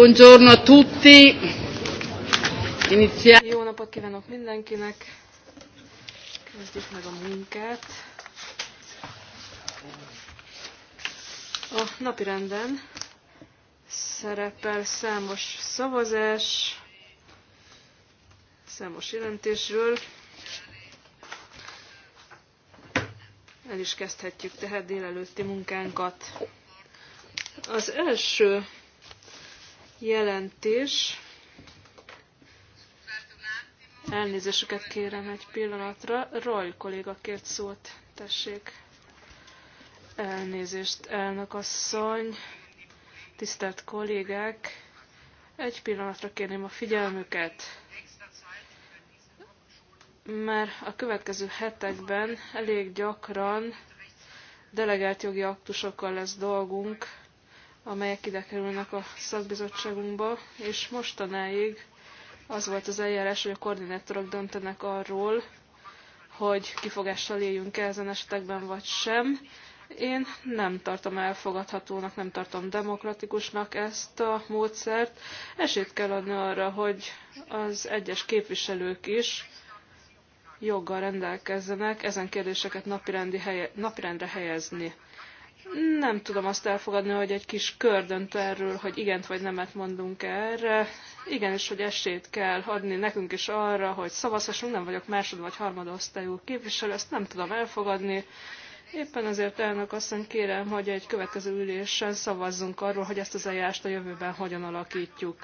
Buongiorno a tutti. Inizia... Jó napot kívánok mindenkinek. Kezdjük meg a munkát. A napi renden szerepel számos szavazás, számos jelentésről. El is kezdhetjük tehát délelőtti munkánkat. Az első jelentés. Elnézésüket kérem egy pillanatra. Roy kolléga kért szót. Tessék. Elnézést, elnök asszony. Tisztelt kollégák. Egy pillanatra kérném a figyelmüket. Már a következő hetekben elég gyakran delegált jogi aktusokkal lesz dolgunk, amelyek ide kerülnek a szakbizottságunkba, és mostanáig az volt az eljárás, hogy a koordinátorok döntenek arról, hogy kifogással éljünk-e ezen esetekben, vagy sem. Én nem tartom elfogadhatónak, nem tartom demokratikusnak ezt a módszert. Esélyt kell adni arra, hogy az egyes képviselők is joggal rendelkezzenek ezen kérdéseket napirendi helye, napirendre helyezni nem tudom azt elfogadni, hogy egy kis kör dönt erről, hogy igent vagy nemet mondunk erre. Igenis, hogy esélyt kell adni nekünk is arra, hogy szavazhassunk, nem vagyok másod vagy harmadosztályú képviselő, ezt nem tudom elfogadni. Éppen ezért elnök asszony kérem, hogy egy következő ülésen szavazzunk arról, hogy ezt az eljárást a jövőben hogyan alakítjuk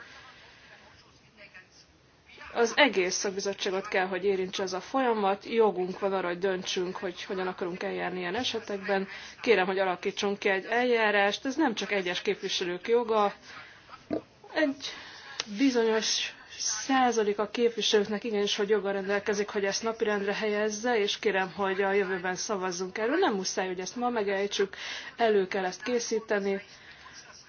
az egész szakbizottságot kell, hogy érintse ez a folyamat, jogunk van arra, hogy döntsünk, hogy hogyan akarunk eljárni ilyen esetekben. Kérem, hogy alakítsunk ki egy eljárást, ez nem csak egyes képviselők joga, egy bizonyos százalék a képviselőknek igenis, hogy joga rendelkezik, hogy ezt napirendre helyezze, és kérem, hogy a jövőben szavazzunk erről. Nem muszáj, hogy ezt ma megejtsük, elő kell ezt készíteni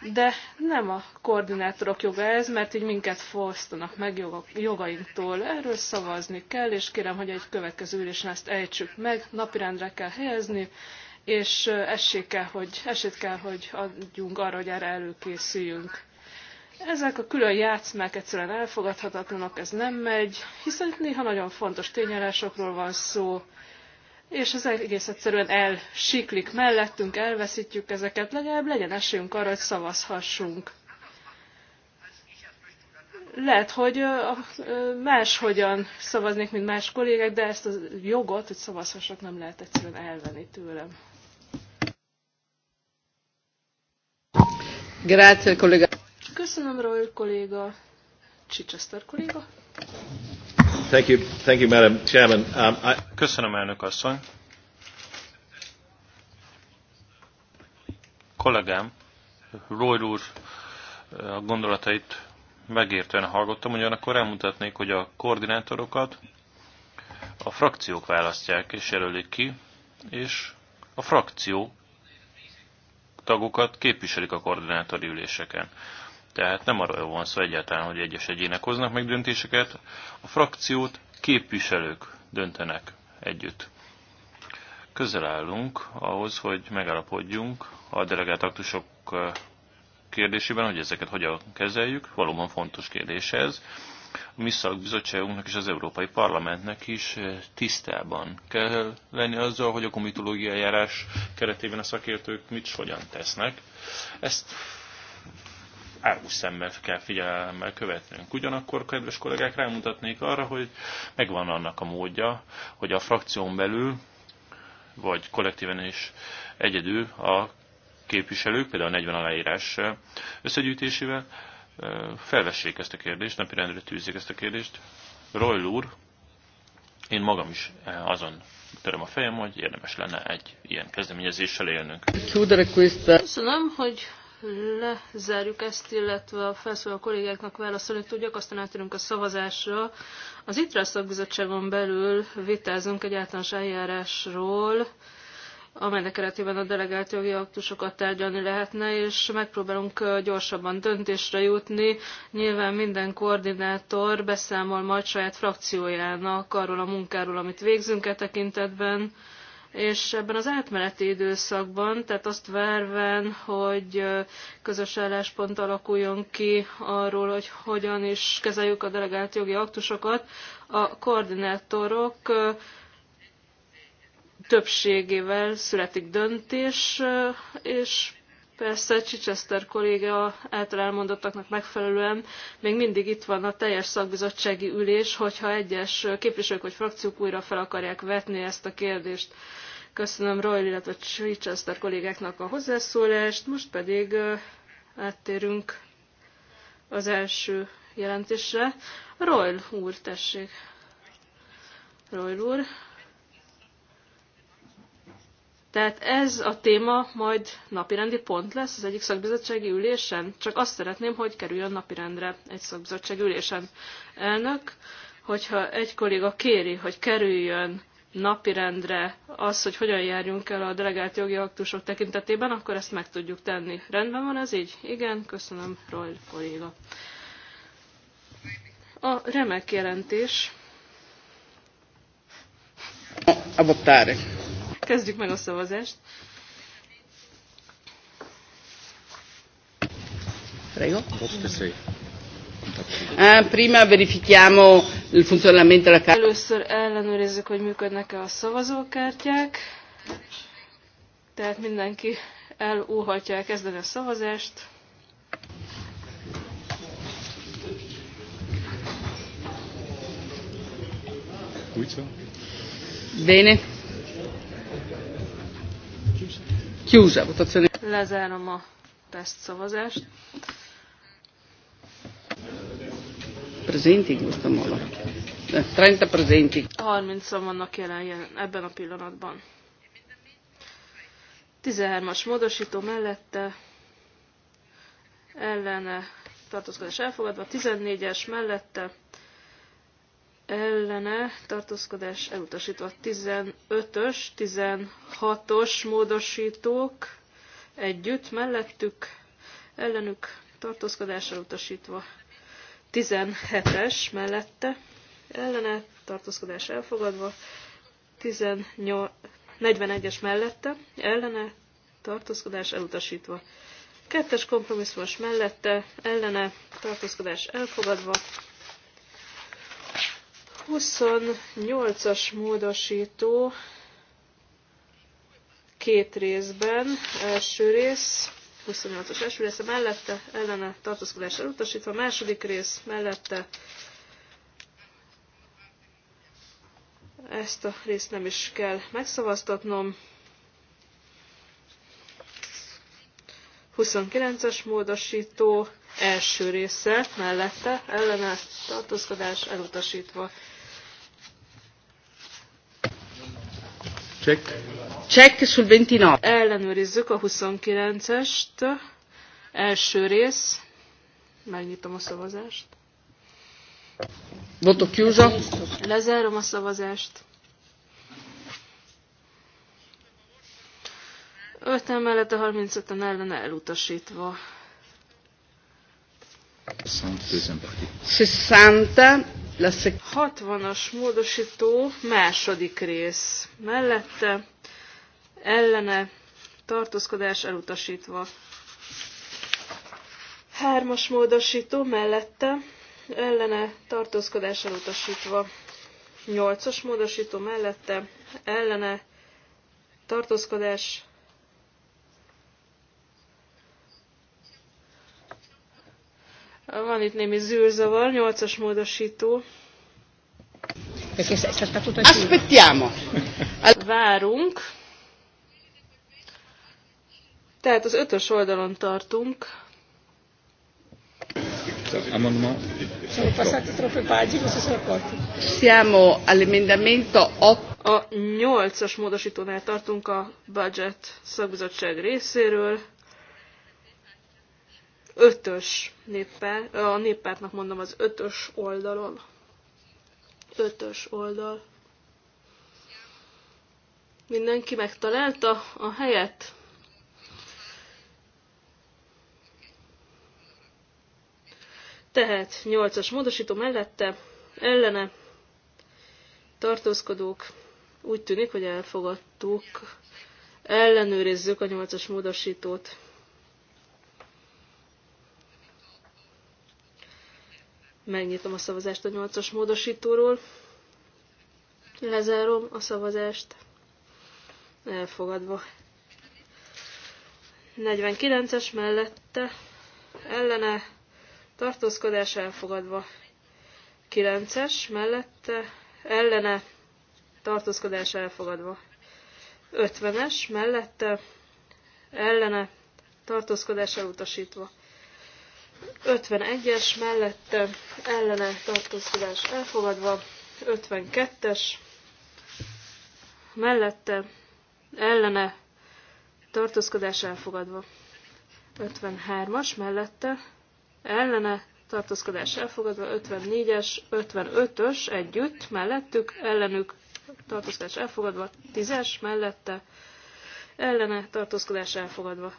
de nem a koordinátorok joga ez, mert így minket fosztanak meg jogainktól. Erről szavazni kell, és kérem, hogy egy következő ülésen ezt ejtsük meg, napirendre kell helyezni, és esélyt kell, hogy, esét kell, hogy adjunk arra, hogy erre előkészüljünk. Ezek a külön játszmák egyszerűen elfogadhatatlanok, ez nem megy, hiszen itt néha nagyon fontos tényállásokról van szó, és ez egész egyszerűen elsiklik mellettünk, elveszítjük ezeket, legalább legyen esélyünk arra, hogy szavazhassunk. Lehet, hogy máshogyan szavaznék, mint más kollégák, de ezt a jogot, hogy szavazhassak, nem lehet egyszerűen elvenni tőlem. Grazie, kolléga. Köszönöm, Roy kolléga. Chichester kolléga. Thank you, thank you, Madam Chairman. Um, I... Köszönöm, elnök asszony. Kollégám, Roy úr eh, a gondolatait megértően hallgattam, ugyanakkor elmutatnék, hogy a koordinátorokat a frakciók választják és jelölik ki, és a frakció tagokat képviselik a koordinátori üléseken. Tehát nem arról van szó egyáltalán, hogy egyes egyének hoznak meg döntéseket, a frakciót képviselők döntenek együtt. Közel állunk ahhoz, hogy megállapodjunk a delegált aktusok kérdésében, hogy ezeket hogyan kezeljük. Valóban fontos kérdés ez. A Misszalak bizottságunknak és az Európai Parlamentnek is tisztában kell lenni azzal, hogy a komitológiai járás keretében a szakértők mit és hogyan tesznek. Ezt árus szemmel kell figyelemmel követnünk. Ugyanakkor, kedves kollégák, rámutatnék arra, hogy megvan annak a módja, hogy a frakción belül, vagy kollektíven is egyedül a képviselők, például a 40 aláírás összegyűjtésével felvessék ezt a kérdést, napirendre tűzzék ezt a kérdést. Roy úr, én magam is azon töröm a fejem, hogy érdemes lenne egy ilyen kezdeményezéssel élnünk. Köszönöm, hogy lezárjuk ezt, illetve a felszólaló kollégáknak válaszolni tudjak, aztán átérünk a szavazásra. Az ITRA szakbizottságon belül vitázunk egy általános eljárásról, amelynek keretében a delegált jogi aktusokat tárgyalni lehetne, és megpróbálunk gyorsabban döntésre jutni. Nyilván minden koordinátor beszámol majd saját frakciójának arról a munkáról, amit végzünk e tekintetben és ebben az átmeneti időszakban, tehát azt várván, hogy közös álláspont alakuljon ki arról, hogy hogyan is kezeljük a delegált jogi aktusokat, a koordinátorok többségével születik döntés, és Persze Chichester kolléga által elmondottaknak megfelelően még mindig itt van a teljes szakbizottsági ülés, hogyha egyes képviselők vagy frakciók újra fel akarják vetni ezt a kérdést. Köszönöm Roy, illetve Chichester kollégáknak a hozzászólást, most pedig áttérünk az első jelentésre. Royl úr, tessék. Royl úr. Tehát ez a téma majd napirendi pont lesz az egyik szakbizottsági ülésen. Csak azt szeretném, hogy kerüljön napirendre egy szakbizottsági ülésen. Elnök, hogyha egy kolléga kéri, hogy kerüljön napirendre az, hogy hogyan járjunk el a delegált jogi aktusok tekintetében, akkor ezt meg tudjuk tenni. Rendben van ez így? Igen, köszönöm, Roy kolléga. A remek jelentés. A votare Kezdjük meg a szavazást. Prego. Ah, Prima verifichiamo il funzionamento della carta. Először ellenőrizzük, hogy működnek-e a szavazókártyák. Tehát mindenki elúhatja elkezdeni a szavazást. Bene. Chiusa votazione. Lezárom a tesztszavazást. Presenti questa mola. 30 presenti. 30-an vannak jelen, jelen ebben a pillanatban. 13-as módosító mellette ellene tartózkodás elfogadva, 14-es mellette ellene tartózkodás elutasítva 15-ös, 16-os módosítók együtt, mellettük, ellenük tartózkodás elutasítva 17-es mellette, ellene tartózkodás elfogadva 41-es mellette, ellene tartózkodás elutasítva. Kettes kompromisszumos mellette, ellene tartózkodás elfogadva, 28-as módosító két részben, első rész, 28-as első része mellette, ellene tartózkodás elutasítva, második rész mellette, ezt a részt nem is kell megszavaztatnom. 29-es módosító első része mellette ellene tartózkodás elutasítva. Check. Check sul 29. Ellenőrizzük a 29-est. Első rész. Megnyitom a szavazást. Voto chiuso. Lezárom a szavazást. Öt mellett a 35-en ellen elutasítva. 60. 60-as módosító második rész. Mellette ellene tartózkodás elutasítva. Hármas módosító mellette ellene tartózkodás elutasítva. Nyolcas módosító mellette ellene tartózkodás Van itt némi zűrzavar, 8-as módosító. Aspettiamo. Várunk. Tehát az ötös oldalon tartunk. Sono passate troppe pagine, si sono accorti. Siamo all'emendamento 8. A nyolcas módosítónál tartunk a budget szakbizottság részéről ötös néppel, a néppártnak mondom az ötös oldalon. Ötös oldal. Mindenki megtalálta a helyet? Tehát 8-as módosító mellette, ellene tartózkodók, úgy tűnik, hogy elfogadtuk, ellenőrizzük a 8-as módosítót. Megnyitom a szavazást a 8-as módosítóról. Lezárom a szavazást. Elfogadva. 49-es mellette ellene tartózkodás elfogadva. 9-es mellette ellene tartózkodás elfogadva. 50-es mellette ellene tartózkodás elutasítva. 51-es mellette ellene tartózkodás elfogadva, 52-es mellette ellene tartózkodás elfogadva, 53-as mellette ellene tartózkodás elfogadva, 54-es, 55-ös együtt mellettük, ellenük tartózkodás elfogadva, 10-es mellette ellene tartózkodás elfogadva,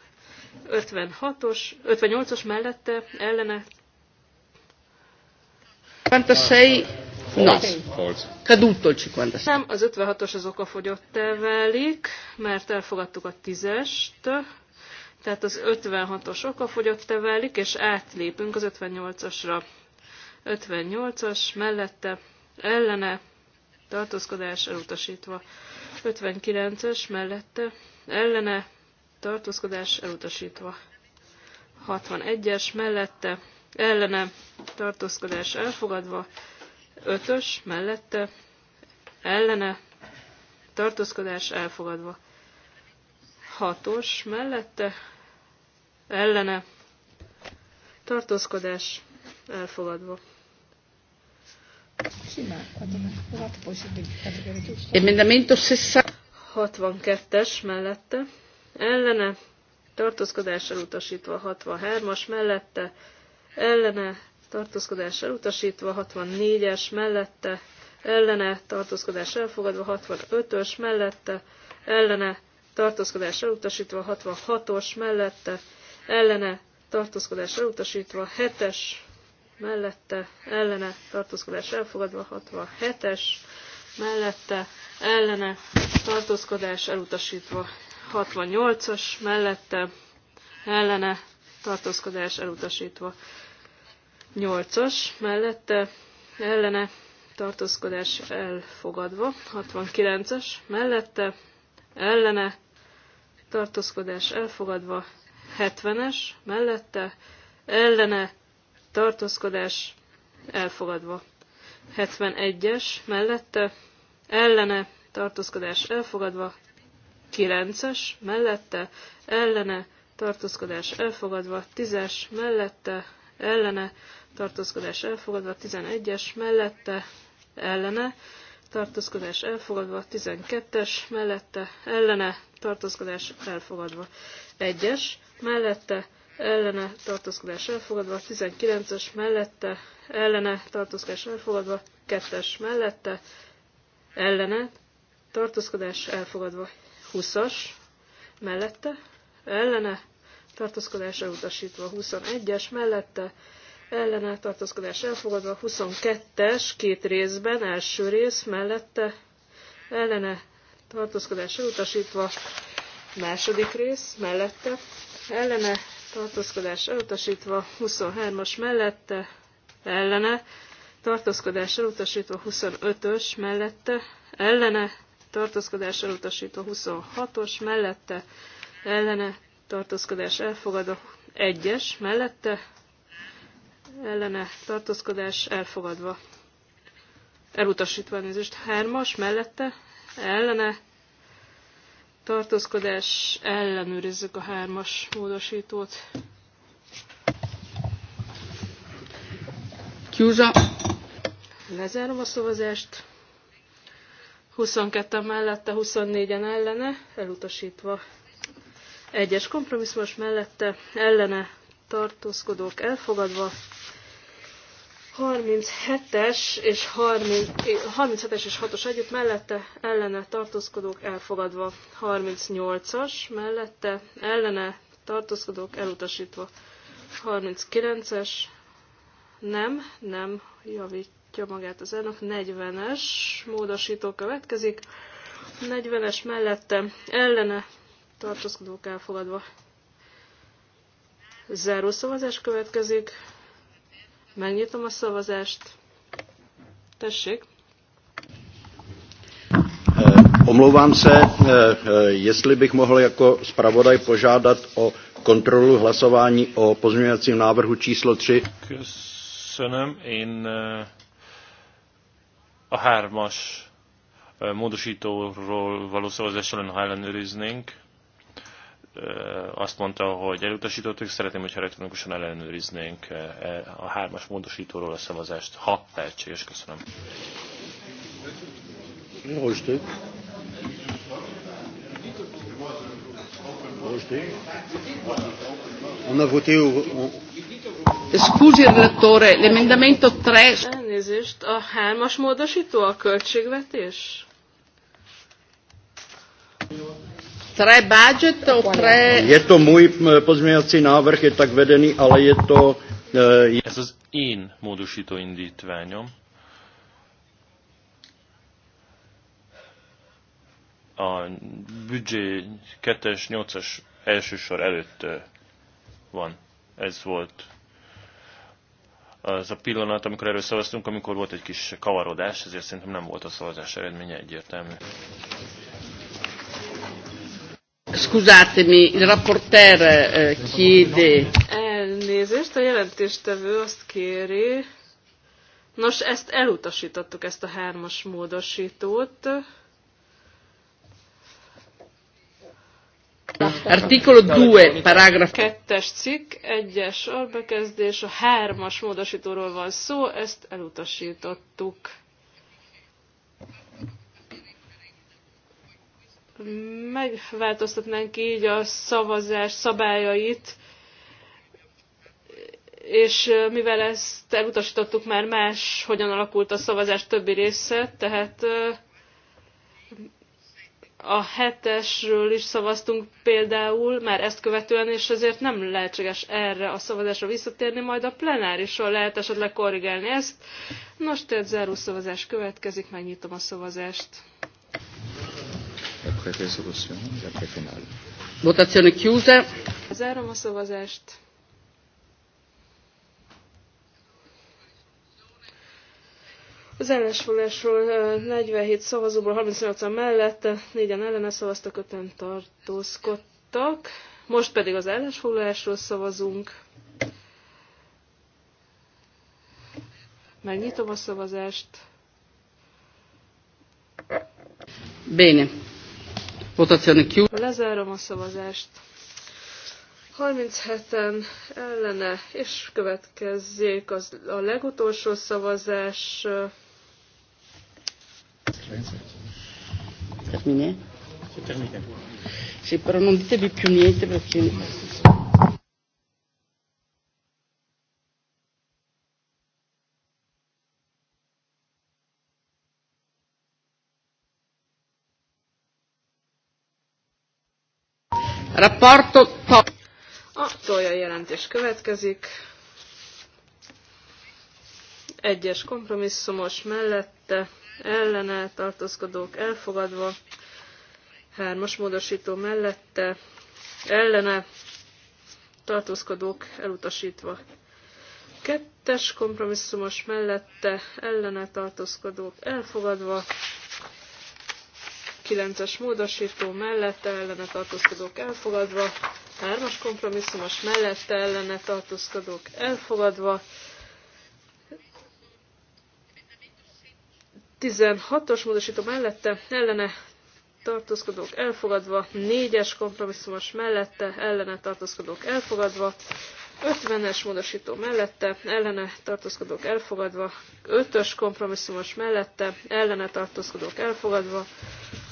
56-os, 58-os mellette ellene. sei? no. Caduto il 56. Nem, az 56-os az okafogyottá válik, mert elfogadtuk a 10-est, tehát az 56-os okafogyottá válik, és átlépünk az 58-asra. 58-as mellette ellene tartózkodás elutasítva. 59-es mellette ellene tartózkodás elutasítva. 61-es mellette ellene tartózkodás elfogadva, 5-ös mellette ellene tartózkodás elfogadva, 6-os mellette ellene tartózkodás elfogadva. Emendamento 62-es mellette ellene, tartózkodás elutasítva 63-as mellette, ellene, tartózkodás elutasítva 64-es mellette, ellene, tartózkodás elfogadva 65-ös mellette, ellene, tartózkodás elutasítva 66-os mellette, ellene, tartózkodás elutasítva 7-es mellette, ellene, tartózkodás elfogadva 67-es mellette, ellene, tartózkodás elutasítva 68-as mellette ellene tartózkodás elutasítva. 8-as mellette ellene tartózkodás elfogadva. 69 as mellette ellene tartózkodás elfogadva. 70-es mellette ellene tartózkodás elfogadva. 71-es mellette ellene tartózkodás elfogadva. 9-es mellette ellene tartózkodás elfogadva, 10-es mellette ellene tartózkodás elfogadva, 11-es mellette ellene tartózkodás elfogadva, 12-es mellette ellene tartózkodás elfogadva, 1-es mellette ellene tartózkodás elfogadva, 19-es mellette ellene tartózkodás elfogadva, 2-es mellette ellene tartózkodás elfogadva, 20-as mellette, ellene, tartózkodás elutasítva, 21-es mellette, ellene, tartózkodás elfogadva, 22-es két részben, első rész mellette, ellene, tartózkodás elutasítva, második rész mellette, ellene, tartózkodás elutasítva, 23-as mellette, ellene, tartózkodás elutasítva, 25-ös mellette, ellene, tartózkodás elutasító 26-os, mellette ellene tartózkodás elfogadó 1-es, mellette ellene tartózkodás elfogadva. Elutasítva nézést 3-as, mellette ellene tartózkodás ellenőrizzük a 3-as módosítót. Kiúza. Lezárom a szavazást. 22 mellette, 24-en ellene, elutasítva. Egyes kompromisszumos mellette, ellene tartózkodók elfogadva. 37-es és 30, 37-es és 6-os együtt mellette ellene tartózkodók elfogadva. 38-as mellette ellene tartózkodók elutasítva. 39-es nem, nem javít javítja magát az elnök. 40-es módosító következik. 40-es mellette ellene tartózkodók elfogadva. Záró szavazás következik. Megnyitom a szavazást. Tessék. Eh, omlouvám se, eh, eh, jestli bych mohl jako zpravodaj požádat o kontrolu hlasování o pozměňovacím návrhu číslo 3. Köszönöm, én a hármas módosítóról való szavazás ellen, ha ellenőriznénk, azt mondta, hogy elutasítottuk, szeretném, hogyha elektronikusan ellenőriznénk e, a hármas módosítóról a szavazást, ha lehetséges. Köszönöm. Most a voté Scusi il relatore, l'emendamento 3. Elnézést, a hármas módosító a költségvetés? Tre budget o tre... Je to můj pozměňovací návrh, je tak vedený, ale je to... E, je... Ez az én módosító indítványom. A büdzsé 2-es, 8-as első sor előtt e, van. Ez volt az a pillanat, amikor erről szavaztunk, amikor volt egy kis kavarodás, ezért szerintem nem volt a szavazás eredménye egyértelmű. Scusatemi, il rapporter eh, chiede... Elnézést, a jelentéstevő azt kéri... Nos, ezt elutasítottuk, ezt a hármas módosítót. Artikolo 2, paragraf... Kettes cikk, egyes albekezdés, a hármas módosítóról van szó, ezt elutasítottuk. Megváltoztatnánk így a szavazás szabályait, és mivel ezt elutasítottuk már más, hogyan alakult a szavazás többi része, tehát a hetesről is szavaztunk például, már ezt követően, és ezért nem lehetséges erre a szavazásra visszatérni, majd a plenárison lehet esetleg korrigálni ezt. Nos, tehát záró szavazás következik, megnyitom a szavazást. Votazione chiusa. Zárom a szavazást. Az ellensfogásról 47 szavazóból 38-an mellette, 4-en ellene szavaztak, 5 tartózkodtak. Most pedig az ellensfoglalásról szavazunk. Megnyitom a szavazást. Béni. Votazione chiusa. Lezárom a szavazást. 37-en ellene, és következzék az, a legutolsó szavazás. Terminé? C'est terminé. J'ai pas demandé de pionnier, c'est parce que... Rapporto top. A tolja jelentés következik. Egyes kompromisszumos mellette ellene tartózkodók elfogadva, hármas módosító mellette ellene tartózkodók elutasítva. Kettes kompromisszumos mellette ellene tartózkodók elfogadva, kilences módosító mellette ellene tartózkodók elfogadva, hármas kompromisszumos mellette ellene tartózkodók elfogadva, 16-os módosító mellette ellene tartózkodók elfogadva, 4-es kompromisszumos mellette ellene tartózkodók elfogadva, 50-es módosító mellette, ellene tartózkodók elfogadva, 5-ös kompromisszumos mellette, ellene tartózkodók elfogadva,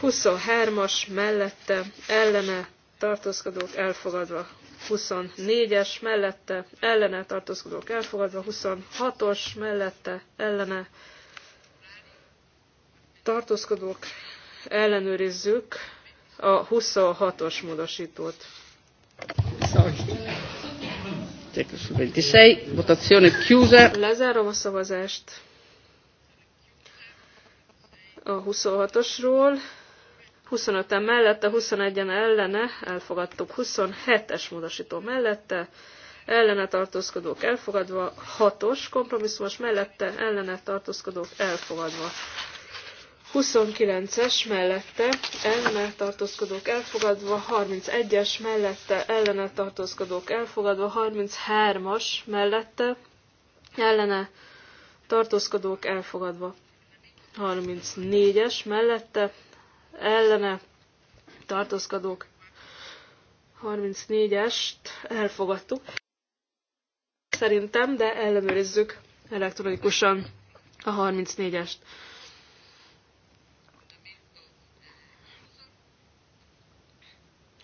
23-as mellette, ellene tartózkodók elfogadva, 24-es mellette, ellene tartózkodók elfogadva, 26-os mellette, ellene tartózkodók, ellenőrizzük a 26-os módosítót. Lezárom a szavazást a 26-osról. 25-en mellette, 21-en ellene, elfogadtuk 27-es módosító mellette, ellene tartózkodók elfogadva, 6-os kompromisszumos mellette, ellene tartózkodók elfogadva. 29-es mellette ellene tartózkodók elfogadva, 31-es mellette ellene tartózkodók elfogadva, 33-as mellette ellene tartózkodók elfogadva, 34-es mellette ellene tartózkodók 34-est elfogadtuk. Szerintem, de ellenőrizzük elektronikusan a 34-est.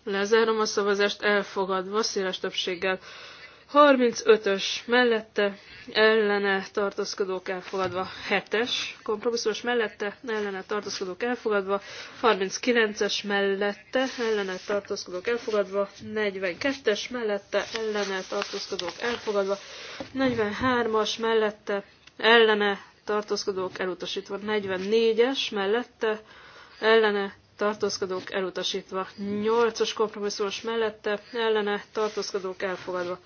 Lezárom a szavazást elfogadva, széles többséggel. 35-ös mellette, ellene tartózkodók elfogadva, 7-es kompromisszumos mellette, ellene tartózkodók elfogadva, 39-es mellette, ellene tartózkodók elfogadva, 42-es mellette, ellene tartózkodók elfogadva, 43-as mellette, ellene tartózkodók elutasítva, 44-es mellette, ellene tartózkodók elutasítva. 8-as kompromisszumos mellette, ellene tartózkodók elfogadva.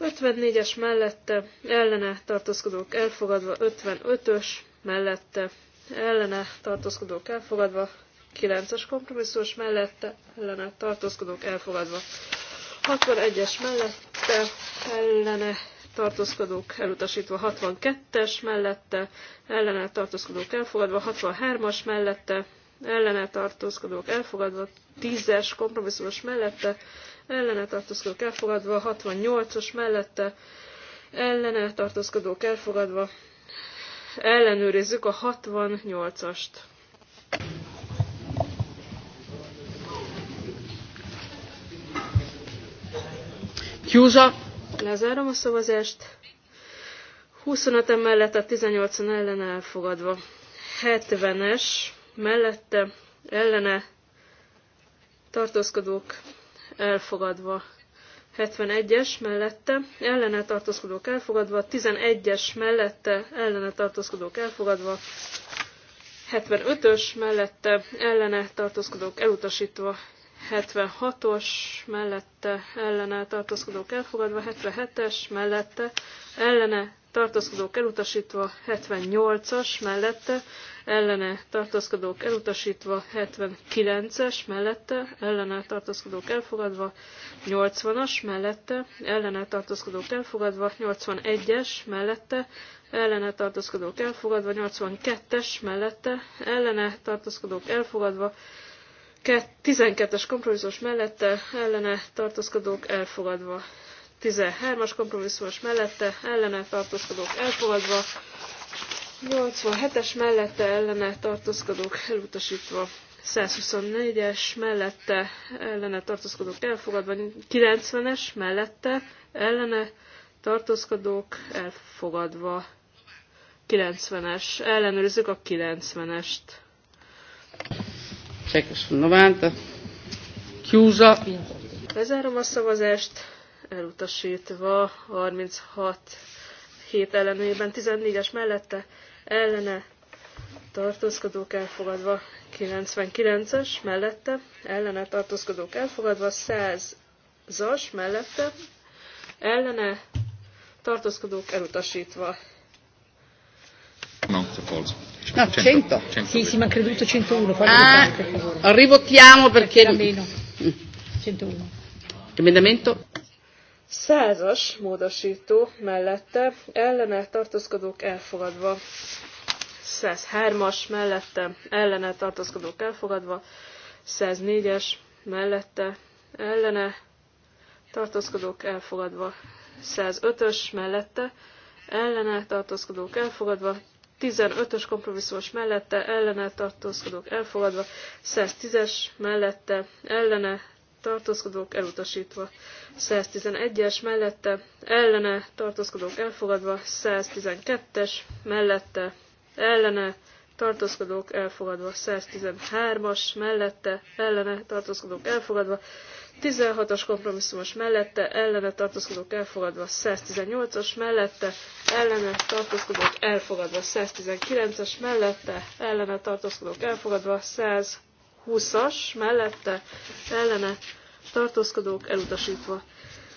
54-es mellette, ellene tartózkodók elfogadva, 55-ös mellette, ellene tartózkodók elfogadva, 9-es kompromisszumos mellette, ellene tartózkodók elfogadva. 61-es mellette, ellene tartózkodók elutasítva 62-es mellette, ellene tartózkodók elfogadva 63-as mellette, ellene tartózkodók elfogadva, 10-es kompromisszumos mellette, ellene tartózkodók elfogadva, 68-os mellette, ellene tartózkodók elfogadva, ellenőrizzük a 68-ast. Kiúza. Lezárom a szavazást. 25 mellett a 18 ellen elfogadva. 70-es mellette ellene tartózkodók elfogadva. 71-es mellette ellene tartózkodók elfogadva, 11-es mellette ellene tartózkodók elfogadva, 75-ös mellette ellene tartózkodók elutasítva, 76-os mellette ellene tartózkodók elfogadva, 77-es mellette ellene tartózkodók elutasítva 78-as mellette, ellene tartózkodók elutasítva 79-es mellette, ellene tartózkodók elfogadva 80-as mellette, ellene tartózkodók elfogadva 81-es mellette, ellene tartózkodók elfogadva 82-es mellette, ellene tartózkodók elfogadva 12-es kompromisszus mellette, ellene tartózkodók elfogadva 13-as kompromisszumos mellette ellene tartózkodók elfogadva, 87-es mellette ellene tartózkodók elutasítva, 124-es mellette ellene tartózkodók elfogadva, 90-es mellette ellene tartózkodók elfogadva, 90-es. Ellenőrizzük a 90-est. Csekos 90. Kiúza. Lezárom a szavazást elutasítva 36 hét ellenében, 14-es mellette ellene tartózkodók elfogadva, 99-es mellette ellene tartózkodók elfogadva, 100-as mellette ellene tartózkodók elutasítva. No, No, 100. 100. Sì, sì, ma ha creduto 101. Ah, rivotiamo perché... Meno. 101. Emendamento? Százas módosító mellette ellene tartózkodók elfogadva. 103-as mellette ellene tartózkodók elfogadva. 104-es mellette ellene tartózkodók elfogadva. 105-ös mellette ellene tartózkodók elfogadva. 15-ös kompromisszumos mellette ellene tartózkodók elfogadva, 110-es mellette ellene tartózkodók elutasítva. 111-es mellette ellene tartózkodók elfogadva. 112-es mellette ellene tartózkodók elfogadva. 113-as mellette ellene tartózkodók elfogadva. 16 as kompromisszumos mellette, ellene tartózkodók elfogadva 118-as mellette, ellene tartózkodók elfogadva 119-es mellette, ellene tartózkodók elfogadva 100 20-as mellette ellene tartózkodók elutasítva.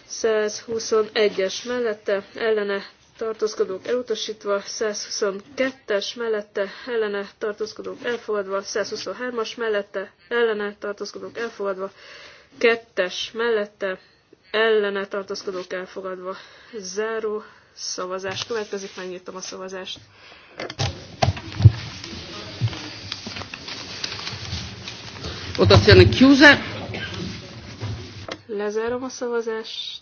121-es mellette ellene tartózkodók elutasítva, 122-es mellette ellene tartózkodók elfogadva, 123-as mellette ellene tartózkodók elfogadva, 2-es mellette ellene tartózkodók elfogadva. Záró szavazás következik, megnyitom a szavazást. Votazione chiusa. Lezárom a szavazást.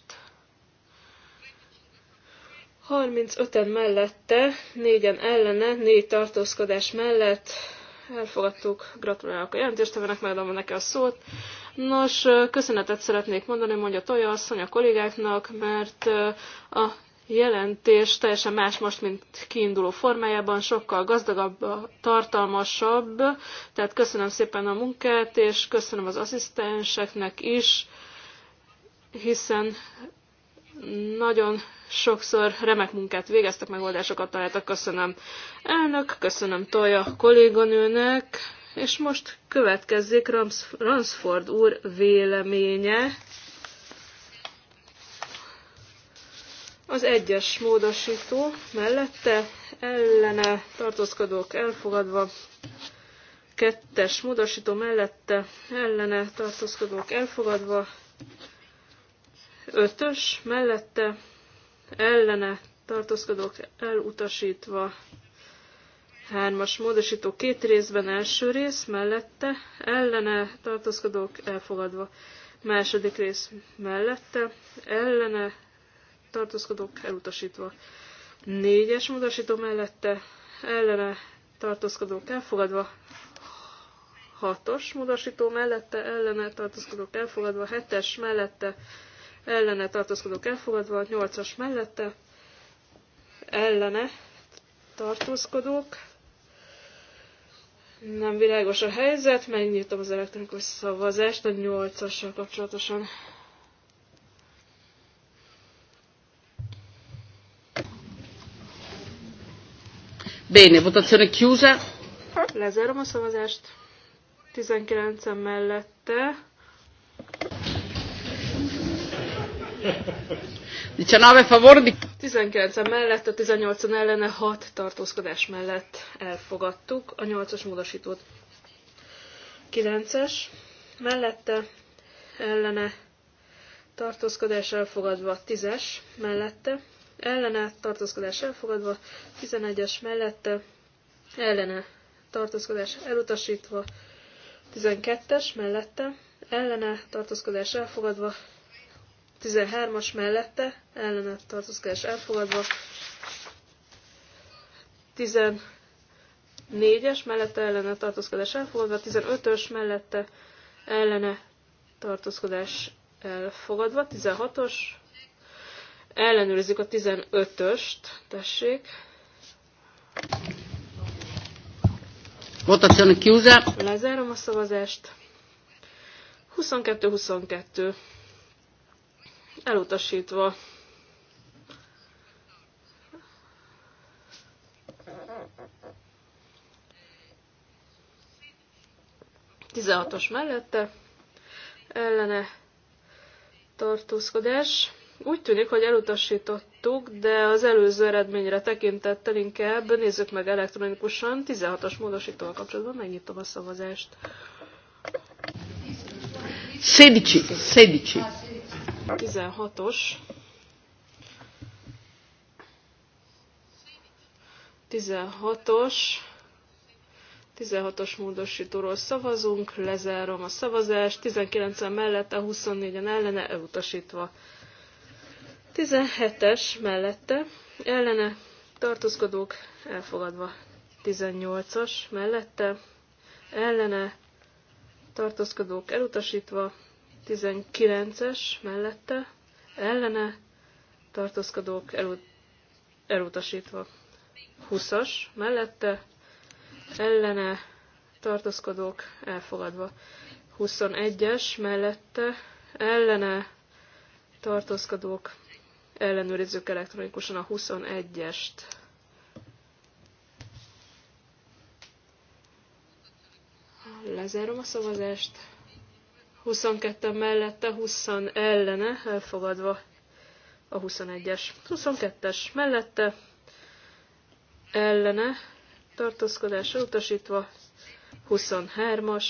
35-en mellette, 4-en ellene, 4 tartózkodás mellett elfogadtuk. Gratulálok a jelentéstevenek, megadom neki a szót. Nos, köszönetet szeretnék mondani, mondja Toja asszony a kollégáknak, mert a jelentés teljesen más most, mint kiinduló formájában, sokkal gazdagabb, tartalmasabb. Tehát köszönöm szépen a munkát, és köszönöm az asszisztenseknek is, hiszen nagyon sokszor remek munkát végeztek, megoldásokat találtak. Köszönöm elnök, köszönöm Tolja kolléganőnek, és most következzék Ransford úr véleménye. Az egyes módosító mellette ellene tartózkodók elfogadva, kettes módosító mellette ellene tartózkodók elfogadva, ötös mellette ellene tartózkodók elutasítva, hármas módosító két részben első rész mellette ellene tartózkodók elfogadva, második rész mellette ellene tartózkodók elutasítva. Négyes módosító mellette ellene tartózkodók elfogadva. Hatos módosító mellette ellene tartózkodók elfogadva. Hetes mellette ellene tartózkodók elfogadva. Nyolcas mellette ellene tartózkodók. Nem világos a helyzet, megnyitom az elektronikus szavazást a nyolcassal kapcsolatosan. Bene, votazione chiusa. Lezárom a szavazást. 19 mellette. favor di... 19 mellett, a 18 ellene 6 tartózkodás mellett elfogadtuk a 8-as módosítót. 9-es mellette ellene tartózkodás elfogadva 10-es mellette ellene tartózkodás elfogadva, 11-es mellette ellene tartózkodás elutasítva, 12-es mellette ellene tartózkodás elfogadva, 13-as mellette ellene tartózkodás elfogadva, 14-es mellette ellene tartózkodás elfogadva, 15-ös mellette ellene tartózkodás elfogadva, 16-os Ellenőrizzük a 15-öst, tessék. Votazione chiusa. Lezárom a szavazást. 22-22. Elutasítva. Tizenhatos mellette. Ellene tartózkodás. Úgy tűnik, hogy elutasítottuk, de az előző eredményre tekintettel inkább nézzük meg elektronikusan. 16 as módosítóval kapcsolatban megnyitom a szavazást. Szédicsi, Szédicsi. 16-os. 16-os. 16-os módosítóról szavazunk, lezárom a szavazást, 19-en mellette, 24-en ellene elutasítva. 17-es mellette ellene tartózkodók elfogadva. 18-as mellette ellene tartózkodók elutasítva. 19-es mellette ellene tartózkodók elut elutasítva. 20-as mellette ellene tartózkodók elfogadva. 21-es mellette ellene tartózkodók ellenőrizzük elektronikusan a 21-est. Lezárom a szavazást. 22 mellette, 20 ellene, elfogadva a 21-es. 22-es mellette, ellene, tartózkodásra utasítva, 23-as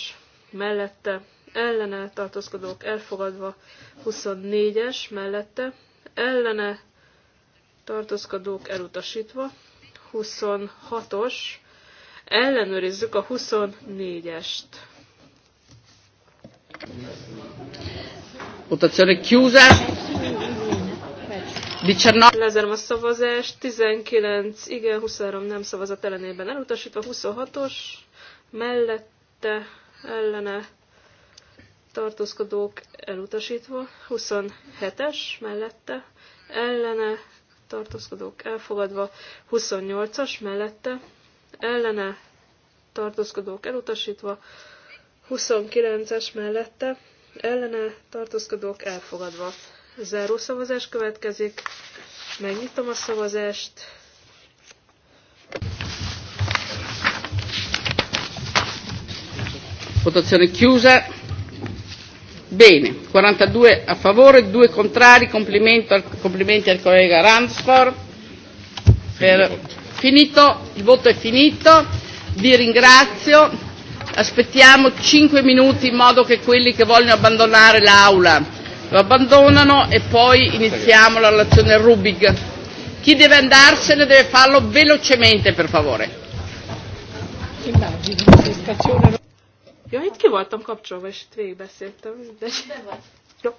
mellette, ellene, tartózkodók elfogadva, 24-es mellette, ellene tartózkodók elutasítva, 26-os, ellenőrizzük a 24-est. Votazione chiusa. 19. Lezárom a szavazást. 19, igen, 23 nem szavazat ellenében elutasítva. 26-os mellette ellene tartózkodók elutasítva, 27-es mellette, ellene tartózkodók elfogadva, 28-as mellette, ellene tartózkodók elutasítva, 29-es mellette, ellene tartózkodók elfogadva. Záró szavazás következik, megnyitom a szavazást, Votazione chiusa. Bene, 42 a favore, 2 contrari, complimenti al, complimenti al collega Ransford. Per, finito, il voto è finito, vi ringrazio, aspettiamo 5 minuti in modo che quelli che vogliono abbandonare l'Aula lo abbandonano e poi iniziamo la relazione Rubig. Chi deve andarsene deve farlo velocemente per favore. Immagino, Ja, itt ki voltam kapcsolva, és itt végigbeszéltem, de... Be vagy. Jó.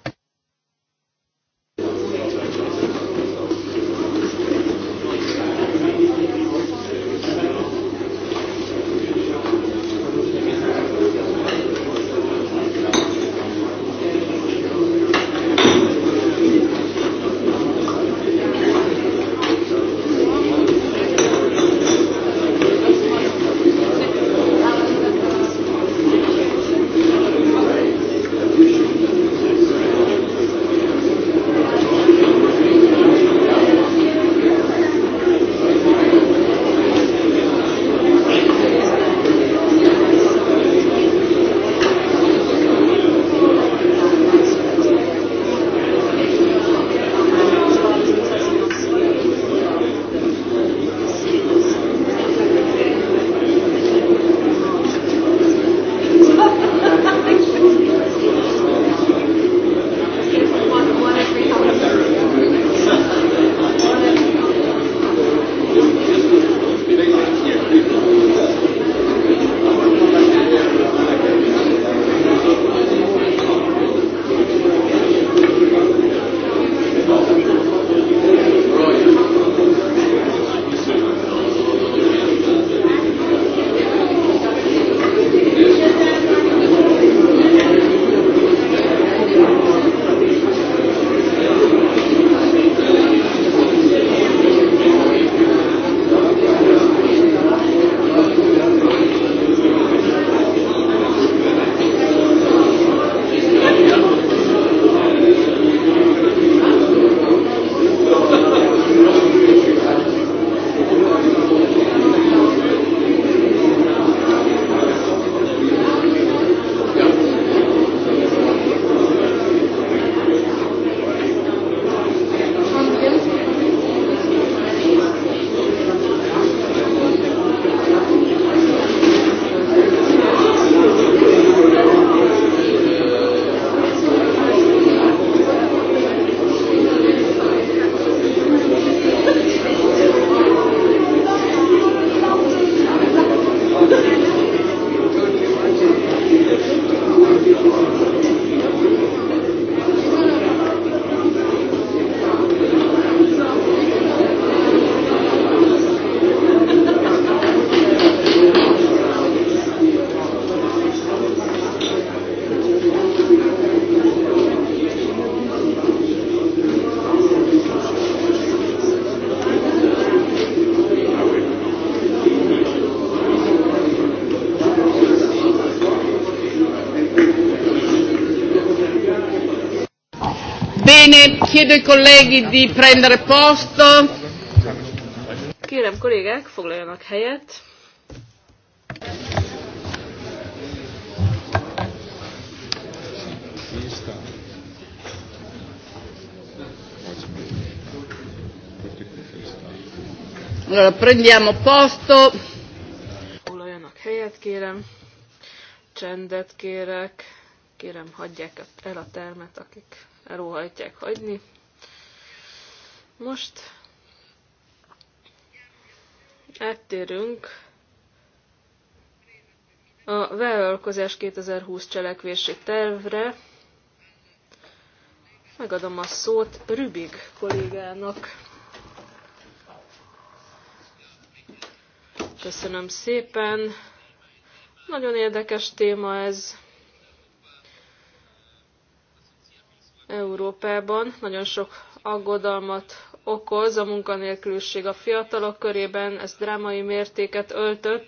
Chiedo ai colleghi di prendere posto. Kérem kollégák, foglaljanak helyet. Allora, prendiamo posto. Foglaljanak helyet, kérem. Csendet kérek. Kérem, hagyják el a termet, akik elóhajtják hagyni. Most áttérünk a vállalkozás 2020 cselekvési tervre. Megadom a szót Rübig kollégának. Köszönöm szépen. Nagyon érdekes téma ez. Európában nagyon sok aggodalmat okoz a munkanélküliség a fiatalok körében, ez drámai mértéket öltött,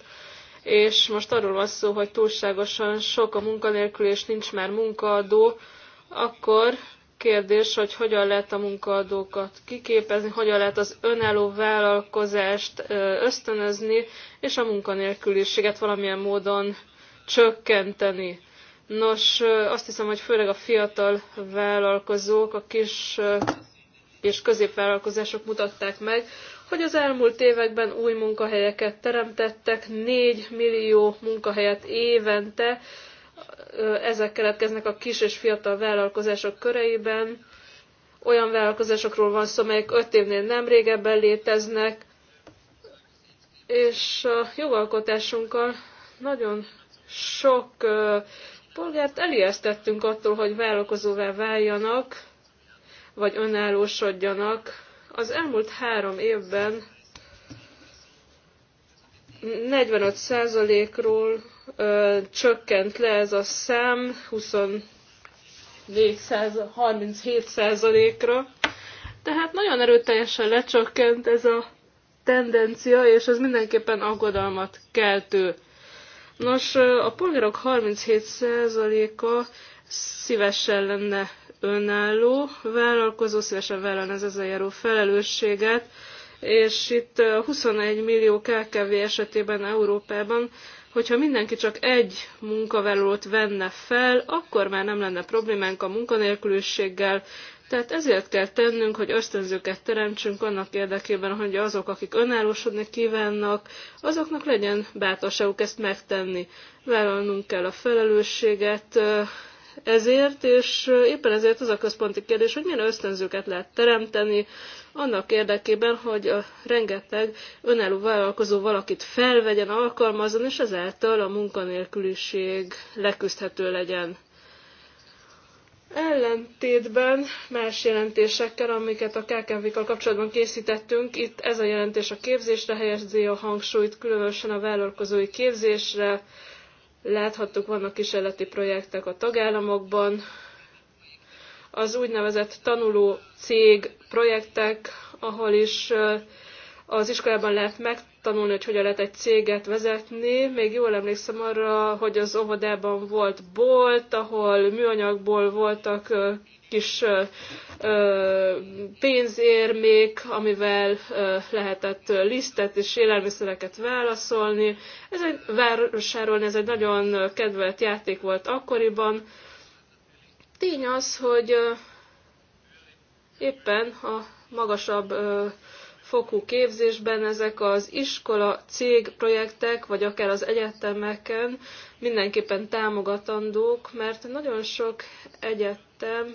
és most arról van szó, hogy túlságosan sok a munkanélkül, és nincs már munkaadó, akkor kérdés, hogy hogyan lehet a munkaadókat kiképezni, hogyan lehet az önálló vállalkozást ösztönözni, és a munkanélküliséget valamilyen módon csökkenteni. Nos, azt hiszem, hogy főleg a fiatal vállalkozók, a kis és középvállalkozások mutatták meg, hogy az elmúlt években új munkahelyeket teremtettek, 4 millió munkahelyet évente, ezek keletkeznek a kis és fiatal vállalkozások köreiben. Olyan vállalkozásokról van szó, melyek 5 évnél nem régebben léteznek, és a jogalkotásunkkal nagyon sok polgárt elijesztettünk attól, hogy vállalkozóvá váljanak, vagy önállósodjanak. Az elmúlt három évben 45%-ról csökkent le ez a szám 24-37%-ra. Tehát nagyon erőteljesen lecsökkent ez a tendencia, és ez mindenképpen aggodalmat keltő. Nos, a polgárok 37%-a szívesen lenne önálló vállalkozó szívesen vállal az ezzel járó felelősséget, és itt 21 millió KKV esetében Európában, hogyha mindenki csak egy munkavállalót venne fel, akkor már nem lenne problémánk a munkanélküliséggel, tehát ezért kell tennünk, hogy ösztönzőket teremtsünk annak érdekében, hogy azok, akik önállósodni kívánnak, azoknak legyen bátorságuk ezt megtenni. Vállalnunk kell a felelősséget, ezért, és éppen ezért az a központi kérdés, hogy milyen ösztönzőket lehet teremteni annak érdekében, hogy a rengeteg önálló vállalkozó valakit felvegyen, alkalmazzon, és ezáltal a munkanélküliség leküzdhető legyen. Ellentétben más jelentésekkel, amiket a KKV-kkal kapcsolatban készítettünk, itt ez a jelentés a képzésre helyezi a hangsúlyt, különösen a vállalkozói képzésre, Láthattuk, vannak kísérleti projektek a tagállamokban. Az úgynevezett tanuló cég projektek, ahol is az iskolában lehet megtanulni, hogy hogyan lehet egy céget vezetni. Még jól emlékszem arra, hogy az óvodában volt bolt, ahol műanyagból voltak kis pénzérmék, amivel lehetett lisztet és élelmiszereket válaszolni. Ez egy vásárolni, ez egy nagyon kedvelt játék volt akkoriban. Tény az, hogy éppen a magasabb fokú képzésben ezek az iskola cég projektek, vagy akár az egyetemeken mindenképpen támogatandók, mert nagyon sok egyetem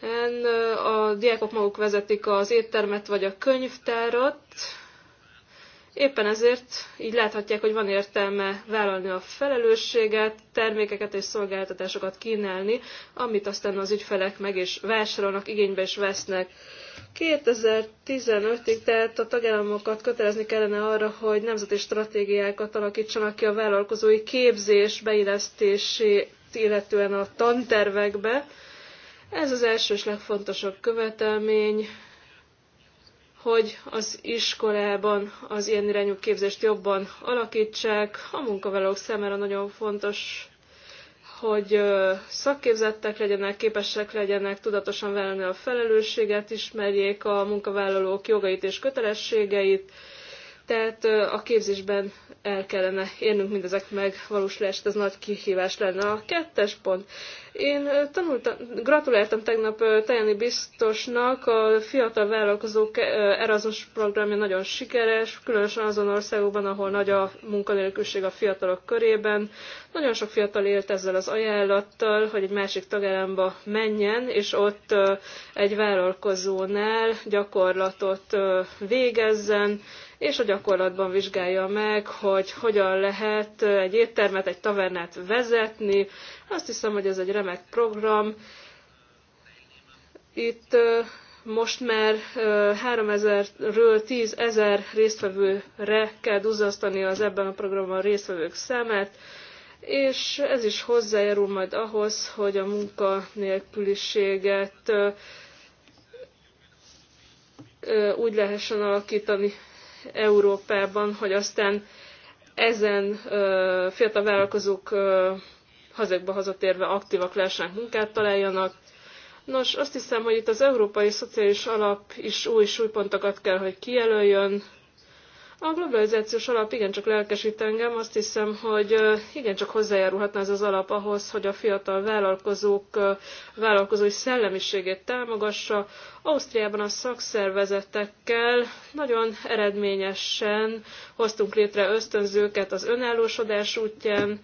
En a diákok maguk vezetik az éttermet vagy a könyvtárat. Éppen ezért így láthatják, hogy van értelme vállalni a felelősséget, termékeket és szolgáltatásokat kínálni, amit aztán az ügyfelek meg is vásárolnak, igénybe is vesznek. 2015-ig tehát a tagállamokat kötelezni kellene arra, hogy nemzeti stratégiákat alakítsanak ki a vállalkozói képzés beillesztését, illetően a tantervekbe, ez az első és legfontosabb követelmény, hogy az iskolában az ilyen irányú képzést jobban alakítsák. A munkavállalók számára nagyon fontos, hogy szakképzettek legyenek, képesek legyenek tudatosan vállalni a felelősséget, ismerjék a munkavállalók jogait és kötelességeit, tehát a képzésben el kellene érnünk mindezek megvalósulást, ez nagy kihívás lenne. A kettes pont. Én tanultam, gratuláltam tegnap Tajani biztosnak, a fiatal vállalkozók Erasmus programja nagyon sikeres, különösen azon országokban, ahol nagy a munkanélküliség a fiatalok körében. Nagyon sok fiatal élt ezzel az ajánlattal, hogy egy másik tagállamba menjen, és ott egy vállalkozónál gyakorlatot végezzen, és a gyakorlatban vizsgálja meg, hogy hogyan lehet egy éttermet, egy tavernát vezetni. Azt hiszem, hogy ez egy remek program. Itt most már 3000-ről 10.000 résztvevőre kell duzzasztani az ebben a programban résztvevők számát, és ez is hozzájárul majd ahhoz, hogy a munkanélküliséget úgy lehessen alakítani, Európában, hogy aztán ezen ö, fiatal vállalkozók ö, hazatérve aktívak lássák munkát találjanak. Nos, azt hiszem, hogy itt az Európai Szociális Alap is új súlypontokat kell, hogy kijelöljön, a globalizációs alap igencsak lelkesít engem, azt hiszem, hogy igencsak hozzájárulhatna ez az alap ahhoz, hogy a fiatal vállalkozók vállalkozói szellemiségét támogassa. Ausztriában a szakszervezetekkel nagyon eredményesen hoztunk létre ösztönzőket az önállósodás útján,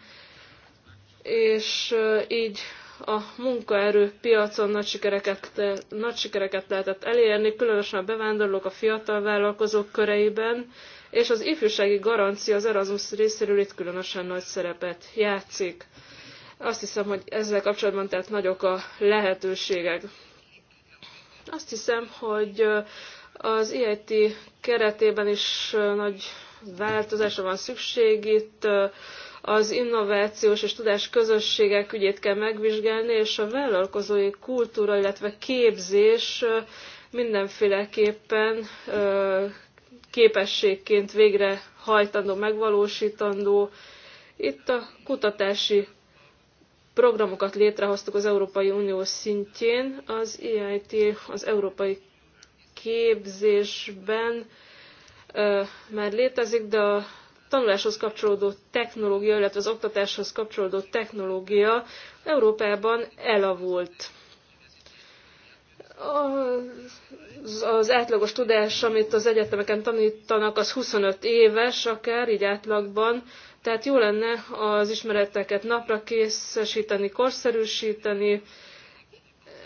és így a munkaerőpiacon nagy sikereket, nagy sikereket lehetett elérni, különösen a bevándorlók, a fiatal vállalkozók köreiben, és az ifjúsági garancia az Erasmus részéről itt különösen nagy szerepet játszik. Azt hiszem, hogy ezzel kapcsolatban tehát nagyok a lehetőségek. Azt hiszem, hogy az IIT keretében is nagy változásra van szükség. Itt az innovációs és tudás közösségek ügyét kell megvizsgálni, és a vállalkozói kultúra, illetve képzés mindenféleképpen képességként hajtandó megvalósítandó. Itt a kutatási programokat létrehoztuk az Európai Unió szintjén, az EIT, az Európai Képzésben ö, már létezik, de a tanuláshoz kapcsolódó technológia, illetve az oktatáshoz kapcsolódó technológia Európában elavult az, az átlagos tudás, amit az egyetemeken tanítanak, az 25 éves akár, így átlagban, tehát jó lenne az ismereteket napra készíteni, korszerűsíteni,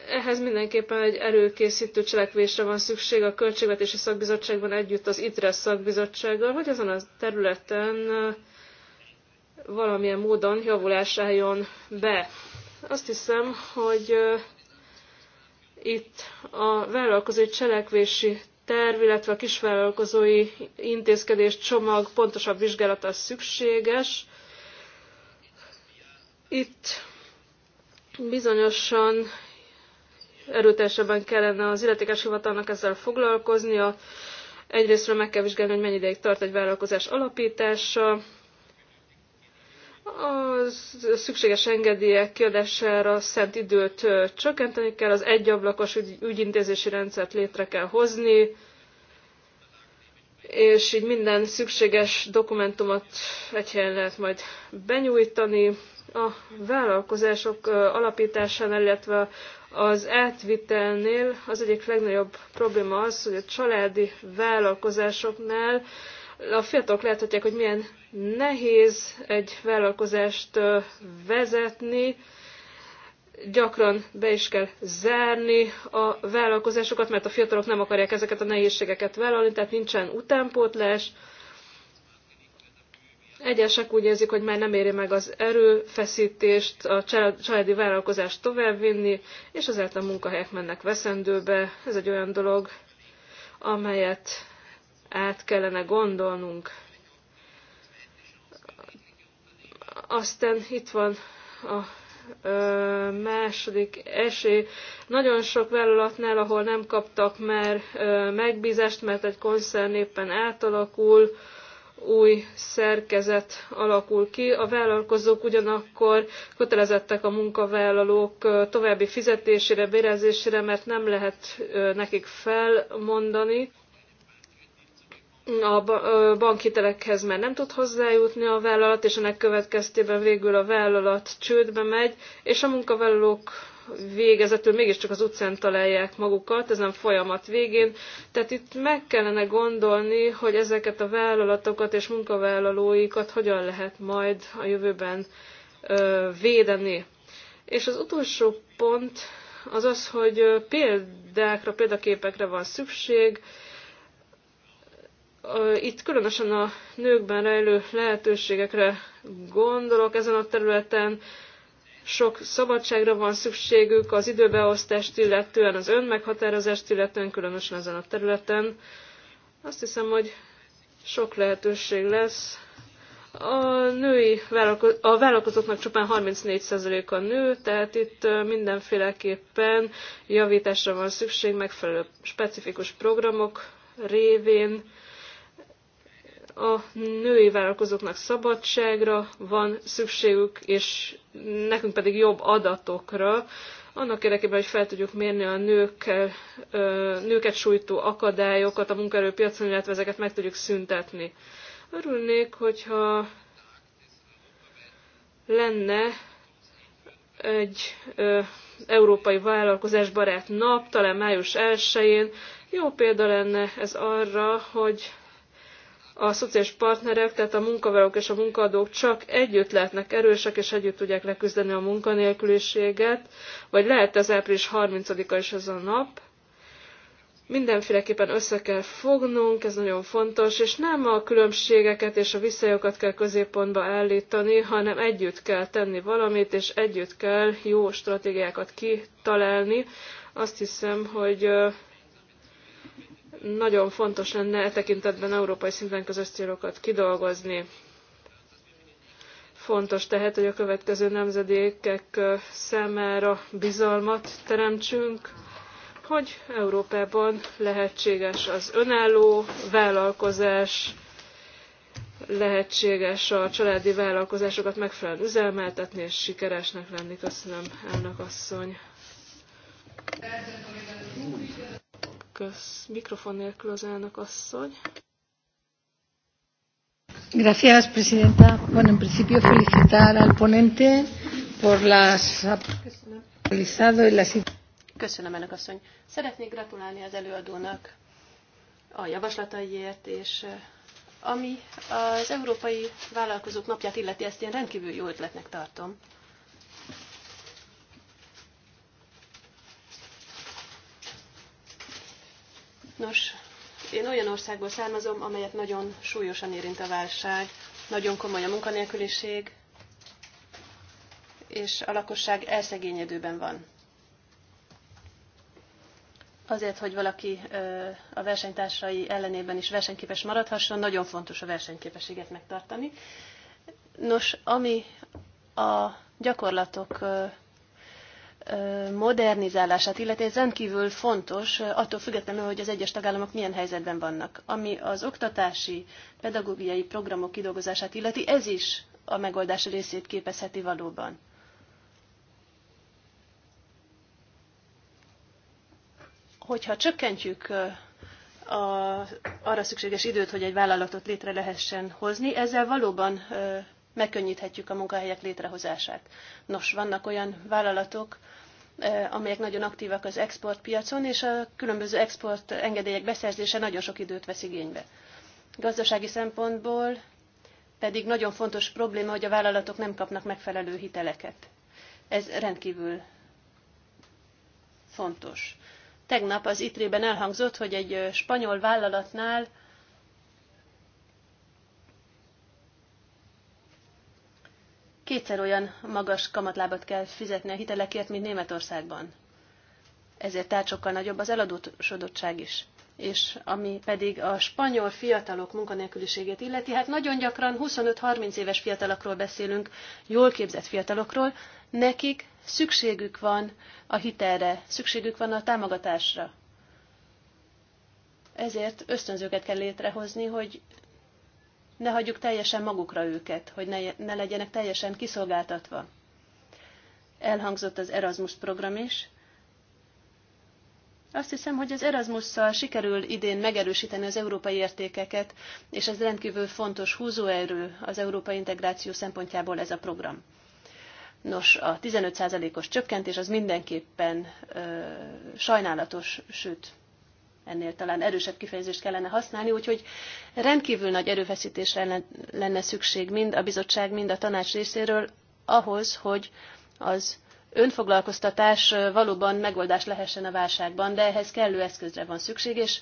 ehhez mindenképpen egy erőkészítő cselekvésre van szükség a Költségvetési Szakbizottságban együtt az ITRE szakbizottsággal, hogy azon a területen valamilyen módon javulás álljon be. Azt hiszem, hogy itt a vállalkozói cselekvési terv, illetve a kisvállalkozói intézkedés csomag pontosabb vizsgálata szükséges. Itt bizonyosan erőteljesebben kellene az illetékes hivatalnak ezzel foglalkoznia. Egyrésztről meg kell vizsgálni, hogy mennyi ideig tart egy vállalkozás alapítása, a szükséges engedélyek kiadására szent időt csökkenteni kell, az egyablakos ügy, ügyintézési rendszert létre kell hozni, és így minden szükséges dokumentumot egy helyen lehet majd benyújtani. A vállalkozások alapításán, illetve az átvitelnél az egyik legnagyobb probléma az, hogy a családi vállalkozásoknál a fiatalok láthatják, hogy milyen nehéz egy vállalkozást vezetni, gyakran be is kell zárni a vállalkozásokat, mert a fiatalok nem akarják ezeket a nehézségeket vállalni, tehát nincsen utánpótlás. Egyesek úgy érzik, hogy már nem éri meg az erőfeszítést, a családi vállalkozást továbbvinni, és ezért a munkahelyek mennek veszendőbe. Ez egy olyan dolog, amelyet át kellene gondolnunk. Aztán itt van a ö, második esély. Nagyon sok vállalatnál, ahol nem kaptak már ö, megbízást, mert egy koncern éppen átalakul, új szerkezet alakul ki. A vállalkozók ugyanakkor kötelezettek a munkavállalók további fizetésére, bérezésére, mert nem lehet nekik felmondani a bankhitelekhez már nem tud hozzájutni a vállalat, és ennek következtében végül a vállalat csődbe megy, és a munkavállalók végezetül mégiscsak az utcán találják magukat ezen folyamat végén. Tehát itt meg kellene gondolni, hogy ezeket a vállalatokat és munkavállalóikat hogyan lehet majd a jövőben ö, védeni. És az utolsó pont az az, hogy példákra, példaképekre van szükség, itt különösen a nőkben rejlő lehetőségekre gondolok ezen a területen. Sok szabadságra van szükségük az időbeosztást illetően, az önmeghatározást illetően, különösen ezen a területen. Azt hiszem, hogy sok lehetőség lesz. A női vállalko- a vállalkozóknak csupán 34% a nő, tehát itt mindenféleképpen javításra van szükség megfelelő specifikus programok révén a női vállalkozóknak szabadságra van szükségük, és nekünk pedig jobb adatokra, annak érdekében, hogy fel tudjuk mérni a nőkkel, nőket sújtó akadályokat a munkaerőpiacon, illetve ezeket meg tudjuk szüntetni. Örülnék, hogyha lenne egy ö, európai vállalkozásbarát nap, talán május 1-én. Jó példa lenne ez arra, hogy a szociális partnerek, tehát a munkavállalók és a munkaadók csak együtt lehetnek erősek, és együtt tudják leküzdeni a munkanélküliséget, vagy lehet ez április 30-a is ez a nap. Mindenféleképpen össze kell fognunk, ez nagyon fontos, és nem a különbségeket és a visszajokat kell középpontba állítani, hanem együtt kell tenni valamit, és együtt kell jó stratégiákat kitalálni. Azt hiszem, hogy nagyon fontos lenne e tekintetben európai szinten közös célokat kidolgozni. Fontos tehát, hogy a következő nemzedékek számára bizalmat teremtsünk, hogy Európában lehetséges az önálló vállalkozás, lehetséges a családi vállalkozásokat megfelelően üzemeltetni és sikeresnek lenni. Köszönöm, elnök asszony kösz. mikrofon nélkül az elnök asszony. Gracias, presidenta. Bueno, en principio felicitar al ponente por las realizado y las Köszönöm, elnök asszony. Szeretnék gratulálni az előadónak a javaslataiért, és eh, ami az Európai Vállalkozók Napját illeti, ezt én rendkívül jó ötletnek tartom. Nos, én olyan országból származom, amelyet nagyon súlyosan érint a válság, nagyon komoly a munkanélküliség, és a lakosság elszegényedőben van. Azért, hogy valaki a versenytársai ellenében is versenyképes maradhasson, nagyon fontos a versenyképességet megtartani. Nos, ami a gyakorlatok modernizálását illeti, ez rendkívül fontos, attól függetlenül, hogy az egyes tagállamok milyen helyzetben vannak. Ami az oktatási, pedagógiai programok kidolgozását illeti, ez is a megoldás részét képezheti valóban. Hogyha csökkentjük a, arra szükséges időt, hogy egy vállalatot létre lehessen hozni, ezzel valóban megkönnyíthetjük a munkahelyek létrehozását. Nos, vannak olyan vállalatok, eh, amelyek nagyon aktívak az exportpiacon, és a különböző export engedélyek beszerzése nagyon sok időt vesz igénybe. Gazdasági szempontból pedig nagyon fontos probléma, hogy a vállalatok nem kapnak megfelelő hiteleket. Ez rendkívül fontos. Tegnap az ITRE-ben elhangzott, hogy egy eh, spanyol vállalatnál kétszer olyan magas kamatlábat kell fizetni a hitelekért, mint Németországban. Ezért tehát sokkal nagyobb az eladósodottság is. És ami pedig a spanyol fiatalok munkanélküliségét illeti, hát nagyon gyakran 25-30 éves fiatalokról beszélünk, jól képzett fiatalokról, nekik szükségük van a hitelre, szükségük van a támogatásra. Ezért ösztönzőket kell létrehozni, hogy ne hagyjuk teljesen magukra őket, hogy ne, ne legyenek teljesen kiszolgáltatva. Elhangzott az Erasmus program is. Azt hiszem, hogy az Erasmusszal sikerül idén megerősíteni az európai értékeket, és ez rendkívül fontos húzóerő az európai integráció szempontjából ez a program. Nos, a 15%-os csökkentés az mindenképpen ö, sajnálatos, sőt ennél talán erősebb kifejezést kellene használni, úgyhogy rendkívül nagy erőfeszítésre lenne szükség mind a bizottság, mind a tanács részéről ahhoz, hogy az önfoglalkoztatás valóban megoldás lehessen a válságban, de ehhez kellő eszközre van szükség, és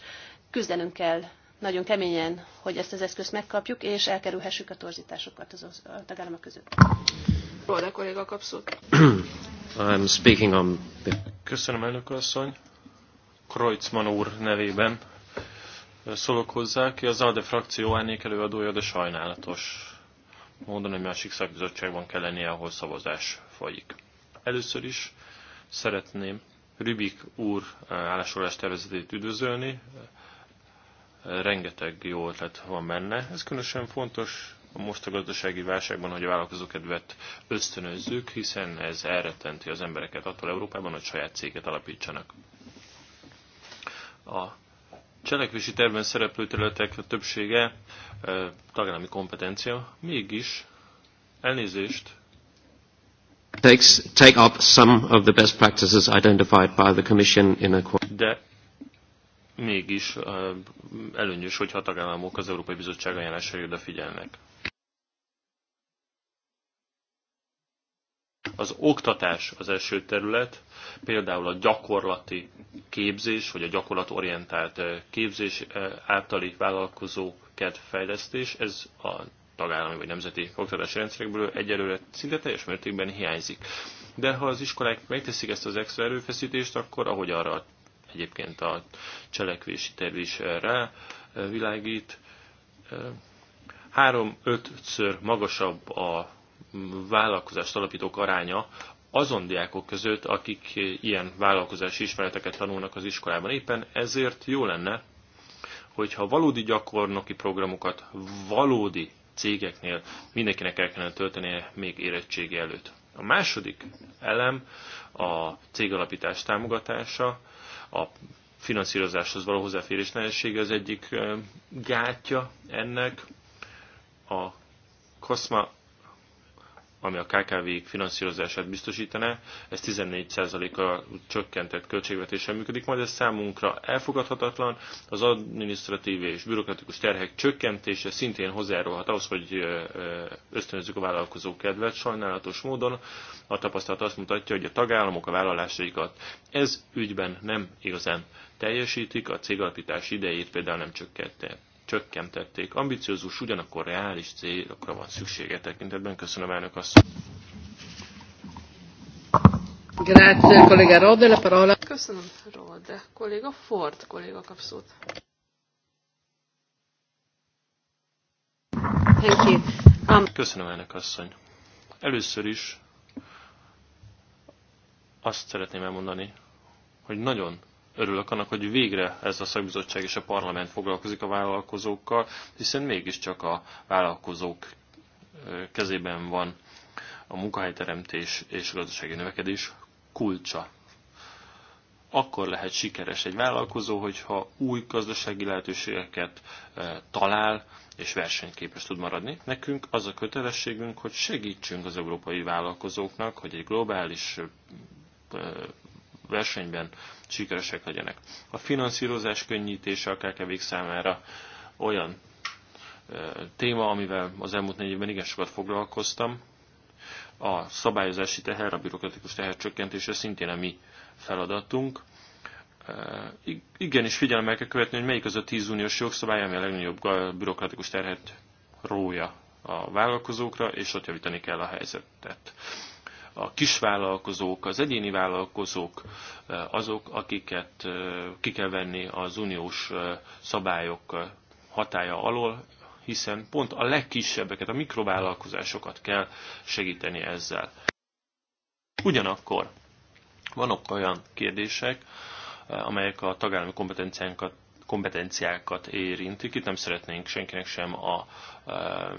küzdenünk kell nagyon keményen, hogy ezt az eszközt megkapjuk, és elkerülhessük a torzításokat az a tagállamok között. Róla kolléga Köszönöm, elnök asszony. Kreutzmann úr nevében szólok hozzá, ki az ALDE frakció árnyék előadója, de sajnálatos módon egy másik szakbizottságban kell lennie, ahol szavazás folyik. Először is szeretném Rübik úr állásolás tervezetét üdvözölni, rengeteg jó ötlet van benne. Ez különösen fontos a most a gazdasági válságban, hogy a vállalkozókedvet ösztönözzük, hiszen ez elrettenti az embereket attól Európában, hogy saját céget alapítsanak. A cselekvési tervben szereplő területek többsége tagállami kompetencia, mégis elnézést. Takes, take up some of the best practices identified by the Commission in a De mégis előnyös, hogyha a tagállamok az Európai Bizottság ajánlásaira figyelnek. Az oktatás az első terület, például a gyakorlati képzés, vagy a gyakorlatorientált eh, képzés eh, általi vállalkozó kedvfejlesztés, ez a tagállami vagy nemzeti oktatási rendszerekből egyelőre szinte teljes mértékben hiányzik. De ha az iskolák megteszik ezt az extra erőfeszítést, akkor ahogy arra egyébként a cselekvési terv is eh, rá világít, három-ötször magasabb a vállalkozást alapítók aránya azon diákok között, akik ilyen vállalkozási ismereteket tanulnak az iskolában. Éppen ezért jó lenne, hogyha valódi gyakornoki programokat valódi cégeknél mindenkinek el kellene töltenie még érettségi előtt. A második elem a cégalapítás támogatása, a finanszírozáshoz való hozzáférés nehézsége az egyik gátja ennek. A COSMA ami a kkv finanszírozását biztosítaná, ez 14%-a csökkentett költségvetéssel működik, majd ez számunkra elfogadhatatlan, az adminisztratív és bürokratikus terhek csökkentése szintén hozzájárulhat ahhoz, hogy ösztönözzük a vállalkozók kedvet. Sajnálatos módon a tapasztalat azt mutatja, hogy a tagállamok a vállalásaikat ez ügyben nem igazán teljesítik, a cégalapítás idejét például nem csökkentett csökkentették. Ambiciózus, ugyanakkor reális célokra van szüksége tekintetben. Köszönöm elnök azt. Grazie, kollega Rode, la parola. Köszönöm, Rode. Kolléga Ford, kolléga kap szót. Thank you. Um... Köszönöm, elnök asszony. Először is azt szeretném elmondani, hogy nagyon örülök annak, hogy végre ez a szakbizottság és a parlament foglalkozik a vállalkozókkal, hiszen mégiscsak a vállalkozók kezében van a munkahelyteremtés és a gazdasági növekedés kulcsa. Akkor lehet sikeres egy vállalkozó, hogyha új gazdasági lehetőségeket talál és versenyképes tud maradni. Nekünk az a kötelességünk, hogy segítsünk az európai vállalkozóknak, hogy egy globális versenyben sikeresek legyenek. A finanszírozás könnyítése a kkv számára olyan téma, amivel az elmúlt négy évben igen sokat foglalkoztam. A szabályozási teher, a bürokratikus teher csökkentése szintén a mi feladatunk. Igenis figyelemmel kell követni, hogy melyik az a tíz uniós jogszabály, ami a legnagyobb bürokratikus terhet rója a vállalkozókra, és ott javítani kell a helyzetet a kisvállalkozók, az egyéni vállalkozók eh, azok, akiket eh, ki kell venni az uniós eh, szabályok hatája alól, hiszen pont a legkisebbeket, a mikrovállalkozásokat kell segíteni ezzel. Ugyanakkor vannak olyan kérdések, amelyek a tagállami kompetenciánkat kompetenciákat érintik. Itt nem szeretnénk senkinek sem a a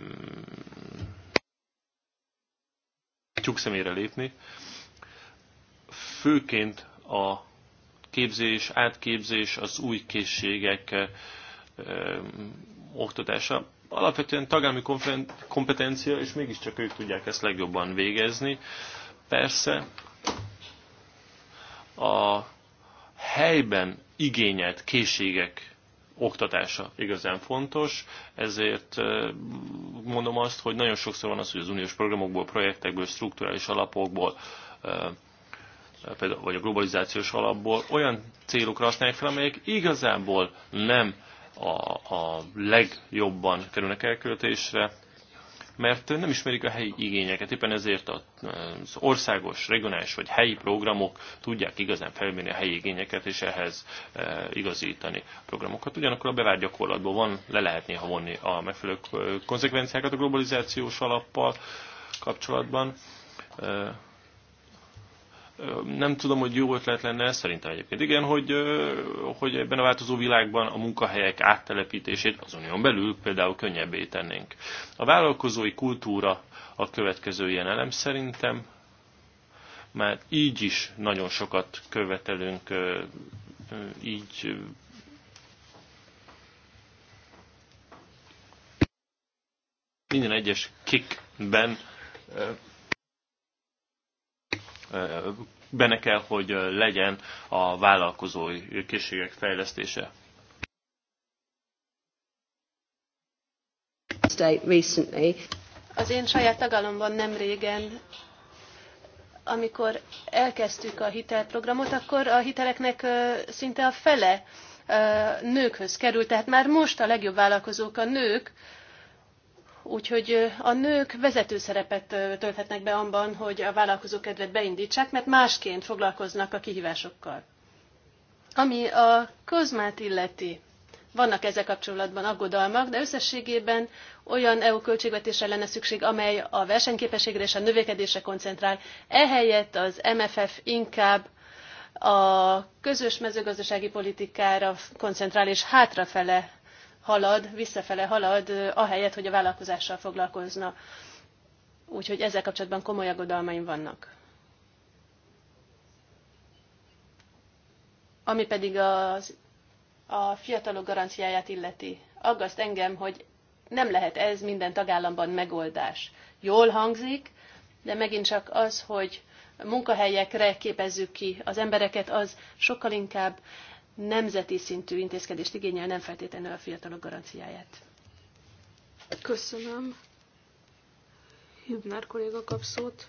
tyúk szemére lépni. Főként a képzés, átképzés, az új készségek eh, eh, oktatása. Alapvetően tagállami kompetencia, és mégiscsak ők tudják ezt legjobban végezni. Persze a helyben igényelt készségek oktatása igazán fontos, ezért mondom azt, hogy nagyon sokszor van az, hogy az uniós programokból, projektekből, strukturális alapokból, például, vagy a globalizációs alapból olyan célokra használják fel, amelyek igazából nem a, a legjobban kerülnek elköltésre, mert nem ismerik a helyi igényeket. Éppen ezért az országos, regionális vagy helyi programok tudják igazán felmérni a helyi igényeket, és ehhez e, igazítani a programokat. Ugyanakkor a bevált gyakorlatban van, le lehet néha vonni a megfelelő konzekvenciákat a globalizációs alappal kapcsolatban e, nem tudom, hogy jó ötlet lenne, szerintem egyébként igen, hogy, hogy ebben a változó világban a munkahelyek áttelepítését az unión belül például könnyebbé tennénk. A vállalkozói kultúra a következő ilyen elem szerintem, mert így is nagyon sokat követelünk, így minden egyes kickben benne kell, hogy legyen a vállalkozói készségek fejlesztése. Az én saját tagalomban nem régen amikor elkezdtük a hitelprogramot, akkor a hiteleknek szinte a fele nőkhöz került. Tehát már most a legjobb vállalkozók a nők, Úgyhogy a nők vezető szerepet tölthetnek be abban, hogy a vállalkozókedvet beindítsák, mert másként foglalkoznak a kihívásokkal. Ami a közmát illeti, vannak ezzel kapcsolatban aggodalmak, de összességében olyan EU költségvetésre lenne szükség, amely a versenyképességre és a növekedésre koncentrál. Ehelyett az MFF inkább a közös mezőgazdasági politikára koncentrál és hátrafele halad, visszafele halad, ahelyett, hogy a vállalkozással foglalkozna. Úgyhogy ezzel kapcsolatban komoly aggodalmaim vannak. Ami pedig az, a fiatalok garanciáját illeti. Aggaszt engem, hogy nem lehet ez minden tagállamban megoldás. Jól hangzik, de megint csak az, hogy munkahelyekre képezzük ki az embereket, az sokkal inkább nemzeti szintű intézkedést igényel, nem feltétlenül a fiatalok garanciáját. Köszönöm. Hübner kolléga kap szót.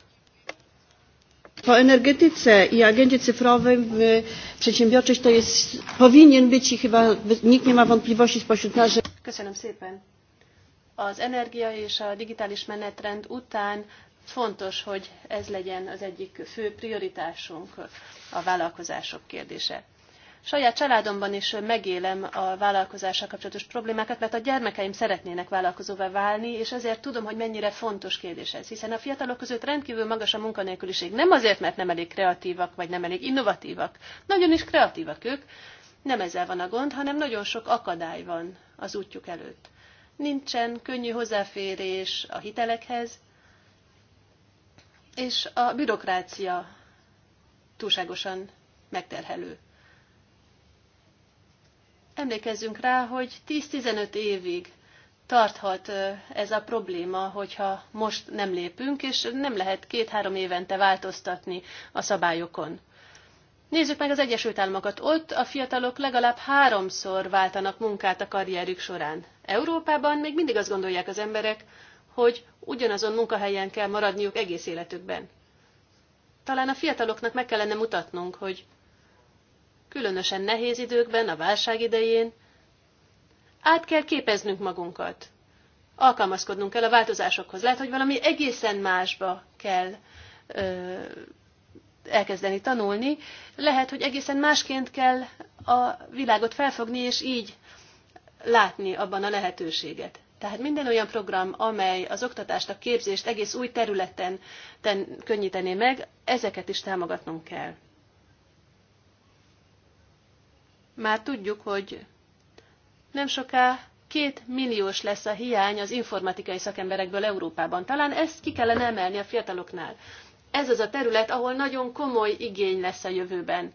Po energetyce i agendzie cyfrowej przedsiębiorczość to jest, powinien być i chyba nikt nie ma wątpliwości spośród nas, że... Köszönöm szépen. Az energia és a digitális menetrend után fontos, hogy ez legyen az egyik fő prioritásunk a vállalkozások kérdése saját családomban is megélem a vállalkozással kapcsolatos problémákat, mert a gyermekeim szeretnének vállalkozóvá válni, és ezért tudom, hogy mennyire fontos kérdés ez. Hiszen a fiatalok között rendkívül magas a munkanélküliség. Nem azért, mert nem elég kreatívak, vagy nem elég innovatívak. Nagyon is kreatívak ők. Nem ezzel van a gond, hanem nagyon sok akadály van az útjuk előtt. Nincsen könnyű hozzáférés a hitelekhez, és a bürokrácia túlságosan megterhelő Emlékezzünk rá, hogy 10-15 évig tarthat ez a probléma, hogyha most nem lépünk, és nem lehet két-három évente változtatni a szabályokon. Nézzük meg az Egyesült Államokat. Ott a fiatalok legalább háromszor váltanak munkát a karrierük során. Európában még mindig azt gondolják az emberek, hogy ugyanazon munkahelyen kell maradniuk egész életükben. Talán a fiataloknak meg kellene mutatnunk, hogy különösen nehéz időkben, a válság idején. Át kell képeznünk magunkat. Alkalmazkodnunk kell a változásokhoz. Lehet, hogy valami egészen másba kell ö, elkezdeni tanulni. Lehet, hogy egészen másként kell a világot felfogni, és így látni abban a lehetőséget. Tehát minden olyan program, amely az oktatást, a képzést egész új területen ten, könnyítené meg, ezeket is támogatnunk kell. már tudjuk, hogy nem soká két milliós lesz a hiány az informatikai szakemberekből Európában. Talán ezt ki kellene emelni a fiataloknál. Ez az a terület, ahol nagyon komoly igény lesz a jövőben.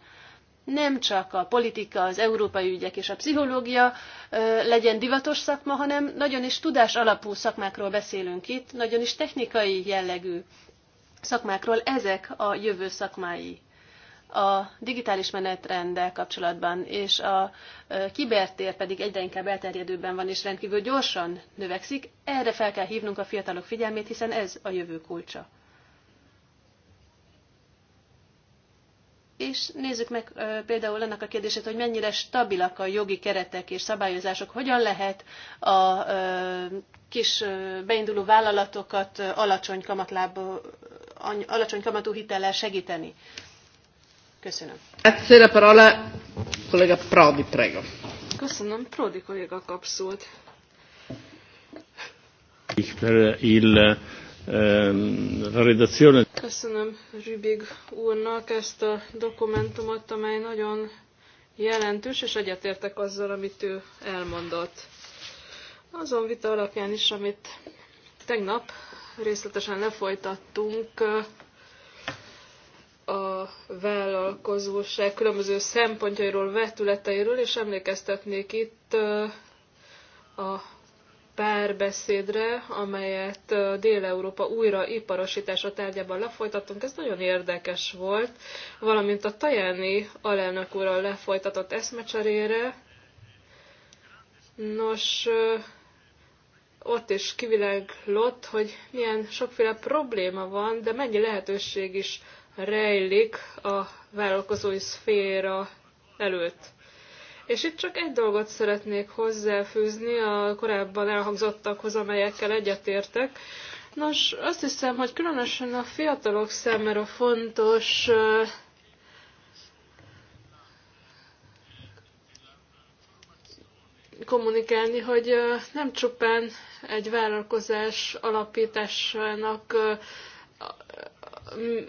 Nem csak a politika, az európai ügyek és a pszichológia ö, legyen divatos szakma, hanem nagyon is tudás alapú szakmákról beszélünk itt, nagyon is technikai jellegű szakmákról. Ezek a jövő szakmái a digitális menetrenddel kapcsolatban, és a kibertér pedig egyre inkább elterjedőben van, és rendkívül gyorsan növekszik. Erre fel kell hívnunk a fiatalok figyelmét, hiszen ez a jövő kulcsa. És nézzük meg például ennek a kérdését, hogy mennyire stabilak a jogi keretek és szabályozások, hogyan lehet a kis beinduló vállalatokat alacsony, kamatláb, alacsony kamatú hitellel segíteni. Köszönöm. Grazie la parola kollega Prodi, prego. Köszönöm, Prodi kolléga kap szót. Ehm, Köszönöm Rübig úrnak ezt a dokumentumot, amely nagyon jelentős, és egyetértek azzal, amit ő elmondott. Azon vita alapján is, amit tegnap részletesen lefolytattunk, a vállalkozóság különböző szempontjairól, vetületeiről, és emlékeztetnék itt a párbeszédre, amelyet Dél-Európa újraiparosítása tárgyában lefolytattunk. Ez nagyon érdekes volt, valamint a Tajáni alelnök úrral lefolytatott eszmecserére. Nos, ott is kiviláglott, hogy milyen sokféle probléma van, de mennyi lehetőség is rejlik a vállalkozói szféra előtt. És itt csak egy dolgot szeretnék hozzáfűzni a korábban elhangzottakhoz, amelyekkel egyetértek. Nos, azt hiszem, hogy különösen a fiatalok számára fontos kommunikálni, hogy nem csupán egy vállalkozás alapításának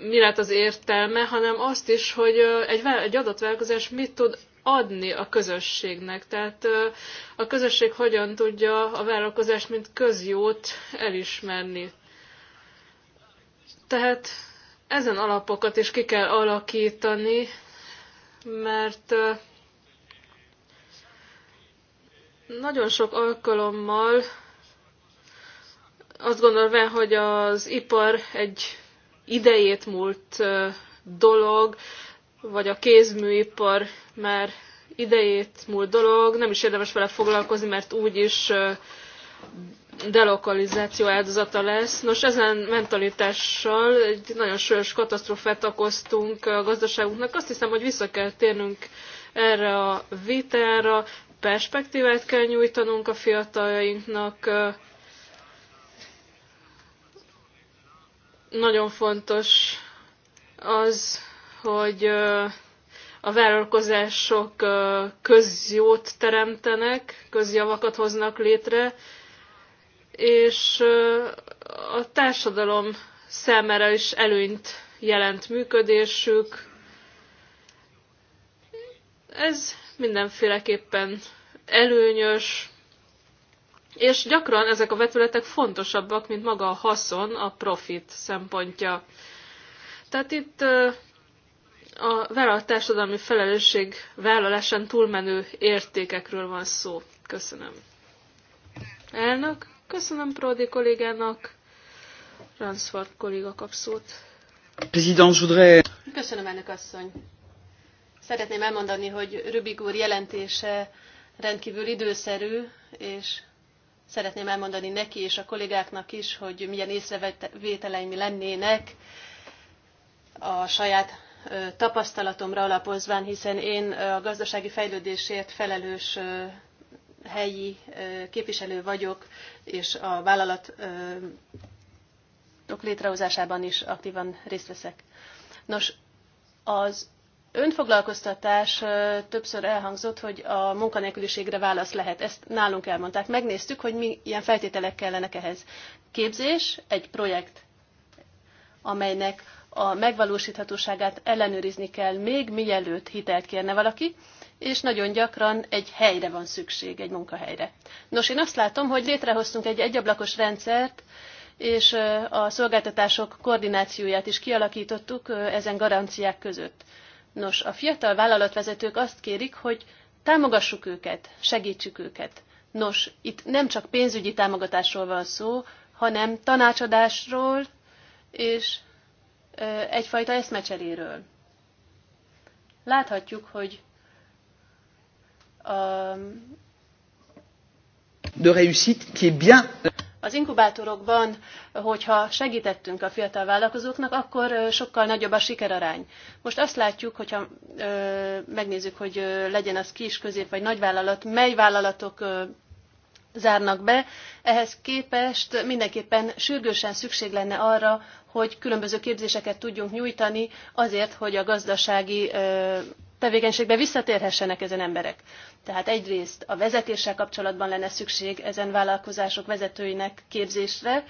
mi lett az értelme, hanem azt is, hogy egy, egy adott vállalkozás mit tud adni a közösségnek. Tehát a közösség hogyan tudja a vállalkozást, mint közjót elismerni. Tehát ezen alapokat is ki kell alakítani, mert nagyon sok alkalommal azt gondolva, hogy az ipar egy idejét múlt dolog, vagy a kézműipar már idejét múlt dolog, nem is érdemes vele foglalkozni, mert úgyis delokalizáció áldozata lesz. Nos, ezen mentalitással egy nagyon súlyos katasztrófát okoztunk a gazdaságunknak. Azt hiszem, hogy vissza kell térnünk erre a vitára, perspektívát kell nyújtanunk a fiataljainknak, Nagyon fontos az, hogy a vállalkozások közjót teremtenek, közjavakat hoznak létre, és a társadalom számára is előnyt jelent működésük. Ez mindenféleképpen előnyös, és gyakran ezek a vetületek fontosabbak, mint maga a haszon, a profit szempontja. Tehát itt a vállalat társadalmi felelősség vállalásán túlmenő értékekről van szó. Köszönöm. Elnök, köszönöm Prodi kollégának. Ransford kolléga kap szót. Köszönöm, elnök asszony. Szeretném elmondani, hogy Rübig úr jelentése rendkívül időszerű, és szeretném elmondani neki és a kollégáknak is, hogy milyen észrevételeim lennének a saját tapasztalatomra alapozván, hiszen én a gazdasági fejlődésért felelős helyi képviselő vagyok, és a vállalatok létrehozásában is aktívan részt veszek. Nos, az önfoglalkoztatás többször elhangzott, hogy a munkanélküliségre válasz lehet. Ezt nálunk elmondták. Megnéztük, hogy milyen feltételek kellenek ehhez. Képzés, egy projekt, amelynek a megvalósíthatóságát ellenőrizni kell még mielőtt hitelt kérne valaki, és nagyon gyakran egy helyre van szükség, egy munkahelyre. Nos, én azt látom, hogy létrehoztunk egy egyablakos rendszert, és a szolgáltatások koordinációját is kialakítottuk ezen garanciák között. Nos, a fiatal vállalatvezetők azt kérik, hogy támogassuk őket, segítsük őket. Nos, itt nem csak pénzügyi támogatásról van szó, hanem tanácsadásról és egyfajta eszmecseréről. Láthatjuk, hogy a de réussite qui est bien az inkubátorokban, hogyha segítettünk a fiatal vállalkozóknak, akkor sokkal nagyobb a sikerarány. Most azt látjuk, hogyha ö, megnézzük, hogy ö, legyen az kis, közép vagy vállalat, mely vállalatok ö, zárnak be, ehhez képest mindenképpen sürgősen szükség lenne arra, hogy különböző képzéseket tudjunk nyújtani azért, hogy a gazdasági tevékenységbe visszatérhessenek ezen emberek. Tehát egyrészt a vezetéssel kapcsolatban lenne szükség ezen vállalkozások vezetőinek képzésre,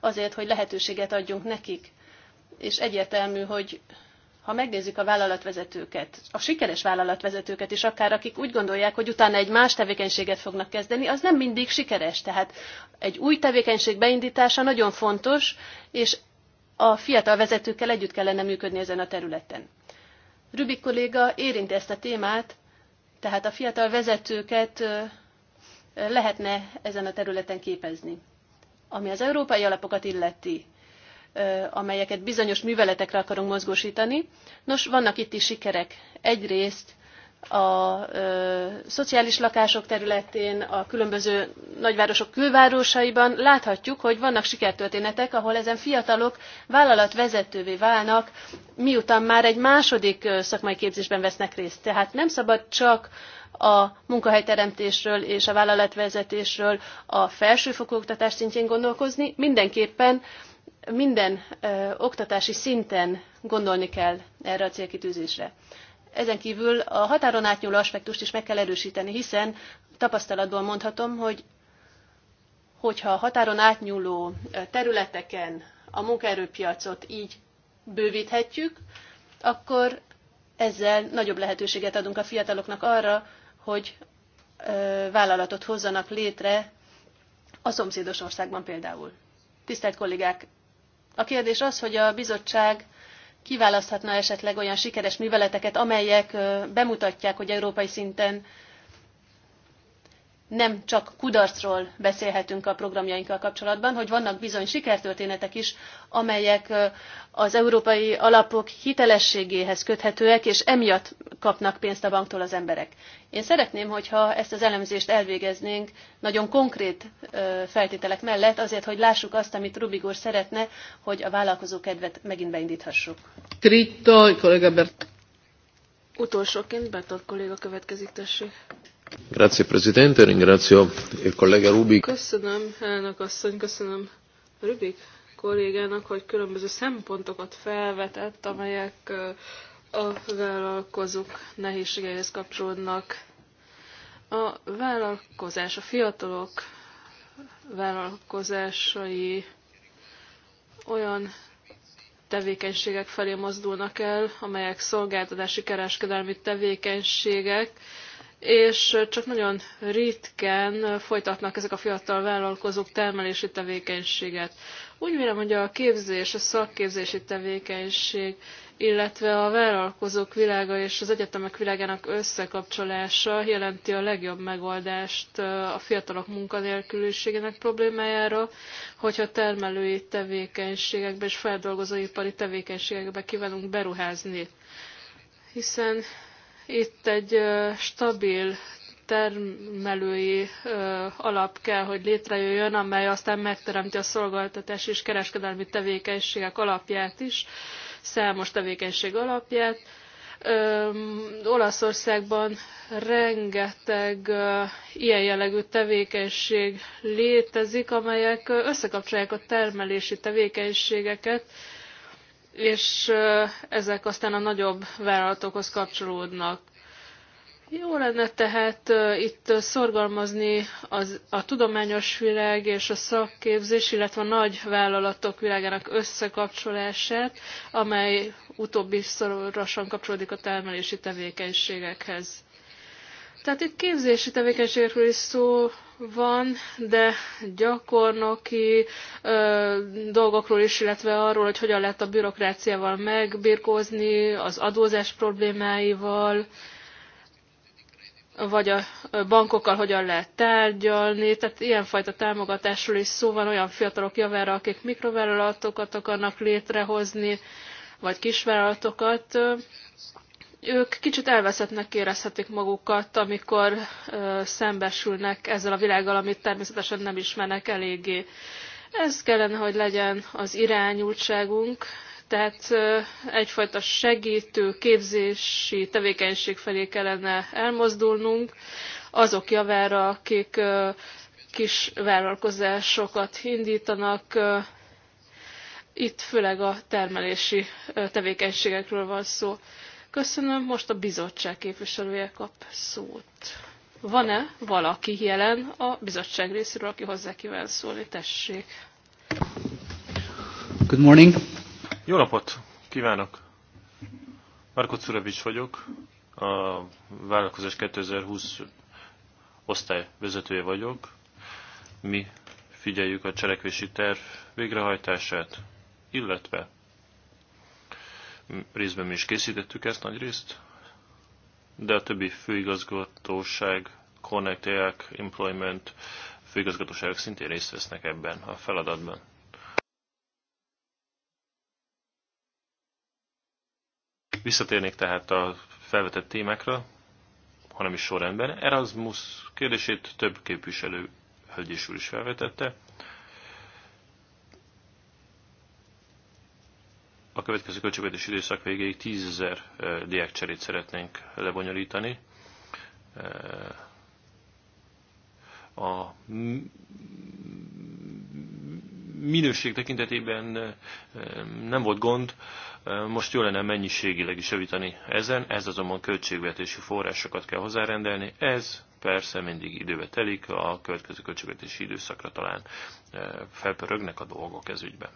azért, hogy lehetőséget adjunk nekik. És egyértelmű, hogy ha megnézzük a vállalatvezetőket, a sikeres vállalatvezetőket is, akár akik úgy gondolják, hogy utána egy más tevékenységet fognak kezdeni, az nem mindig sikeres. Tehát egy új tevékenység beindítása nagyon fontos, és a fiatal vezetőkkel együtt kellene működni ezen a területen. Rubik kolléga érinti ezt a témát, tehát a fiatal vezetőket lehetne ezen a területen képezni. Ami az európai alapokat illeti, amelyeket bizonyos műveletekre akarunk mozgósítani. Nos, vannak itt is sikerek. Egyrészt a ö, szociális lakások területén, a különböző nagyvárosok külvárosaiban láthatjuk, hogy vannak sikertörténetek, ahol ezen fiatalok vállalatvezetővé válnak, miután már egy második szakmai képzésben vesznek részt. Tehát nem szabad csak a munkahelyteremtésről és a vállalatvezetésről a felsőfokú oktatás szintjén gondolkozni, mindenképpen minden ö, oktatási szinten gondolni kell erre a célkitűzésre. Ezen kívül a határon átnyúló aspektust is meg kell erősíteni, hiszen tapasztalatból mondhatom, hogy hogyha a határon átnyúló területeken a munkaerőpiacot így bővíthetjük, akkor ezzel nagyobb lehetőséget adunk a fiataloknak arra, hogy vállalatot hozzanak létre a szomszédos országban például. Tisztelt kollégák, a kérdés az, hogy a bizottság kiválaszthatna esetleg olyan sikeres műveleteket, amelyek bemutatják, hogy európai szinten nem csak kudarcról beszélhetünk a programjainkkal kapcsolatban, hogy vannak bizony sikertörténetek is, amelyek az európai alapok hitelességéhez köthetőek, és emiatt kapnak pénzt a banktól az emberek. Én szeretném, hogyha ezt az elemzést elvégeznénk nagyon konkrét feltételek mellett, azért, hogy lássuk azt, amit Rubik úr szeretne, hogy a vállalkozó kedvet megint beindíthassuk. Krito, kollega Bert. Utolsóként Bertolt kolléga következik, tessék. Grazie, Presidente, ringrazio il collega Rubik. Köszönöm, elnök asszony, köszönöm Rubik kollégának, hogy különböző szempontokat felvetett, amelyek a vállalkozók nehézségeihez kapcsolódnak. A vállalkozás, a fiatalok vállalkozásai olyan tevékenységek felé mozdulnak el, amelyek szolgáltatási kereskedelmi tevékenységek, és csak nagyon ritkán folytatnak ezek a fiatal vállalkozók termelési tevékenységet. Úgy vélem, hogy a képzés, a szakképzési tevékenység, illetve a vállalkozók világa és az egyetemek világának összekapcsolása jelenti a legjobb megoldást a fiatalok munkanélküliségének problémájára, hogyha termelői tevékenységekbe és feldolgozóipari tevékenységekbe kívánunk beruházni. Hiszen itt egy stabil termelői alap kell, hogy létrejöjjön, amely aztán megteremti a szolgáltatás és kereskedelmi tevékenységek alapját is, számos tevékenység alapját. Olaszországban rengeteg ilyen jellegű tevékenység létezik, amelyek összekapcsolják a termelési tevékenységeket, és ezek aztán a nagyobb vállalatokhoz kapcsolódnak. Jó lenne tehát itt szorgalmazni az, a tudományos világ és a szakképzés, illetve a nagy vállalatok világának összekapcsolását, amely utóbbi szorosan kapcsolódik a termelési tevékenységekhez. Tehát itt képzési tevékenységekről is szó van, de gyakornoki ö, dolgokról is, illetve arról, hogy hogyan lehet a bürokráciával megbirkózni, az adózás problémáival, vagy a bankokkal hogyan lehet tárgyalni, tehát ilyenfajta támogatásról is szó van olyan fiatalok javára, akik mikrovállalatokat akarnak létrehozni, vagy kisvállalatokat ők kicsit elveszettnek érezhetik magukat, amikor ö, szembesülnek ezzel a világgal, amit természetesen nem ismernek eléggé. Ez kellene, hogy legyen az irányultságunk, tehát ö, egyfajta segítő, képzési tevékenység felé kellene elmozdulnunk azok javára, akik ö, kis vállalkozásokat indítanak, ö, itt főleg a termelési tevékenységekről van szó. Köszönöm, most a bizottság képviselője kap szót. Van-e valaki jelen a bizottság részéről, aki hozzá kíván szólni? Tessék. Good morning. Jó napot kívánok! Marko Curevics vagyok, a Vállalkozás 2020 osztály vezetője vagyok. Mi figyeljük a cselekvési terv végrehajtását, illetve részben mi is készítettük ezt nagy részt, de a többi főigazgatóság, Connect, EAC, Employment főigazgatóságok szintén részt vesznek ebben a feladatban. Visszatérnék tehát a felvetett témákra, hanem is sorrendben. Erasmus kérdését több képviselő hölgyésül is felvetette. következő költségvetési időszak végéig 10 ezer diákcserét szeretnénk lebonyolítani. A minőség tekintetében nem volt gond, most jó lenne mennyiségileg is javítani ezen, ez azonban költségvetési forrásokat kell hozzárendelni, ez persze mindig időbe telik, a következő költségvetési időszakra talán felpörögnek a dolgok ez ügyben.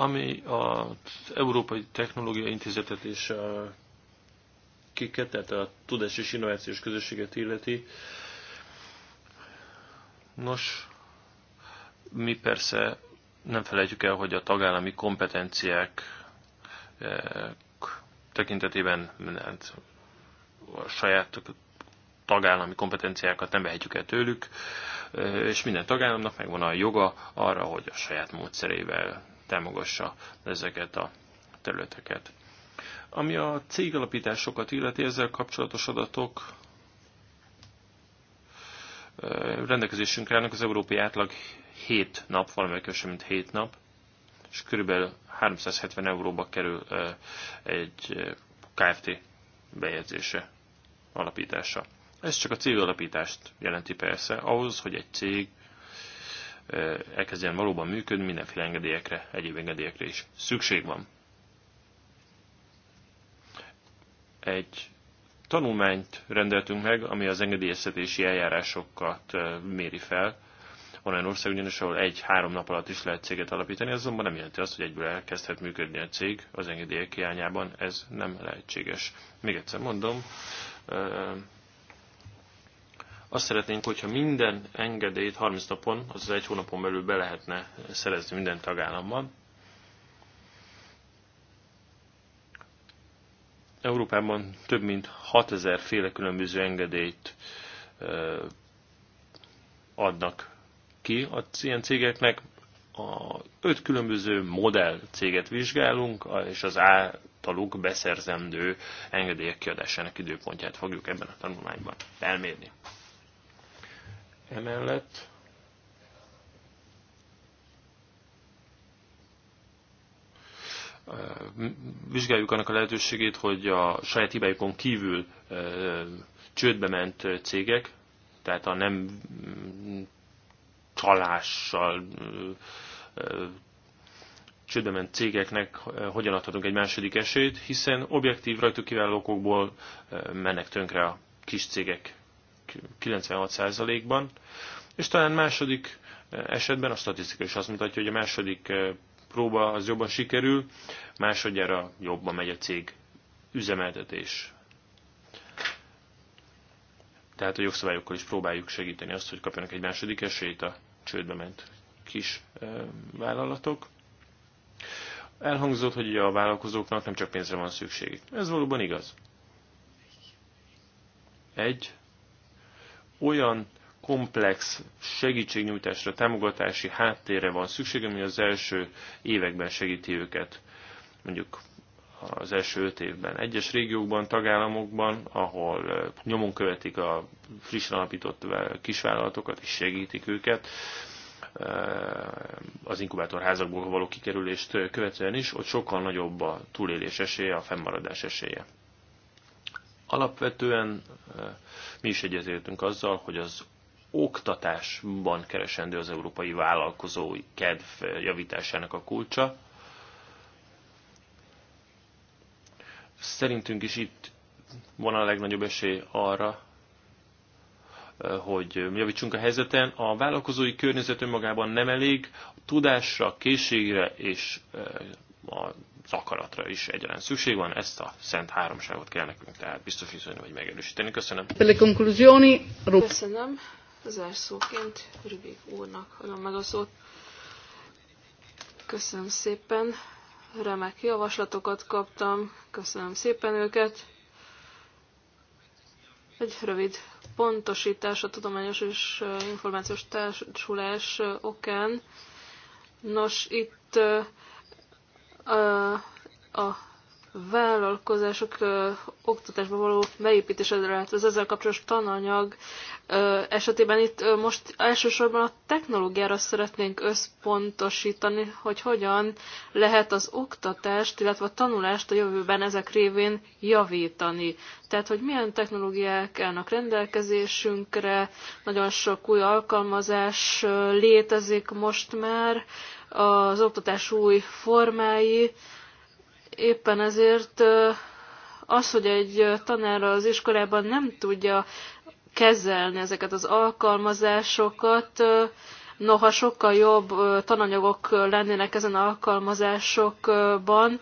Ami az Európai Technológiai Intézetet és a kiket, tehát a Tudás és Innovációs Közösséget illeti, nos, mi persze nem felejtjük el, hogy a tagállami kompetenciák eh, tekintetében hát, a saját tagállami kompetenciákat nem vehetjük el tőlük, eh, és minden tagállamnak megvan a joga arra, hogy a saját módszerével támogassa ezeket a területeket. Ami a cégalapításokat illeti, ezzel kapcsolatos adatok rendelkezésünkre állnak, az európai átlag 7 nap, valamelyik sem mint 7 nap, és körülbelül 370 euróba kerül egy KFT bejegyzése, alapítása. Ez csak a cég alapítást jelenti persze. Ahhoz, hogy egy cég elkezdjen valóban működni, mindenféle engedélyekre, egyéb engedélyekre is szükség van. Egy tanulmányt rendeltünk meg, ami az engedélyeztetési eljárásokat méri fel. Olyan ország ugyanis, ahol egy-három nap alatt is lehet céget alapítani, azonban nem jelenti azt, hogy egyből elkezdhet működni a cég az engedélyek hiányában, ez nem lehetséges. Még egyszer mondom, azt szeretnénk, hogyha minden engedélyt 30 napon, azaz egy hónapon belül be lehetne szerezni minden tagállamban. Európában több mint 6000 féle különböző engedélyt adnak ki a ilyen cégeknek. A öt különböző modell céget vizsgálunk, és az általuk beszerzendő engedélyek kiadásának időpontját fogjuk ebben a tanulmányban felmérni emellett. Vizsgáljuk annak a lehetőségét, hogy a saját hibájukon kívül csődbe ment cégek, tehát a nem mm, csalással ment cégeknek hogyan adhatunk egy második esélyt, hiszen objektív, rajtuk kiváló okokból mennek tönkre a kis cégek 96%-ban, és talán második eh, esetben a statisztika is azt mutatja, hogy a második eh, próba az jobban sikerül, másodjára jobban megy a cég üzemeltetés. Tehát a jogszabályokkal is próbáljuk segíteni azt, hogy kapjanak egy második esélyt a csődbe ment kis eh, vállalatok. Elhangzott, hogy a vállalkozóknak nem csak pénzre van szükségük. Ez valóban igaz. Egy olyan komplex segítségnyújtásra, támogatási háttérre van szükség, ami az első években segíti őket, mondjuk az első öt évben. Egyes régiókban, tagállamokban, ahol eh, nyomon követik a frissen alapított eh, kisvállalatokat és segítik őket, eh, az inkubátorházakból való kikerülést követően is, ott sokkal nagyobb a túlélés esélye, a fennmaradás esélye. Alapvetően mi is egyezértünk azzal, hogy az oktatásban keresendő az európai vállalkozói kedv javításának a kulcsa. Szerintünk is itt van a legnagyobb esély arra, hogy javítsunk a helyzeten. A vállalkozói környezet önmagában nem elég, a tudásra, készségre és a az akaratra is egyaránt szükség van, ezt a szent háromságot kell nekünk tehát biztosítani, hogy megerősíteni. Köszönöm. Köszönöm. Zárszóként Rübik úrnak adom meg a szót. Köszönöm szépen. Remek javaslatokat kaptam. Köszönöm szépen őket. Egy rövid pontosítás a Tudományos és Információs Társulás okán. Nos, itt a, a vállalkozások ö, oktatásba való beépítésre, lehet az ezzel kapcsolatos tananyag ö, esetében itt ö, most elsősorban a technológiára szeretnénk összpontosítani, hogy hogyan lehet az oktatást, illetve a tanulást a jövőben ezek révén javítani. Tehát, hogy milyen technológiák állnak rendelkezésünkre, nagyon sok új alkalmazás létezik most már, az oktatás új formái. Éppen ezért az, hogy egy tanár az iskolában nem tudja kezelni ezeket az alkalmazásokat, noha sokkal jobb tananyagok lennének ezen alkalmazásokban,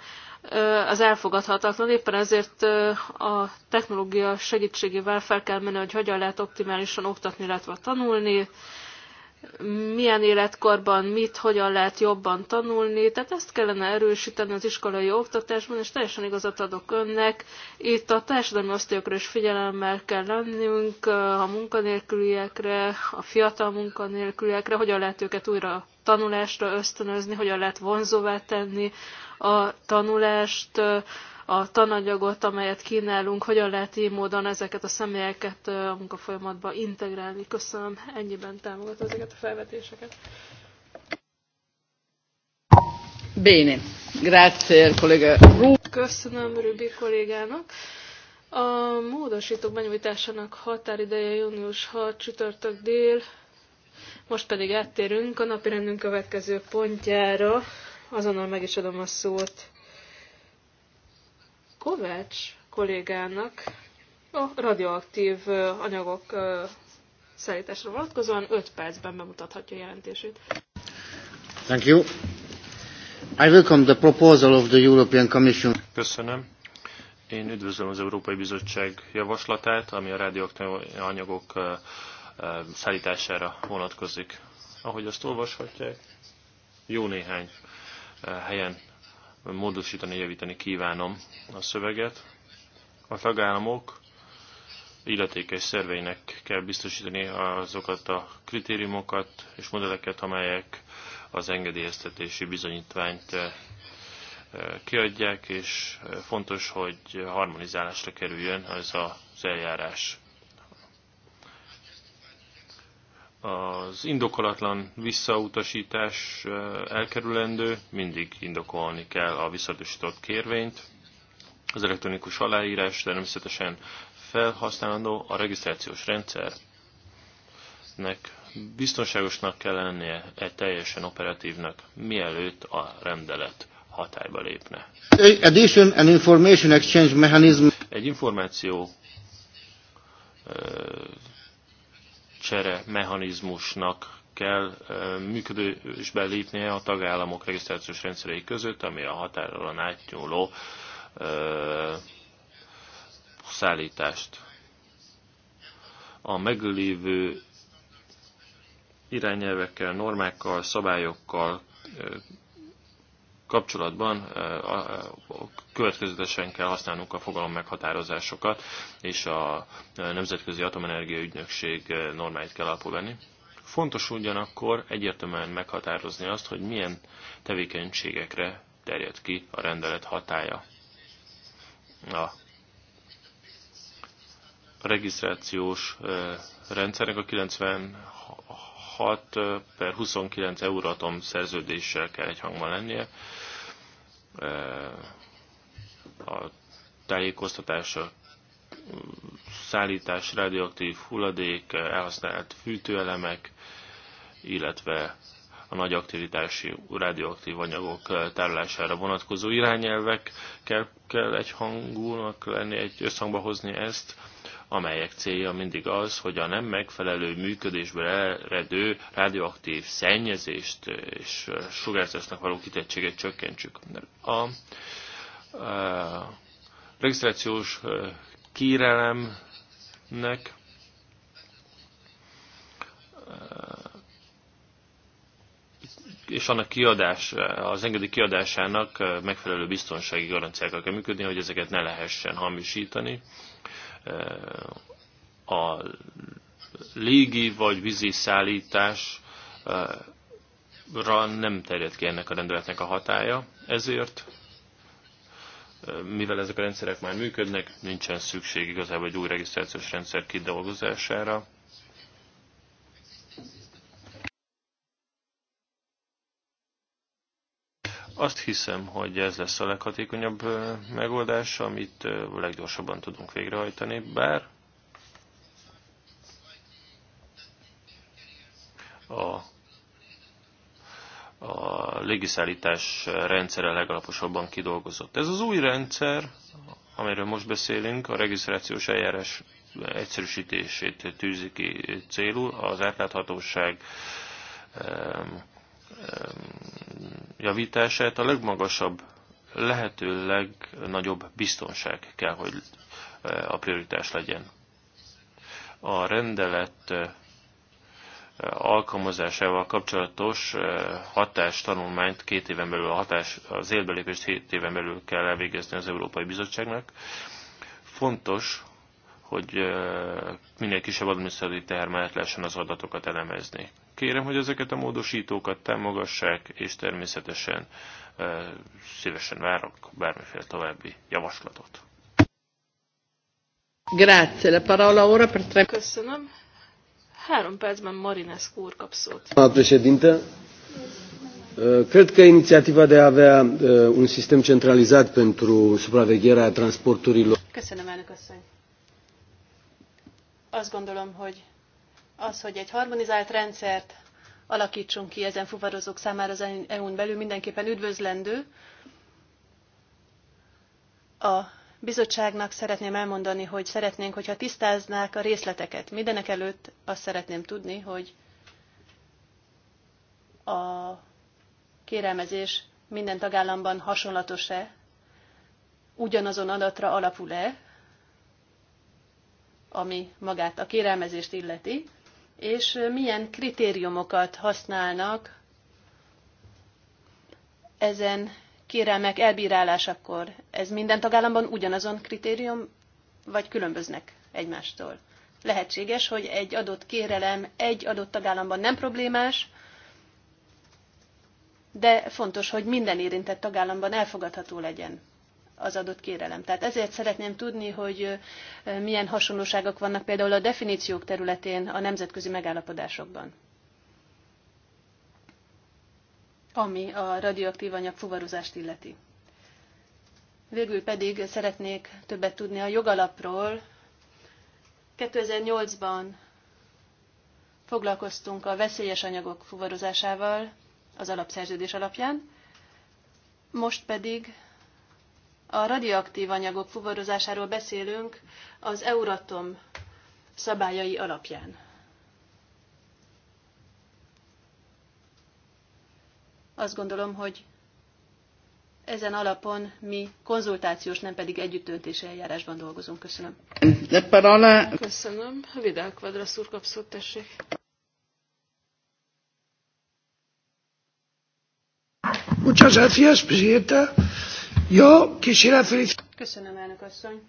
az elfogadhatatlan. Éppen ezért a technológia segítségével fel kell menni, hogy hogyan lehet optimálisan oktatni, illetve tanulni milyen életkorban mit, hogyan lehet jobban tanulni, tehát ezt kellene erősíteni az iskolai oktatásban, és teljesen igazat adok önnek. Itt a társadalmi osztályokra is figyelemmel kell lennünk, a munkanélküliekre, a fiatal munkanélküliekre, hogyan lehet őket újra tanulásra ösztönözni, hogyan lehet vonzóvá tenni a tanulást, a tananyagot, amelyet kínálunk, hogyan lehet így módon ezeket a személyeket a munkafolyamatba integrálni. Köszönöm, ennyiben támogat ezeket a felvetéseket. Bene, grazie kollega Köszönöm Rübi kollégának. A módosítók benyújtásának határideje június 6 csütörtök dél, most pedig áttérünk a napirendünk következő pontjára. Azonnal meg is adom a szót Kovács kollégának a radioaktív anyagok szállításra vonatkozóan 5 percben bemutathatja a jelentését. Thank you. I welcome the proposal of the European Commission. Köszönöm. Én üdvözlöm az Európai Bizottság javaslatát, ami a radioaktív anyagok szállítására vonatkozik. Ahogy azt olvashatják, jó néhány helyen módosítani, javítani kívánom a szöveget. A tagállamok illetékes szerveinek kell biztosítani azokat a kritériumokat és modelleket, amelyek az engedélyeztetési bizonyítványt eh, kiadják, és eh, fontos, hogy harmonizálásra kerüljön ez az eljárás. az indokolatlan visszautasítás elkerülendő, mindig indokolni kell a visszautasított kérvényt. Az elektronikus aláírás természetesen felhasználandó, a regisztrációs rendszernek biztonságosnak kell lennie egy teljesen operatívnak, mielőtt a rendelet hatályba lépne. Addition and information exchange mechanism. Egy információ csere mechanizmusnak kell működésbe lépnie a tagállamok regisztrációs rendszerei között, ami a határon átnyúló szállítást. A meglévő irányelvekkel, normákkal, szabályokkal kapcsolatban következetesen kell használnunk a fogalom meghatározásokat, és a Nemzetközi Atomenergia Ügynökség normáit kell alapul venni. Fontos ugyanakkor egyértelműen meghatározni azt, hogy milyen tevékenységekre terjed ki a rendelet hatája. A regisztrációs rendszernek a 96 6 per 29 Euratom szerződéssel kell egy hangban lennie. A tájékoztatása szállítás, radioaktív hulladék, elhasznált fűtőelemek, illetve a nagy aktivitási radioaktív anyagok tárolására vonatkozó irányelvek kell, kell hangulnak lenni, egy összhangba hozni ezt amelyek célja mindig az, hogy a nem megfelelő működésből eredő radioaktív szennyezést és sugárzásnak való kitettséget csökkentsük. A, a, a regisztrációs kérelemnek és annak kiadás, az engedi kiadásának megfelelő biztonsági garanciákkal kell működni, hogy ezeket ne lehessen hamisítani a légi vagy vízi szállításra nem terjed ki ennek a rendeletnek a hatája, ezért mivel ezek a rendszerek már működnek, nincsen szükség igazából egy új regisztrációs rendszer kidolgozására. Azt hiszem, hogy ez lesz a leghatékonyabb megoldás, amit a leggyorsabban tudunk végrehajtani, bár a, a légiszállítás rendszere legalaposabban kidolgozott. Ez az új rendszer, amiről most beszélünk, a regisztrációs eljárás egyszerűsítését tűzi ki célul, az átláthatóság Ehm, javítását a legmagasabb, lehető legnagyobb biztonság kell, hogy e, a prioritás legyen. A rendelet e, alkalmazásával kapcsolatos e, hatástanulmányt két éven belül, a hatás, az élbelépést hét éven belül kell elvégezni az Európai Bizottságnak. Fontos, hogy minél kisebb adminisztratív teher mellett lehessen az adatokat elemezni kérem, hogy ezeket a módosítókat támogassák, és természetesen szívesen várok bármiféle további javaslatot. Grazie, la parola ora per tre... Köszönöm. Három percben Marinescu úr kap szót. cred că inițiativa de a avea un sistem centralizat pentru supravegherea transporturilor... Köszönöm, elnök asszony. Azt gondolom, hogy az, hogy egy harmonizált rendszert alakítsunk ki ezen fuvarozók számára az EU-n belül mindenképpen üdvözlendő. A bizottságnak szeretném elmondani, hogy szeretnénk, hogyha tisztáznák a részleteket. Mindenek előtt azt szeretném tudni, hogy a kérelmezés minden tagállamban hasonlatos-e, ugyanazon adatra alapul-e, ami magát a kérelmezést illeti, és milyen kritériumokat használnak ezen kérelmek elbírálásakor. Ez minden tagállamban ugyanazon kritérium, vagy különböznek egymástól? Lehetséges, hogy egy adott kérelem egy adott tagállamban nem problémás, de fontos, hogy minden érintett tagállamban elfogadható legyen az adott kérelem. Tehát ezért szeretném tudni, hogy milyen hasonlóságok vannak például a definíciók területén a nemzetközi megállapodásokban. Ami a radioaktív anyag fuvarozást illeti. Végül pedig szeretnék többet tudni a jogalapról. 2008-ban foglalkoztunk a veszélyes anyagok fuvarozásával az alapszerződés alapján, most pedig a radioaktív anyagok fuvarozásáról beszélünk az Euratom szabályai alapján. Azt gondolom, hogy ezen alapon mi konzultációs, nem pedig együttöntési eljárásban dolgozunk. Köszönöm. Köszönöm. Vidal Kvadrasz úr kapszott, tessék. Muchas gracias, presidenta. Jó, Köszönöm, elnök asszony.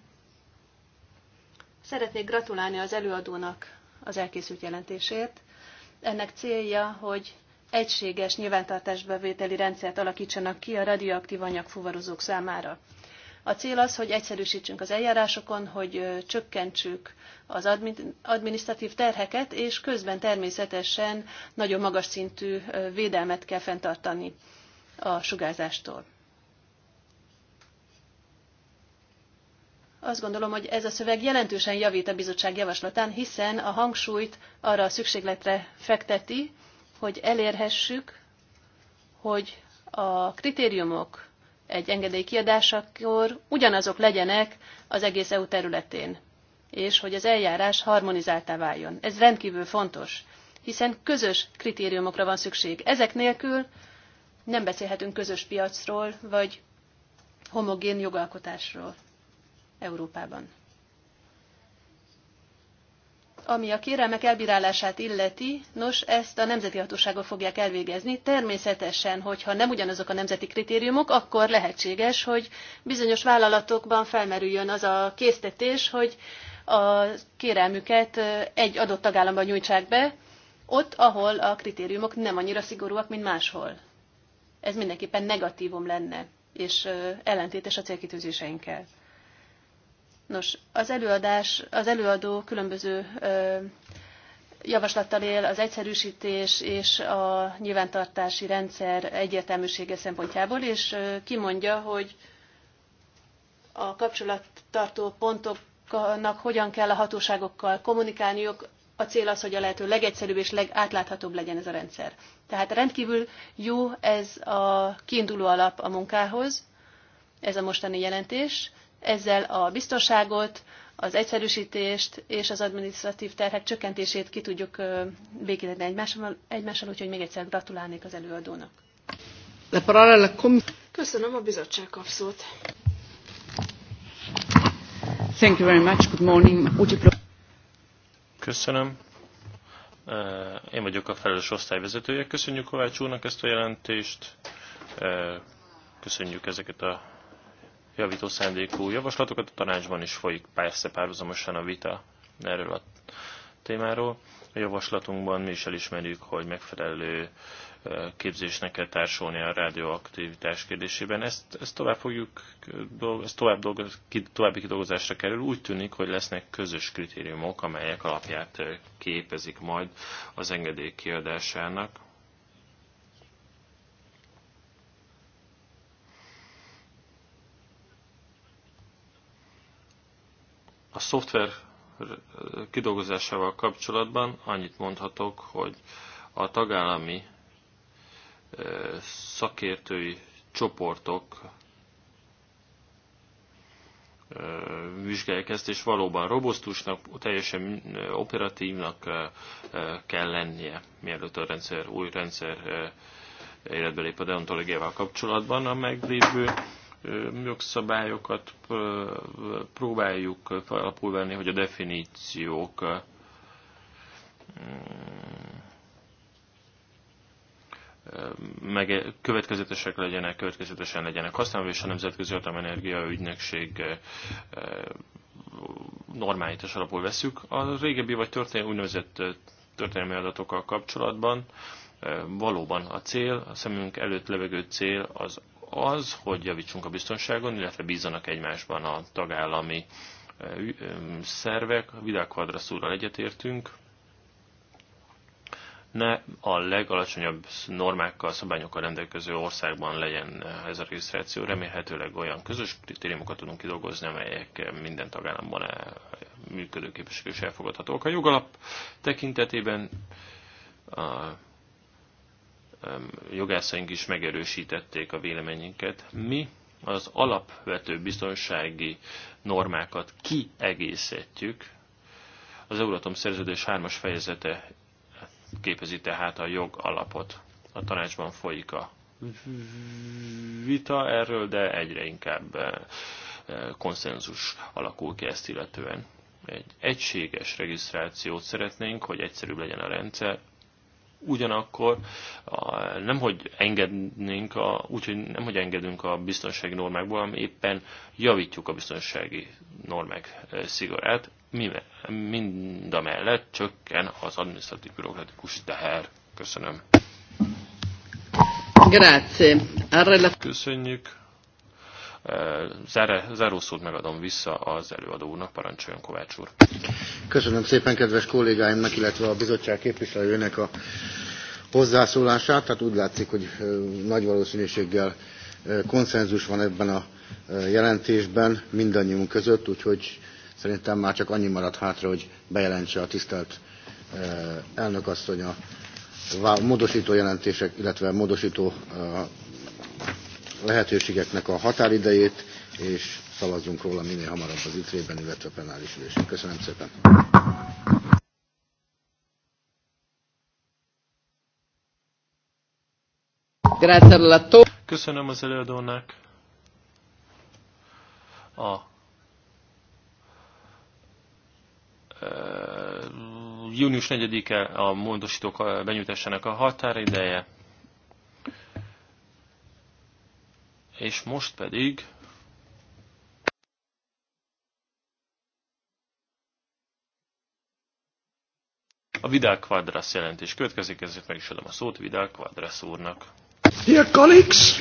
Szeretnék gratulálni az előadónak az elkészült jelentésért. Ennek célja, hogy egységes nyilvántartásbevételi rendszert alakítsanak ki a radioaktív anyag fuvarozók számára. A cél az, hogy egyszerűsítsünk az eljárásokon, hogy csökkentsük az adminisztratív terheket, és közben természetesen nagyon magas szintű védelmet kell fenntartani a sugárzástól. Azt gondolom, hogy ez a szöveg jelentősen javít a bizottság javaslatán, hiszen a hangsúlyt arra a szükségletre fekteti, hogy elérhessük, hogy a kritériumok egy engedély kiadásakor ugyanazok legyenek az egész EU területén, és hogy az eljárás harmonizáltá váljon. Ez rendkívül fontos, hiszen közös kritériumokra van szükség. Ezek nélkül nem beszélhetünk közös piacról, vagy homogén jogalkotásról. Európában. Ami a kérelmek elbírálását illeti, nos, ezt a nemzeti hatóságok fogják elvégezni. Természetesen, hogyha nem ugyanazok a nemzeti kritériumok, akkor lehetséges, hogy bizonyos vállalatokban felmerüljön az a késztetés, hogy a kérelmüket egy adott tagállamban nyújtsák be, ott, ahol a kritériumok nem annyira szigorúak, mint máshol. Ez mindenképpen negatívum lenne, és ellentétes a célkitűzéseinkkel. Nos, az előadás, az előadó különböző ö, javaslattal él az egyszerűsítés és a nyilvántartási rendszer egyértelműsége szempontjából, és kimondja, hogy a kapcsolattartó pontoknak hogyan kell a hatóságokkal kommunikálniuk. A cél az, hogy a lehető legegyszerűbb és legátláthatóbb legyen ez a rendszer. Tehát rendkívül jó ez a kiinduló alap a munkához, ez a mostani jelentés ezzel a biztonságot, az egyszerűsítést és az administratív terhek csökkentését ki tudjuk békíteni egymással, egymással, úgyhogy még egyszer gratulálnék az előadónak. Köszönöm a bizottság kapszót. Thank you very much. Good morning. Köszönöm. Én vagyok a felelős osztályvezetője. Köszönjük Kovács úrnak ezt a jelentést. Köszönjük ezeket a javító szándékú javaslatokat. A tanácsban is folyik persze párhuzamosan a vita erről a témáról. A javaslatunkban mi is elismerjük, hogy megfelelő képzésnek kell társulni a rádióaktivitás kérdésében. Ezt, ezt tovább fogjuk, ezt tovább dolgoz, ki, további kidolgozásra kerül. Úgy tűnik, hogy lesznek közös kritériumok, amelyek alapját képezik majd az engedély kiadásának. A szoftver kidolgozásával kapcsolatban annyit mondhatok, hogy a tagállami szakértői csoportok vizsgálják ezt, és valóban robosztusnak, teljesen operatívnak kell lennie, mielőtt a rendszer, új rendszer életbe lép a deontológiával kapcsolatban. A meglévő jogszabályokat próbáljuk alapul venni, hogy a definíciók meg következetesek legyenek, következetesen legyenek használva, és a Nemzetközi Atomenergia Ügynökség normáit is alapul veszük. A régebbi vagy történelmi, úgynevezett történelmi adatokkal kapcsolatban valóban a cél, a szemünk előtt levegő cél az az, hogy javítsunk a biztonságon, illetve bízanak egymásban a tagállami szervek. Vidal Quadraszúrral egyetértünk. Ne a legalacsonyabb normákkal, szabályokkal rendelkező országban legyen ez a regisztráció. Remélhetőleg olyan közös kritériumokat tudunk kidolgozni, amelyek minden tagállamban működőképesek és elfogadhatók. A jogalap tekintetében jogászaink is megerősítették a véleményünket. Mi az alapvető biztonsági normákat kiegészítjük. Az Euratom szerződés 3-as fejezete képezi tehát a jog alapot. A tanácsban folyik a vita erről, de egyre inkább eh, konszenzus alakul ki ezt illetően. Egy egységes regisztrációt szeretnénk, hogy egyszerűbb legyen a rendszer, ugyanakkor nem hogy engednénk, a, úgyhogy nem hogy engedünk a biztonsági normákból, hanem éppen javítjuk a biztonsági normák szigorát, mind a mellett csökken az adminisztratív bürokratikus teher. Köszönöm. Grazie. Köszönjük szót megadom vissza az előadó úrnak, parancsoljon Kovács úr. Köszönöm szépen kedves kollégáimnak, illetve a bizottság képviselőjének a hozzászólását. Tehát úgy látszik, hogy nagy valószínűséggel konszenzus van ebben a jelentésben mindannyiunk között, úgyhogy szerintem már csak annyi maradt hátra, hogy bejelentse a tisztelt elnökasszony a módosító jelentések, illetve módosító lehetőségeknek a határidejét, és szavazzunk róla minél hamarabb az ütrében, illetve a plenáris ülésen. Köszönöm szépen! Köszönöm az előadónak a e, június 4-e a módosítók e, benyújtásának a határideje. és most pedig A Vidal Quadras jelentés következik, ezért meg is adom a szót Vidal Quadras úrnak. Dear colleagues,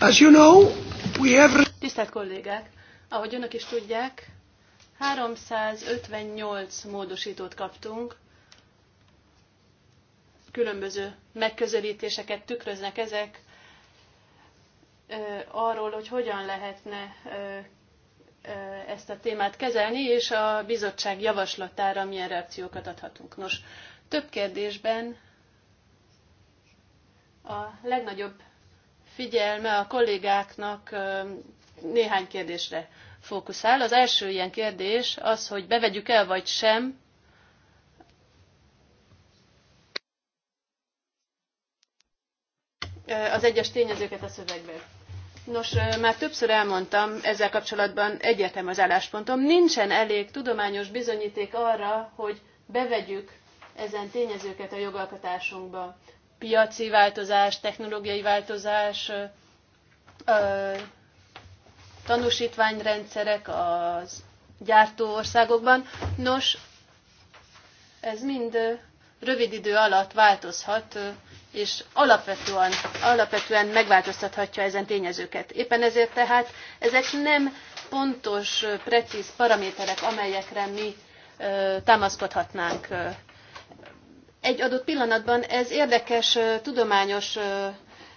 as you know, we have... Tisztelt kollégák, ahogy önök is tudják, 358 módosítót kaptunk, különböző megközelítéseket tükröznek ezek arról, hogy hogyan lehetne ezt a témát kezelni, és a bizottság javaslatára milyen reakciókat adhatunk. Nos, több kérdésben a legnagyobb figyelme a kollégáknak néhány kérdésre fókuszál. Az első ilyen kérdés az, hogy bevegyük el vagy sem az egyes tényezőket a szövegbe. Nos, már többször elmondtam ezzel kapcsolatban egyetem az álláspontom. Nincsen elég tudományos bizonyíték arra, hogy bevegyük ezen tényezőket a jogalkotásunkba. Piaci változás, technológiai változás, tanúsítványrendszerek az gyártó országokban. Nos, ez mind rövid idő alatt változhat és alapvetően, alapvetően megváltoztathatja ezen tényezőket. Éppen ezért tehát ezek nem pontos, precíz paraméterek, amelyekre mi ö, támaszkodhatnánk. Egy adott pillanatban ez érdekes ö, tudományos ö,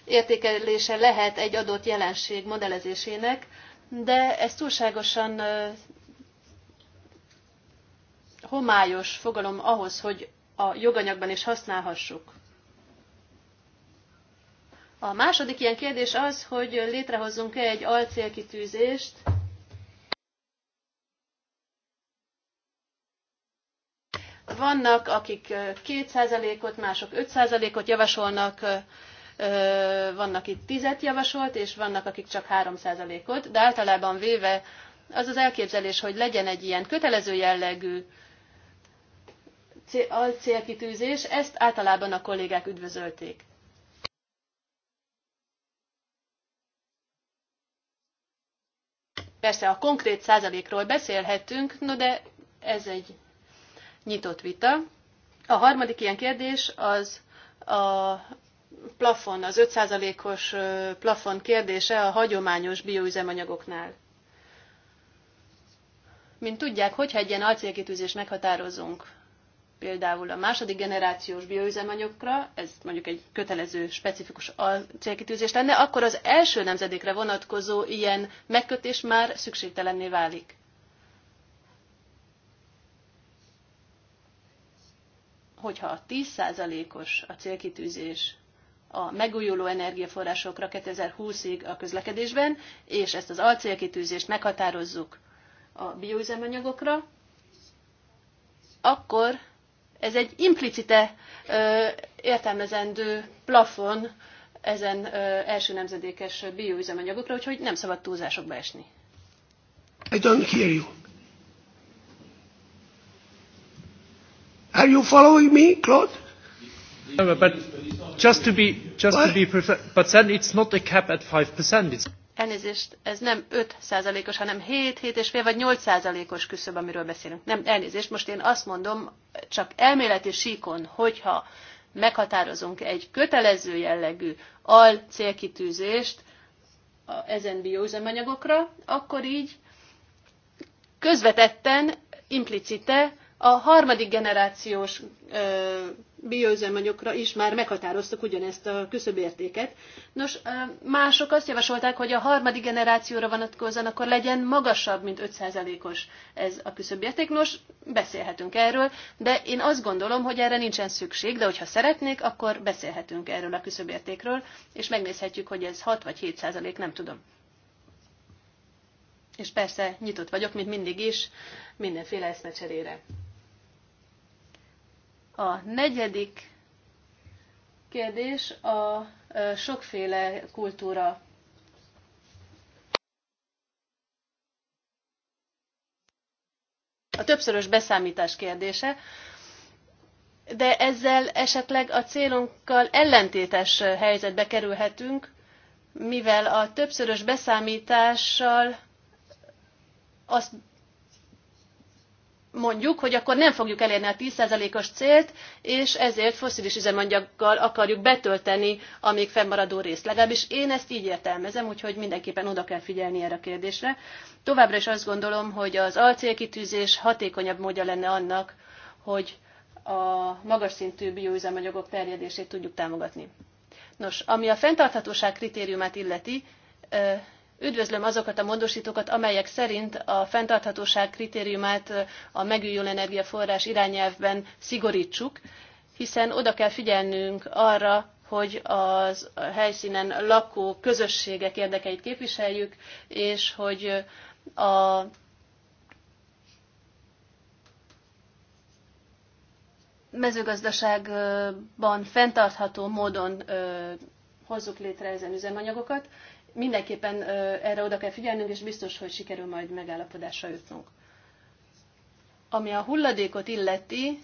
értékelése lehet egy adott jelenség modellezésének, de ez túlságosan ö, homályos fogalom ahhoz, hogy a joganyagban is használhassuk. A második ilyen kérdés az, hogy létrehozzunk-e egy alcélkitűzést, Vannak, akik 2%-ot, mások 5%-ot javasolnak, vannak itt 10-et javasolt, és vannak, akik csak 3%-ot, de általában véve az az elképzelés, hogy legyen egy ilyen kötelező jellegű alcélkitűzés. ezt általában a kollégák üdvözölték. Persze a konkrét százalékról beszélhetünk, no de ez egy nyitott vita. A harmadik ilyen kérdés az a plafon, az 5 százalékos plafon kérdése a hagyományos bioüzemanyagoknál. Mint tudják, hogyha egy ilyen alcélkitűzést meghatározunk például a második generációs bioüzemanyagokra, ez mondjuk egy kötelező, specifikus célkitűzés lenne, akkor az első nemzedékre vonatkozó ilyen megkötés már szükségtelenné válik. Hogyha a 10%-os a célkitűzés a megújuló energiaforrásokra 2020-ig a közlekedésben, és ezt az alcélkitűzést meghatározzuk a bioüzemanyagokra, akkor ez egy implicite értelmezendő plafon ezen első nemzedékes bioüzemanyagokra, úgyhogy nem szabad túlzásokba esni. I don't hear you. Are you following me, Claude? No, but just to be just What? to be perfect, but then it's not a cap at 5%. It's elnézést, ez nem 5%-os, hanem 7, 7,5 vagy 8%-os küszöb, amiről beszélünk. Nem, elnézést, most én azt mondom, csak elméleti síkon, hogyha meghatározunk egy kötelező jellegű al célkitűzést ezen bióüzemanyagokra, akkor így közvetetten, implicite a harmadik generációs bioüzemanyagokra is már meghatároztuk ugyanezt a küszöbértéket. Nos, mások azt javasolták, hogy a harmadik generációra vonatkozóan akkor legyen magasabb, mint 5%-os ez a küszöbérték. Nos, beszélhetünk erről, de én azt gondolom, hogy erre nincsen szükség, de hogyha szeretnék, akkor beszélhetünk erről a küszöbértékről, és megnézhetjük, hogy ez 6 vagy 7%, nem tudom. És persze nyitott vagyok, mint mindig is, mindenféle eszmecserére. A negyedik kérdés a sokféle kultúra. A többszörös beszámítás kérdése de ezzel esetleg a célunkkal ellentétes helyzetbe kerülhetünk, mivel a többszörös beszámítással azt mondjuk, hogy akkor nem fogjuk elérni a 10%-os célt, és ezért foszilis üzemanyaggal akarjuk betölteni a még fennmaradó részt. Legalábbis én ezt így értelmezem, úgyhogy mindenképpen oda kell figyelni erre a kérdésre. Továbbra is azt gondolom, hogy az alcélkitűzés hatékonyabb módja lenne annak, hogy a magas szintű bioüzemanyagok terjedését tudjuk támogatni. Nos, ami a fenntarthatóság kritériumát illeti, Üdvözlöm azokat a módostókat amelyek szerint a fenntarthatóság kritériumát a megújuló energiaforrás irányelvben szigortsuk hiszen oda kell figyelnünk arra, hogy az helyszínen lakó közösségek érdekeit képviseljük, és hogy a mezőgazdaságban fenntartható módon hozzuk létre ezen üzemanyagokat, mindenképpen erre oda kell figyelnünk, és biztos, hogy sikerül majd megállapodásra jutnunk. Ami a hulladékot illeti,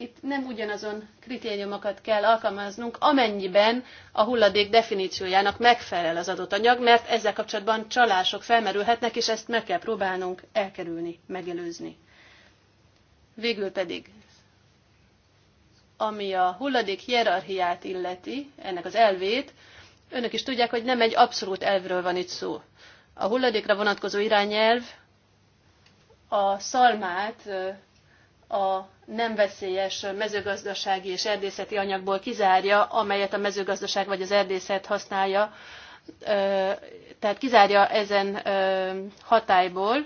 itt nem ugyanazon kritériumokat kell alkalmaznunk, amennyiben a hulladék definíciójának megfelel az adott anyag, mert ezzel kapcsolatban csalások felmerülhetnek, és ezt meg kell próbálnunk elkerülni, megelőzni. Végül pedig ami a hulladék hierarchiát illeti, ennek az elvét, önök is tudják, hogy nem egy abszolút elvről van itt szó. A hulladékra vonatkozó irányelv a szalmát a nem veszélyes mezőgazdasági és erdészeti anyagból kizárja, amelyet a mezőgazdaság vagy az erdészet használja, tehát kizárja ezen hatályból,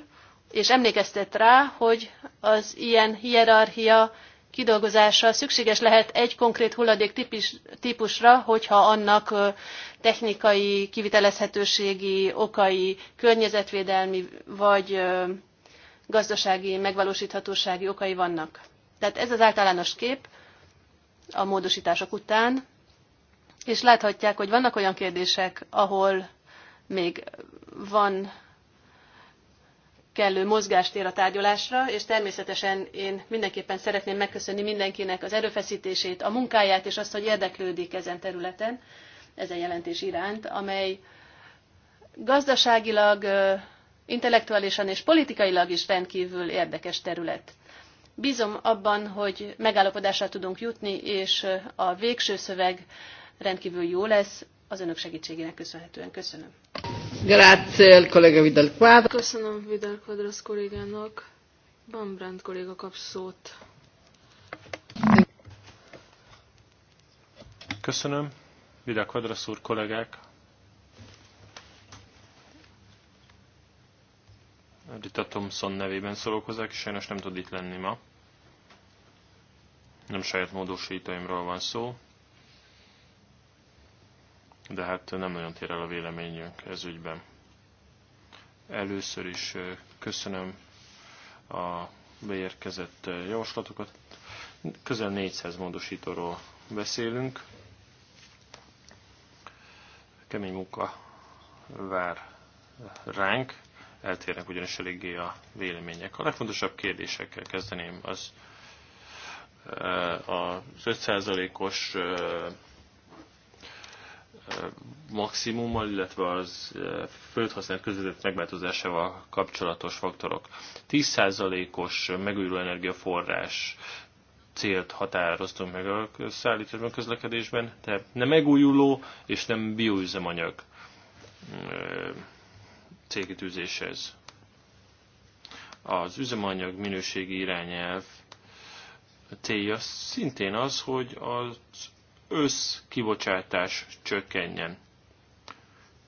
és emlékeztet rá, hogy az ilyen hierarchia kidolgozása szükséges lehet egy konkrét hulladék típus, típusra, hogyha annak technikai, kivitelezhetőségi, okai, környezetvédelmi vagy gazdasági, megvalósíthatósági okai vannak. Tehát ez az általános kép a módosítások után, és láthatják, hogy vannak olyan kérdések, ahol még van kellő mozgástér a tárgyalásra, és természetesen én mindenképpen szeretném megköszönni mindenkinek az erőfeszítését, a munkáját, és azt, hogy érdeklődik ezen területen, ezen jelentés iránt, amely gazdaságilag, intellektuálisan és politikailag is rendkívül érdekes terület. Bízom abban, hogy megállapodásra tudunk jutni, és a végső szöveg rendkívül jó lesz az önök segítségének köszönhetően. Köszönöm. Köszönöm Vidal Quadras kollégának. Van Brand kolléga kap szót. Köszönöm. Vidal Quadras úr kollégák. Rita Thompson nevében szólok hozzá, és sajnos nem tud itt lenni ma. Nem saját módosítóimról van szó, de hát nem nagyon tér el a véleményünk ez ügyben. Először is köszönöm a beérkezett javaslatokat. Közel 400 módosítóról beszélünk. Kemény munka vár ránk, eltérnek ugyanis eléggé a vélemények. A legfontosabb kérdésekkel kezdeném az az 5%-os maximummal, illetve az földhasználat közvetett megváltozásával kapcsolatos faktorok. 10%-os megújuló energiaforrás célt határoztunk meg a szállításban, a közlekedésben, tehát nem megújuló és nem bioüzemanyag célkitűzéshez. Az üzemanyag minőségi irányelv célja szintén az, hogy az összkibocsátás csökkenjen.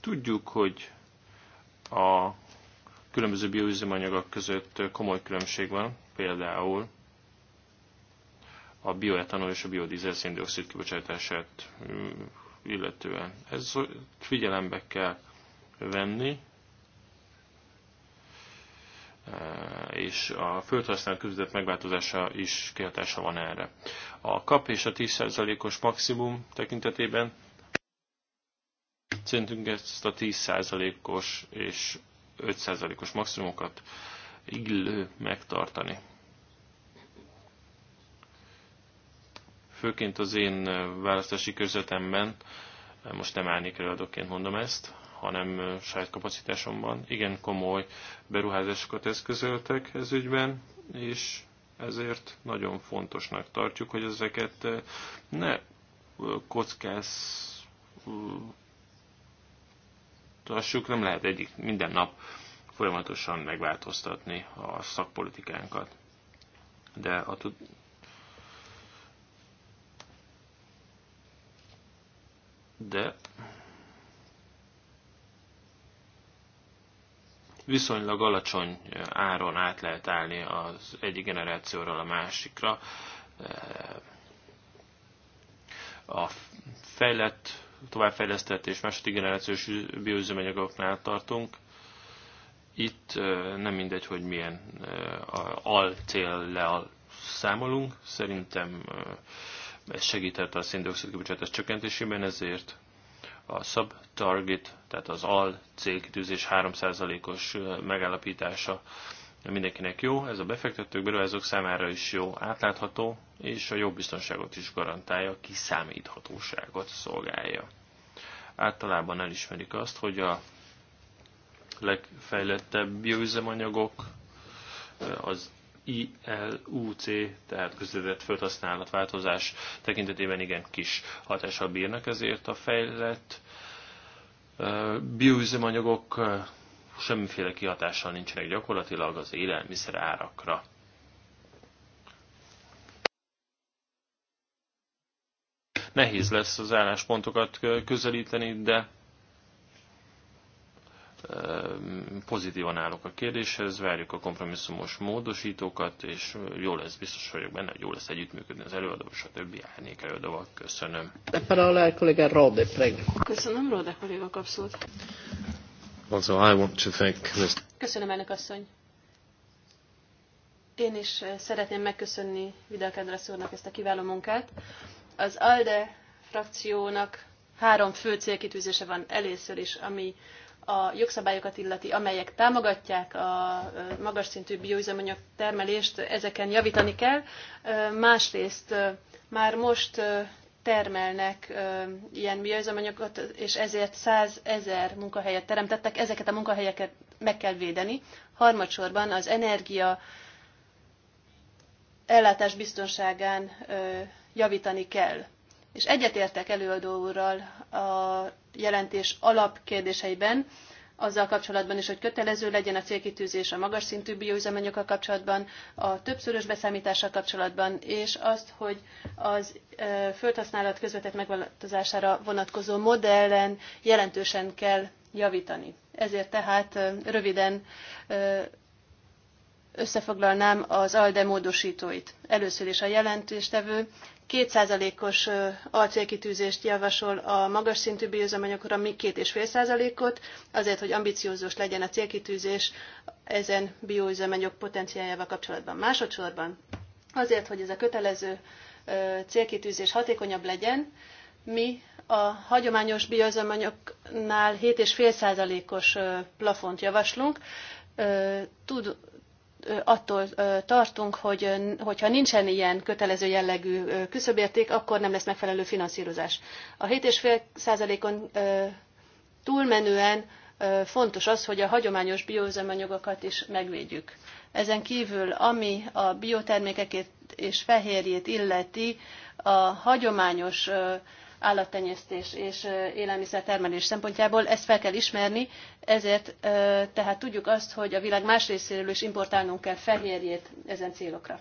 Tudjuk, hogy a különböző bioüzemanyagok között komoly különbség van, például a bioetanol és a biodízel széndiokszid kibocsátását mm, illetően. Ez figyelembe kell venni, eh, és a földhasználat között megváltozása is kihatása van erre a kap és a 10%-os maximum tekintetében. Szerintünk ezt a 10%-os és 5%-os maximumokat illő megtartani. Főként az én választási körzetemben, most nem állnék előadóként mondom ezt, hanem saját kapacitásomban igen komoly beruházásokat eszközöltek ez ügyben, és ezért nagyon fontosnak tartjuk, hogy ezeket eh, ne eh, kockáztassuk, eh, nem lehet egyik minden nap folyamatosan megváltoztatni a szakpolitikánkat. De a tud... De viszonylag alacsony áron át lehet állni az egyik generációról a másikra. A fejlett, továbbfejlesztett és második generációs bioüzemanyagoknál tartunk. Itt nem mindegy, hogy milyen alcéllel számolunk. Szerintem ez segített a széndiokszid kibocsátás csökkentésében, ezért a sub-target, tehát az al célkitűzés 3%-os megállapítása mindenkinek jó, ez a befektetők, beruházók számára is jó, átlátható, és a jobb biztonságot is garantálja, kiszámíthatóságot szolgálja. Általában elismerik azt, hogy a legfejlettebb bioüzemanyagok az ILUC, tehát közövet földhasználat változás tekintetében igen kis hatással bírnak, ezért a fejlett bioüzemanyagok semmiféle kihatással nincsenek gyakorlatilag az élelmiszer árakra. Nehéz lesz az álláspontokat közelíteni, de pozitívan állok a kérdéshez, várjuk a kompromisszumos módosítókat, és jó lesz, biztos vagyok benne, hogy jó lesz együttműködni az előadó és a többi árnyék előadóval. Köszönöm. Köszönöm, Rode kolléga kapszót. I want to thank Köszönöm, elnök asszony. Én is eh, szeretném megköszönni Vidal Kendrasz úrnak ezt a kiváló munkát. Az ALDE frakciónak három fő célkitűzése van először is, ami a jogszabályokat illeti, amelyek támogatják a magas szintű bioüzemanyag termelést, ezeken javítani kell. Másrészt már most termelnek ilyen bioüzemanyagot, és ezért 100 ezer munkahelyet teremtettek, ezeket a munkahelyeket meg kell védeni. Harmadsorban az energia ellátás biztonságán javítani kell és egyetértek előadó úrral a jelentés alapkérdéseiben, azzal kapcsolatban is, hogy kötelező legyen a célkitűzés a magas szintű bioüzemanyagokkal kapcsolatban, a többszörös beszámítással kapcsolatban, és azt, hogy az földhasználat közvetett megváltozására vonatkozó modellen jelentősen kell javítani. Ezért tehát röviden összefoglalnám az ALDE módosítóit. Először is a jelentéstevő 2%-os alcélkitűzést javasol a magas szintű bioüzemanyagokra, mi 2,5%-ot, azért, hogy ambiciózus legyen a célkitűzés ezen bioüzemanyagok potenciájával kapcsolatban. Másodszorban azért, hogy ez a kötelező célkitűzés hatékonyabb legyen, mi a hagyományos bioüzemanyagoknál 7,5%-os plafont javaslunk. Tud, attól tartunk, hogy hogyha nincsen ilyen kötelező jellegű küszöbérték, akkor nem lesz megfelelő finanszírozás. A 7,5%-on túlmenően fontos az, hogy a hagyományos bioüzemanyagokat is megvédjük. Ezen kívül, ami a biotermékeket és fehérjét illeti, a hagyományos állattenyésztés és élelmiszertermelés szempontjából. Ezt fel kell ismerni, ezért tehát tudjuk azt, hogy a világ más részéről is importálnunk kell fehérjét ezen célokra.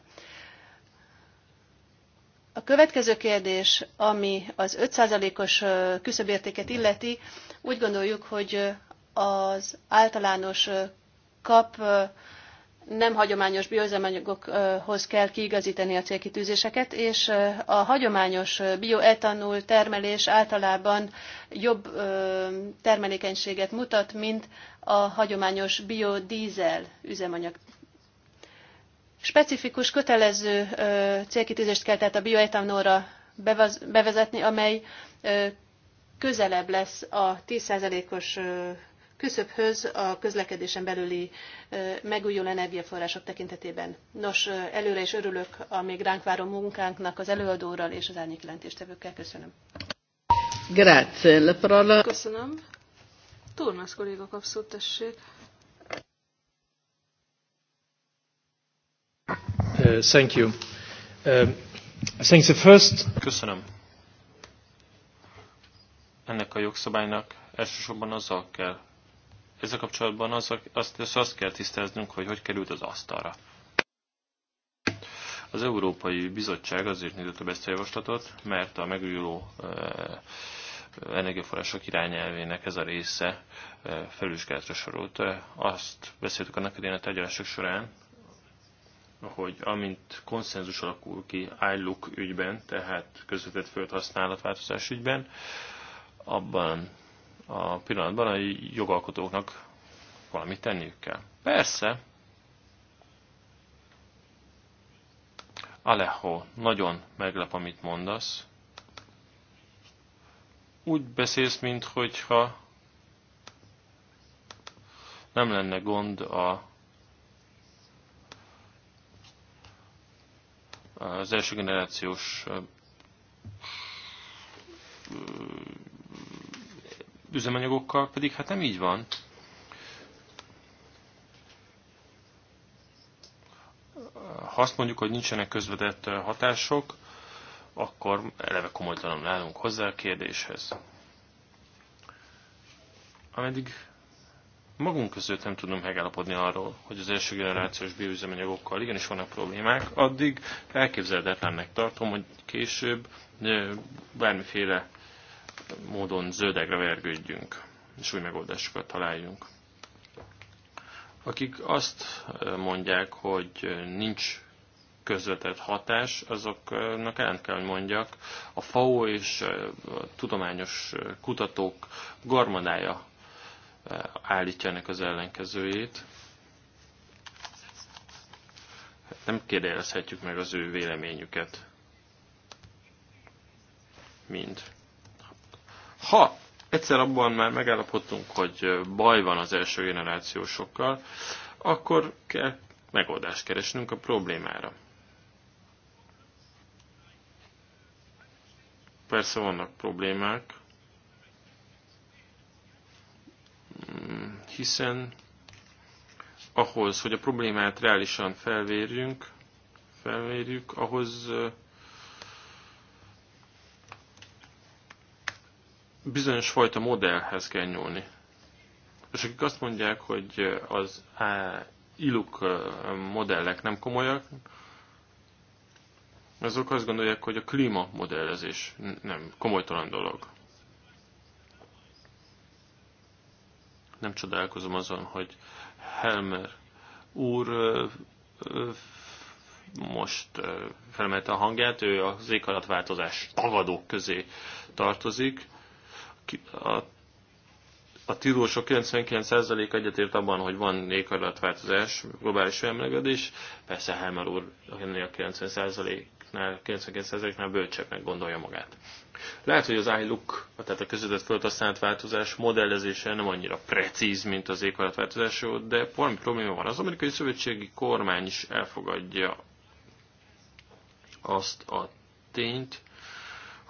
A következő kérdés, ami az 5%-os küszöbértéket illeti, úgy gondoljuk, hogy az általános kap nem hagyományos bioüzemanyagokhoz kell kiigazítani a célkitűzéseket, és a hagyományos bioetanol termelés általában jobb termelékenységet mutat, mint a hagyományos biodízel üzemanyag. Specifikus, kötelező célkitűzést kell tehát a bioetanolra bevezetni, amely közelebb lesz a 10%-os küszöbhöz a közlekedésen belüli megújuló energiaforrások tekintetében. Nos, előre is örülök a még ránk váró munkánknak az előadóral és az árnyékjelentéstevőkkel. Köszönöm. Grazie, la parola. Köszönöm. Turmas kolléga kapszót tessék. Uh, thank you. Uh, I think the first... Köszönöm. Ennek a jogszabálynak elsősorban azzal kell ezzel kapcsolatban az, azt, azt, azt kell tisztáznunk, hogy hogy került az asztalra. Az Európai Bizottság azért nyújtotta be ezt a javaslatot, mert a megújuló energiaforrások irányelvének ez a része felülsgázra sorult. Azt beszéltük annak idején a tárgyalások során, hogy amint konszenzus alakul ki ILUK ügyben, tehát közvetett földhasználatváltozás ügyben, abban a pillanatban a jogalkotóknak valamit tenniük kell. Persze, Alejo, nagyon meglep, amit mondasz. Úgy beszélsz, mintha nem lenne gond a az első generációs üzemanyagokkal pedig hát nem így van. Ha azt mondjuk, hogy nincsenek közvetett hatások, akkor eleve komolytalan állunk hozzá a kérdéshez. Ameddig magunk között nem tudunk megállapodni arról, hogy az első generációs bioüzemanyagokkal igenis vannak problémák, addig elképzelhetetlennek tartom, hogy később bármiféle módon zöldekre vergődjünk, és új megoldásokat találjunk. Akik azt mondják, hogy nincs közvetett hatás, azoknak ellent kell, hogy mondjak, a FAO és a tudományos kutatók garmadája állítja ennek az ellenkezőjét. Nem kérdezhetjük meg az ő véleményüket. Mind. Ha egyszer abban már megállapodtunk, hogy baj van az első generációsokkal, akkor kell megoldást keresnünk a problémára. Persze vannak problémák, hiszen ahhoz, hogy a problémát reálisan felvérjünk, felvérjük, ahhoz bizonyos fajta modellhez kell nyúlni. És akik azt mondják, hogy az iluk modellek nem komolyak, azok azt gondolják, hogy a klíma modellezés nem komolytalan dolog. Nem csodálkozom azon, hogy Helmer úr most felmelte a hangját, ő az éghajlatváltozás tagadók közé tartozik, a, a tudósok 99% egyetért abban, hogy van éghajlatváltozás, globális felmelegedés. Persze Helmer úr a 90%-nál, 99%-nál bölcsebbnek gondolja magát. Lehet, hogy az iLook, tehát a közvetett földhasználat változás modellezése nem annyira precíz, mint az éghajlatváltozás, de valami probléma van. Az amerikai szövetségi kormány is elfogadja azt a tényt,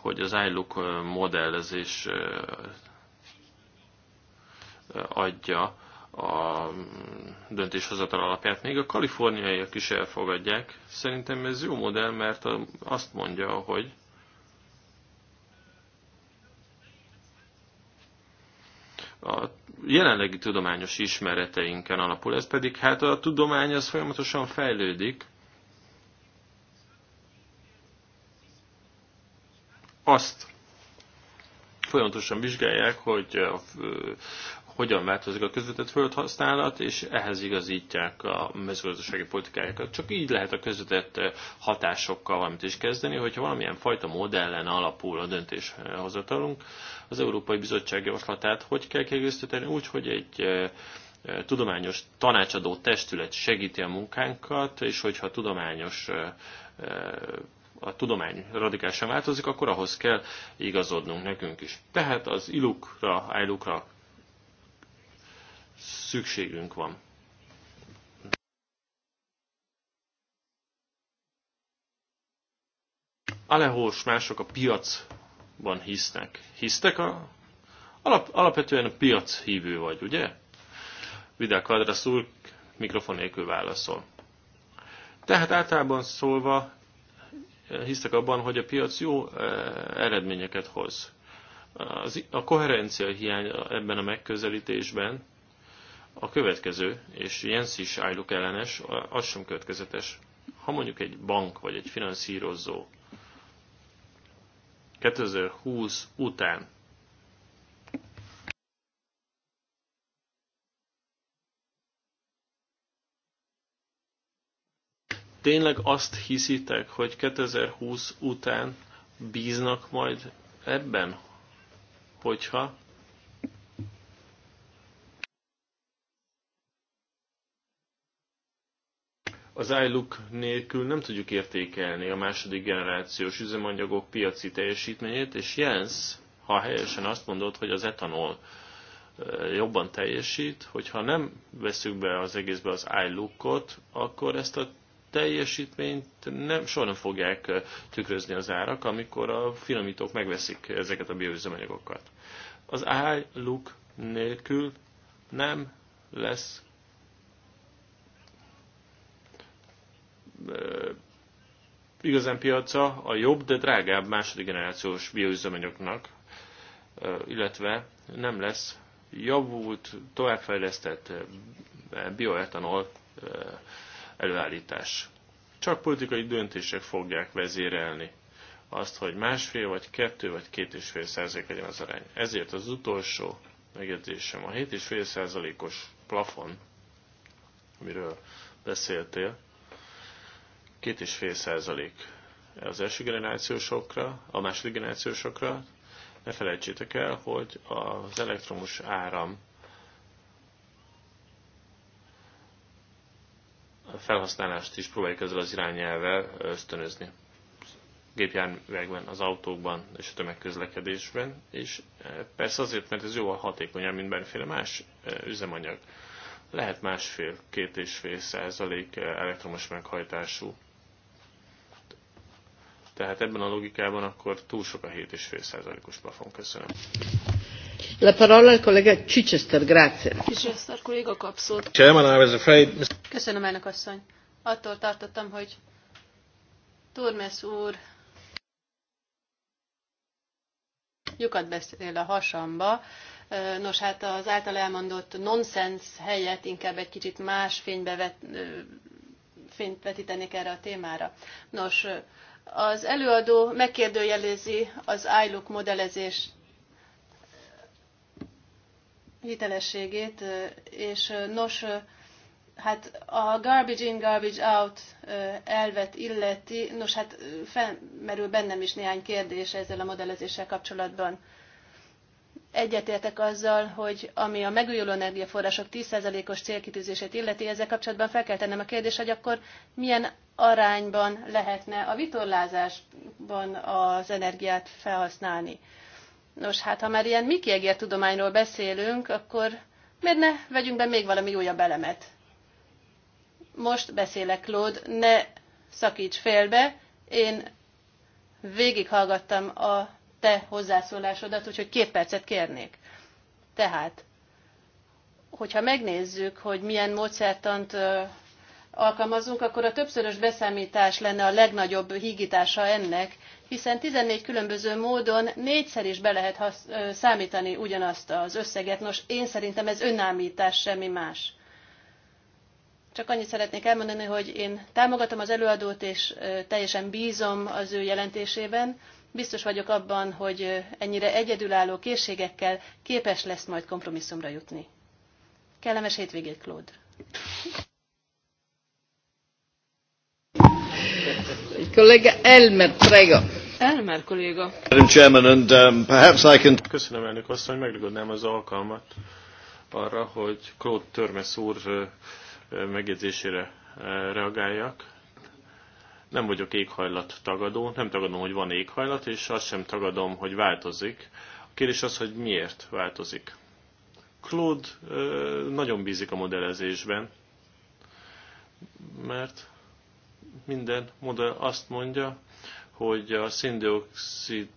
hogy az iLook modellezés adja a mm, döntéshozatal alapját. Még a kaliforniaiak is elfogadják. Szerintem ez jó modell, mert azt mondja, hogy a jelenlegi tudományos ismereteinken alapul. Ez pedig hát a tudomány az folyamatosan fejlődik, azt folyamatosan vizsgálják, hogy a, hogyan változik a közvetett földhasználat, és ehhez igazítják a mezőgazdasági politikájukat. Csak így lehet a közvetett hatásokkal valamit is kezdeni, hogyha valamilyen fajta modellen alapul a döntéshozatalunk. Az Európai Bizottság javaslatát hogy kell kiegészíteni? Úgy, hogy egy tudományos tanácsadó testület segíti a munkánkat, és hogyha tudományos a tudomány radikálisan változik, akkor ahhoz kell igazodnunk nekünk is. Tehát az ilukra, ájlukra szükségünk van. Alehós mások a piacban hisznek. Hisztek a... Alap, alapvetően a piac hívő vagy, ugye? Vidal Quadras mikrofon nélkül válaszol. Tehát általában szólva hisztek abban, hogy a piac jó eh, eredményeket hoz. a koherencia hiány ebben a megközelítésben a következő, és Jens is ájluk ellenes, az sem következetes. Ha mondjuk egy bank vagy egy finanszírozó 2020 után Tényleg azt hiszitek, hogy 2020 után bíznak majd ebben, hogyha az iLook nélkül nem tudjuk értékelni a második generációs üzemanyagok piaci teljesítményét, és Jens, ha helyesen azt mondod, hogy az etanol jobban teljesít, hogyha nem veszük be az egészbe az iLook-ot, akkor ezt a teljesítményt nem, soha nem fogják tükrözni az árak, amikor a finomítók megveszik ezeket a bioüzemanyagokat. Az álluk nélkül nem lesz igazán piaca a jobb, de drágább második generációs bioüzemanyagnak, illetve nem lesz javult, továbbfejlesztett bioetanol előállítás. Csak politikai döntések fogják vezérelni azt, hogy másfél, vagy kettő, vagy két és fél százalék legyen az arány. Ezért az utolsó megjegyzésem, a 7,5 százalékos plafon, amiről beszéltél, két és fél százalék az első generációsokra, a második generációsokra, ne felejtsétek el, hogy az elektromos áram felhasználást is próbáljuk ezzel az irányelvel ösztönözni gépjárművekben, az autókban és a tömegközlekedésben, és persze azért, mert ez jóval hatékonyabb, mint bármiféle más üzemanyag. Lehet másfél, két és fél százalék elektromos meghajtású. Tehát ebben a logikában akkor túl sok a 7,5 százalékos plafon. Köszönöm. Chichester, I was afraid... Köszönöm, elnök asszony. Attól tartottam, hogy Turmes úr lyukat beszél a hasamba. Nos, hát az által elmondott nonsens helyett inkább egy kicsit más fénybe vet, fényt vetítenék erre a témára. Nos, az előadó megkérdőjelezi az ILUK modellezést hitelességét, és nos, hát a garbage in, garbage out elvet illeti, nos hát felmerül bennem is néhány kérdés ezzel a modellezéssel kapcsolatban. Egyetértek azzal, hogy ami a megújuló energiaforrások 10%-os célkitűzését illeti, ezzel kapcsolatban fel kell tennem a kérdést, hogy akkor milyen arányban lehetne a vitorlázásban az energiát felhasználni. Nos, hát ha már ilyen Mikiegér tudományról beszélünk, akkor miért ne vegyünk be még valami újabb elemet? Most beszélek, Claude, ne szakíts félbe. Én végighallgattam a te hozzászólásodat, úgyhogy két percet kérnék. Tehát, hogyha megnézzük, hogy milyen módszertant alkalmazunk, akkor a többszörös beszámítás lenne a legnagyobb hígítása ennek, hiszen 14 különböző módon négyszer is be lehet számtani számítani ugyanazt az összeget. Nos, én szerintem ez önállítás, semmi más. Csak annyit szeretnék elmondani, hogy én támogatom az előadót, és teljesen bízom az ő jelentésében. Biztos vagyok abban, hogy ennyire egyedülálló készségekkel képes lesz majd kompromisszumra jutni. Kellemes hétvégét, Claude! Kollega Elmer, prego. Elmer kolléga. Madam Chairman, and um, perhaps I can... Köszönöm elnök hogy megragadnám az alkalmat arra, hogy Claude Törmes úr megjegyzésére reagáljak. Nem vagyok éghajlat tagadó, nem tagadom, hogy van éghajlat, és azt sem tagadom, hogy változik. A kérdés az, hogy miért változik. Claude nagyon bízik a modellezésben, mert minden modell azt mondja, hogy a szindioxid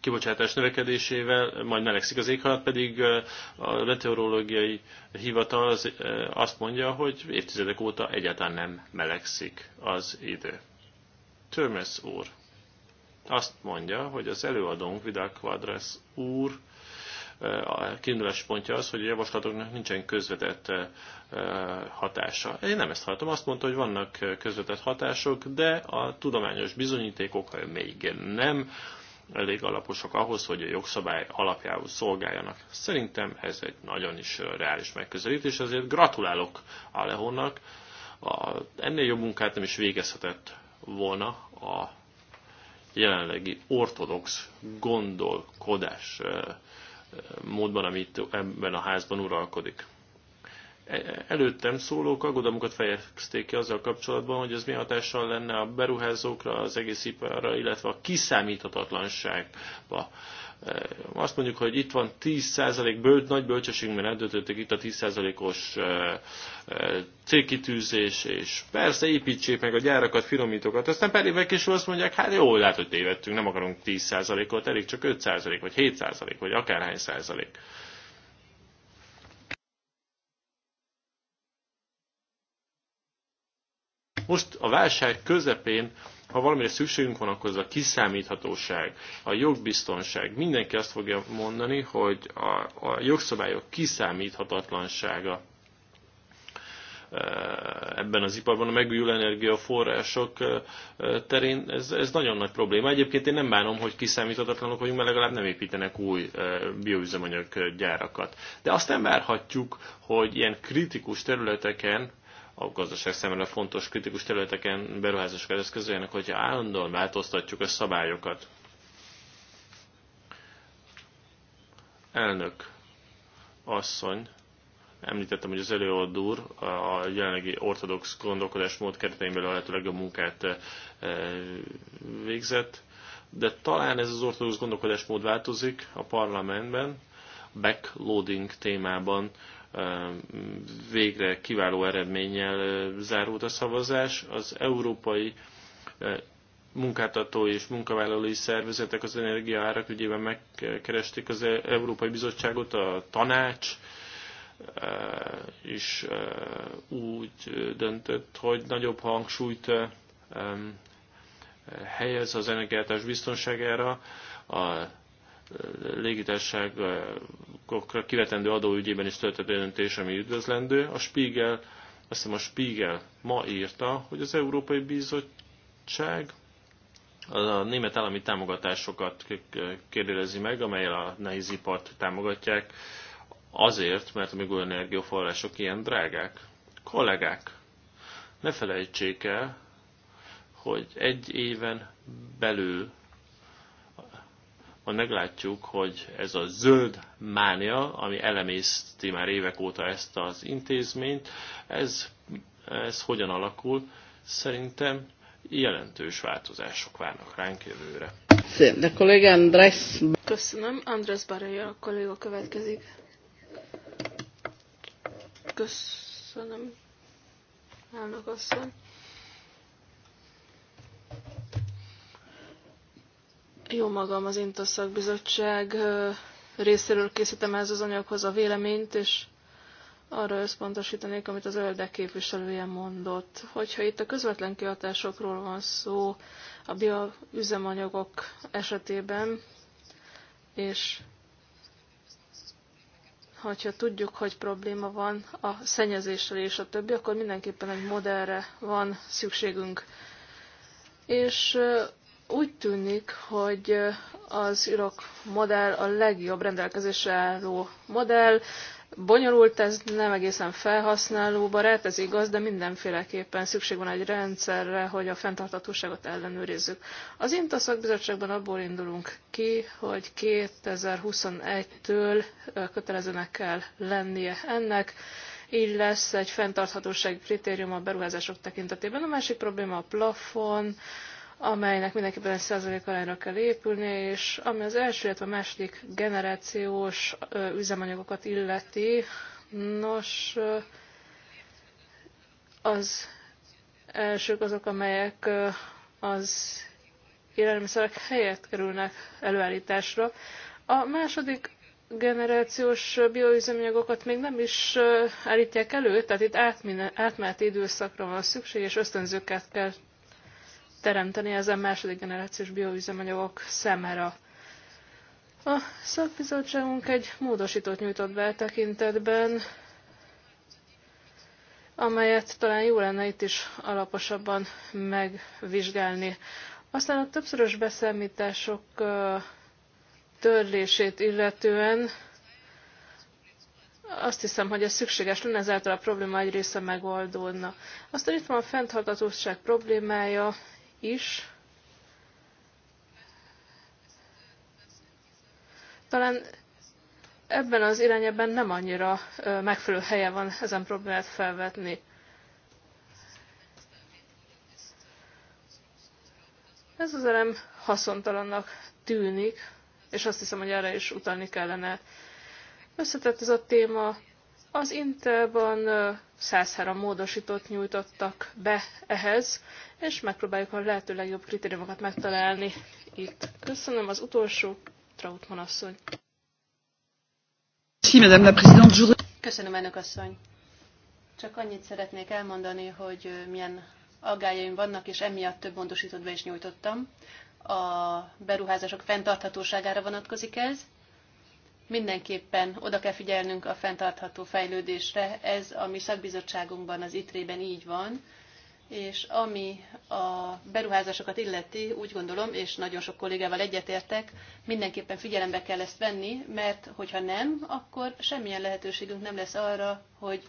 kibocsátás növekedésével majd melegszik az éghajlat, pedig a meteorológiai hivatal az, azt mondja, hogy évtizedek óta egyáltalán nem melegszik az idő. Törmesz úr azt mondja, hogy az előadónk Vidal Quadras úr a kiindulási pontja az, hogy a javaslatoknak nincsen közvetett hatása. Én nem ezt hallottam, azt mondta, hogy vannak közvetett hatások, de a tudományos bizonyítékok még nem elég alaposak ahhoz, hogy a jogszabály alapjául szolgáljanak. Szerintem ez egy nagyon is reális megközelítés, azért gratulálok Alehonnak, a, ennél jobb munkát nem is végezhetett volna a jelenlegi ortodox gondolkodás módban, ami itt ebben a házban uralkodik. E, előttem szólók aggodalmukat fejezték ki azzal kapcsolatban, hogy ez mi hatással lenne a beruházókra, az egész iparra, illetve a kiszámíthatatlanságba azt mondjuk, hogy itt van 10% bölt, nagy mert eldöntöttek itt a 10%-os célkitűzés, és persze építsék meg a gyárakat, finomítókat, aztán pár évek is azt mondják, hát jó, lehet, hogy tévedtünk, nem akarunk 10%-ot, elég csak 5% vagy 7% vagy akárhány százalék. Most a válság közepén ha valamire szükségünk van, akkor ez a kiszámíthatóság, a jogbiztonság. Mindenki azt fogja mondani, hogy a, a jogszabályok kiszámíthatatlansága e, ebben az iparban, a megújuló energiaforrások e, e, terén, ez, ez nagyon nagy probléma. Egyébként én nem bánom, hogy kiszámíthatatlanok vagyunk, mert legalább nem építenek új bioüzemanyag gyárakat. De azt nem várhatjuk, hogy ilyen kritikus területeken a gazdaság szemére fontos kritikus területeken beruházások eszközöljenek, hogyha állandóan változtatjuk a szabályokat. Elnök asszony, említettem, hogy az előadó úr a jelenlegi ortodox gondolkodásmód keretein belül a legjobb munkát e, végzett, de talán ez az ortodox gondolkodásmód változik a parlamentben, backloading témában végre kiváló eredménnyel zárult a szavazás. Az európai munkáltató és munkavállalói szervezetek az energiaárak ügyében megkeresték az e- Európai Bizottságot, a tanács is úgy döntött, hogy nagyobb hangsúlyt helyez az energiátás biztonságára, a légitársaságokra kivetendő adóügyében is született döntés, ami üdvözlendő. A Spiegel, azt hiszem a Spiegel ma írta, hogy az Európai Bizottság a német állami támogatásokat kérdezi meg, amelyel a nehézipart támogatják, azért, mert a megújuló energiaforrások ilyen drágák. Kollégák, ne felejtsék el, hogy egy éven belül majd meglátjuk, hogy ez a zöld mánia, ami elemészti már évek óta ezt az intézményt, ez, ez hogyan alakul. Szerintem jelentős változások várnak ránk jövőre. De kolléga András... Köszönöm. András Baraya a kolléga következik. Köszönöm. Elnök asszony. Jó magam az Intosszak Bizottság részéről készítem ez az anyaghoz a véleményt, és arra összpontosítanék, amit az öldek képviselője mondott. Hogyha itt a közvetlen kihatásokról van szó a bioüzemanyagok esetében, és hogyha tudjuk, hogy probléma van a szennyezéssel és a többi, akkor mindenképpen egy modellre van szükségünk. És úgy tűnik, hogy az irak modell a legjobb rendelkezésre álló modell. Bonyolult, ez nem egészen felhasználóbarát, ez igaz, de mindenféleképpen szükség van egy rendszerre, hogy a fenntarthatóságot ellenőrizzük. Az INTA szakbizottságban abból indulunk ki, hogy 2021-től kötelezőnek kell lennie ennek, így lesz egy fenntarthatósági kritérium a beruházások tekintetében. A másik probléma a plafon, amelynek mindenképpen egy százalék arányra kell épülni, és ami az első, illetve a második generációs üzemanyagokat illeti, nos, az elsők azok, amelyek az élelmiszerek helyett kerülnek előállításra. A második generációs bioüzemanyagokat még nem is állítják elő, tehát itt átmeneti időszakra van szükség, és ösztönzőket kell teremteni ezen második generációs bioüzemanyagok szemére. A szakbizottságunk egy módosítót nyújtott be e tekintetben, amelyet talán jó lenne itt is alaposabban megvizsgálni. Aztán a többszörös beszámítások törlését illetően azt hiszem, hogy ez szükséges lenne, ezáltal a probléma egy része megoldódna. Aztán itt van a fenntartatóság problémája, is. Talán ebben az irányában nem annyira megfelelő helye van ezen problémát felvetni. Ez az elem haszontalannak tűnik, és azt hiszem, hogy erre is utalni kellene. Összetett ez a téma, az Intelban 103 módosítót nyújtottak be ehhez, és megpróbáljuk a lehető legjobb kritériumokat megtalálni itt. Köszönöm az utolsó, Trautmann asszony. Köszönöm, elnök asszony. Csak annyit szeretnék elmondani, hogy milyen aggájaim vannak, és emiatt több módosítót be is nyújtottam. A beruházások fenntarthatóságára vonatkozik ez, mindenképpen oda kell figyelnünk a fenntartható fejlődésre. Ez a mi szakbizottságunkban, az ITRE-ben így van, és ami a beruházásokat illeti, úgy gondolom, és nagyon sok kollégával egyetértek, mindenképpen figyelembe kell ezt venni, mert hogyha nem, akkor semmilyen lehetőségünk nem lesz arra, hogy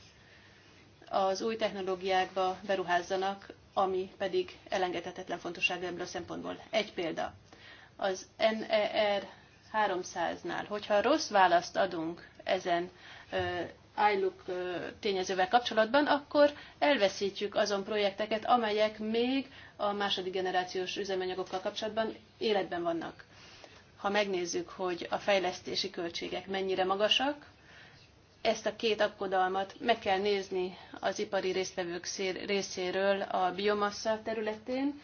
az új technológiákba beruházzanak, ami pedig elengedhetetlen fontosság ebből a szempontból. Egy példa. Az NER 300-nál. Hogyha rossz választ adunk ezen ILUK tényezővel kapcsolatban, akkor elveszítjük azon projekteket, amelyek még a második generációs üzemanyagokkal kapcsolatban életben vannak. Ha megnézzük, hogy a fejlesztési költségek mennyire magasak, ezt a két akkodalmat meg kell nézni az ipari résztvevők részéről a biomassa területén,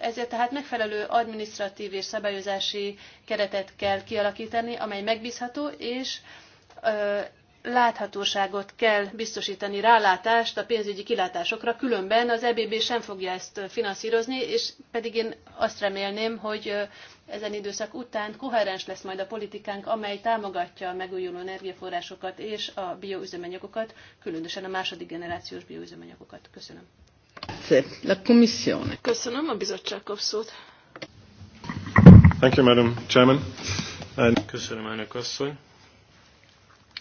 ezért tehát megfelelő administratív és szabályozási keretet kell kialakítani, amely megbízható, és láthatóságot kell biztosítani, rálátást a pénzügyi kilátásokra, különben az EBB sem fogja ezt finanszírozni, és pedig én azt remélném, hogy ezen időszak után koherens lesz majd a politikánk, amely támogatja a megújuló energiaforrásokat és a bioüzemanyagokat, különösen a második generációs bioüzemanyagokat. Köszönöm. Köszönöm a bizottság kapszót. Thank you, Madam Chairman. And... Köszönöm, elnök asszony.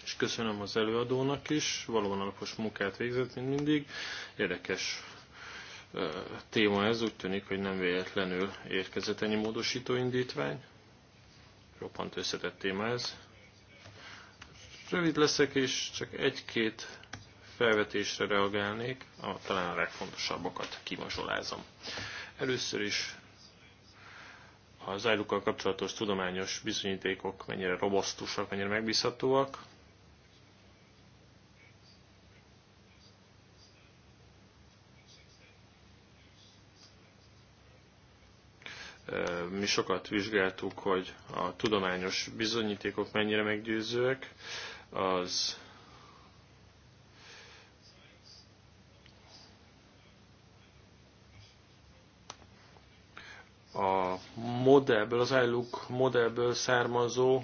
És köszönöm az előadónak is. Valóban alapos munkát végzett, mint mindig. Érdekes téma ez, úgy tűnik, hogy nem véletlenül érkezett ennyi módosító indítvány. Roppant összetett téma ez. Rövid leszek, és csak egy-két felvetésre reagálnék, a, talán a legfontosabbakat kimazsolázom. Először is a ájukkal kapcsolatos tudományos bizonyítékok mennyire robosztusak, mennyire megbízhatóak. Mi sokat vizsgáltuk, hogy a tudományos bizonyítékok mennyire meggyőzőek. Az a modellből, az ILUC modellből származó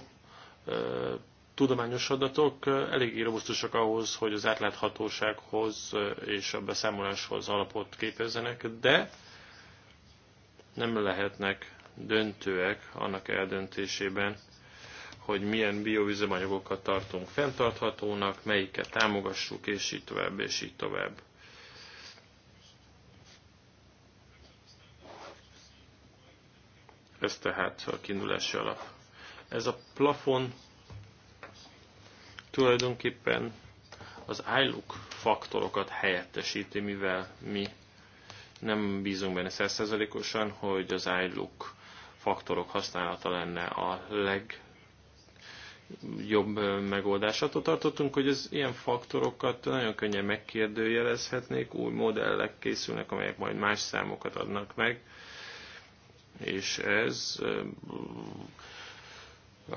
tudományos adatok eléggé robusztusak ahhoz, hogy az átláthatósághoz és a beszámoláshoz alapot képezzenek, de nem lehetnek döntőek annak eldöntésében, hogy milyen bioüzemanyagokat tartunk fenntarthatónak, melyiket támogassuk, és így tovább, és így tovább. Ez tehát a kiindulási alap. Ez a plafon tulajdonképpen az ILUK faktorokat helyettesíti, mivel mi nem bízunk benne százszerzelékosan, hogy az ILUK faktorok használata lenne a legjobb megoldás. tartottunk, hogy az ilyen faktorokat nagyon könnyen megkérdőjelezhetnék, új modellek készülnek, amelyek majd más számokat adnak meg és ez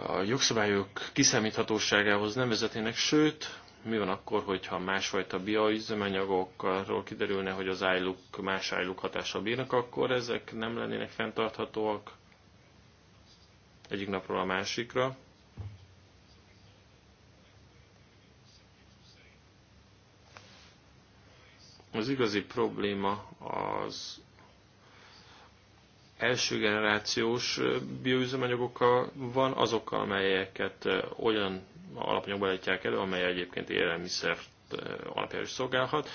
a jogszabályok kiszámíthatóságához nem vezetének, sőt, mi van akkor, hogyha másfajta bioüzemanyagokról kiderülne, hogy az ájluk, más ájluk hatással bírnak, akkor ezek nem lennének fenntarthatóak egyik napról a másikra. Az igazi probléma az első generációs bioüzemanyagokkal van, azokkal, amelyeket olyan alapanyagban állítják elő, amely egyébként élelmiszer alapjára is szolgálhat.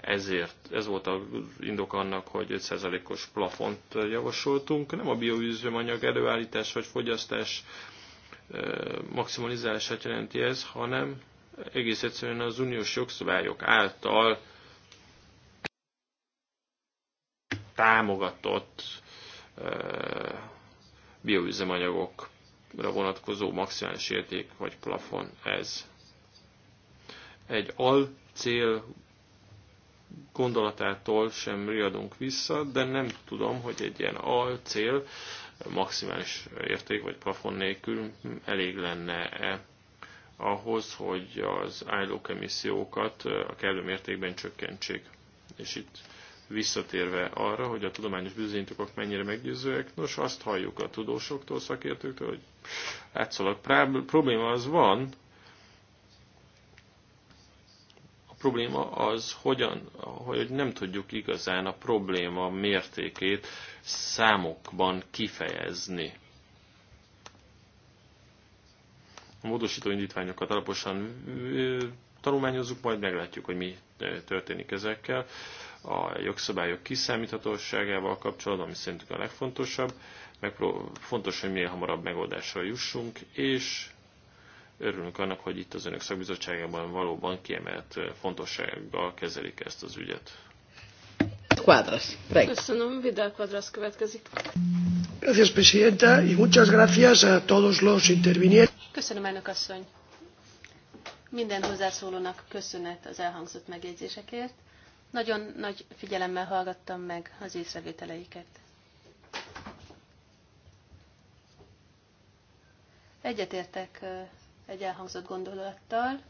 Ezért ez volt az indok annak, hogy 5%-os plafont javasoltunk. Nem a bioüzemanyag előállítás vagy fogyasztás maximalizálását jelenti ez, hanem egész egyszerűen az uniós jogszabályok által támogatott bioüzemanyagokra vonatkozó maximális érték vagy plafon ez. Egy al cél gondolatától sem riadunk vissza, de nem tudom, hogy egy ilyen al cél maximális érték vagy plafon nélkül elég lenne-e ahhoz, hogy az állók emissziókat a kellő mértékben csökkentsék. És itt visszatérve arra, hogy a tudományos bizonyítékok mennyire meggyőzőek, nos, azt halljuk a tudósoktól, szakértőktől, hogy hát szóval a probléma az van, a probléma az, hogyan, hogy nem tudjuk igazán a probléma mértékét számokban kifejezni. A módosító indítványokat alaposan tanulmányozzuk, majd meglátjuk, hogy mi történik ezekkel a jogszabályok kiszámíthatóságával kapcsolatban, ami szerintük a legfontosabb. meg fontos, hogy minél hamarabb megoldásra jussunk, és örülünk annak, hogy itt az Önök szakbizottságában valóban kiemelt fontossággal kezelik ezt az ügyet. Quadras. Köszönöm, Vidal Quadras következik. Gracias, Presidenta, y muchas gracias a todos los intervinientes. Köszönöm, elnök asszony. Minden hozzászólónak köszönet az elhangzott megjegyzésekért. Nagyon nagy figyelemmel hallgattam meg az észrevételeiket. Egyetértek egy elhangzott gondolattal.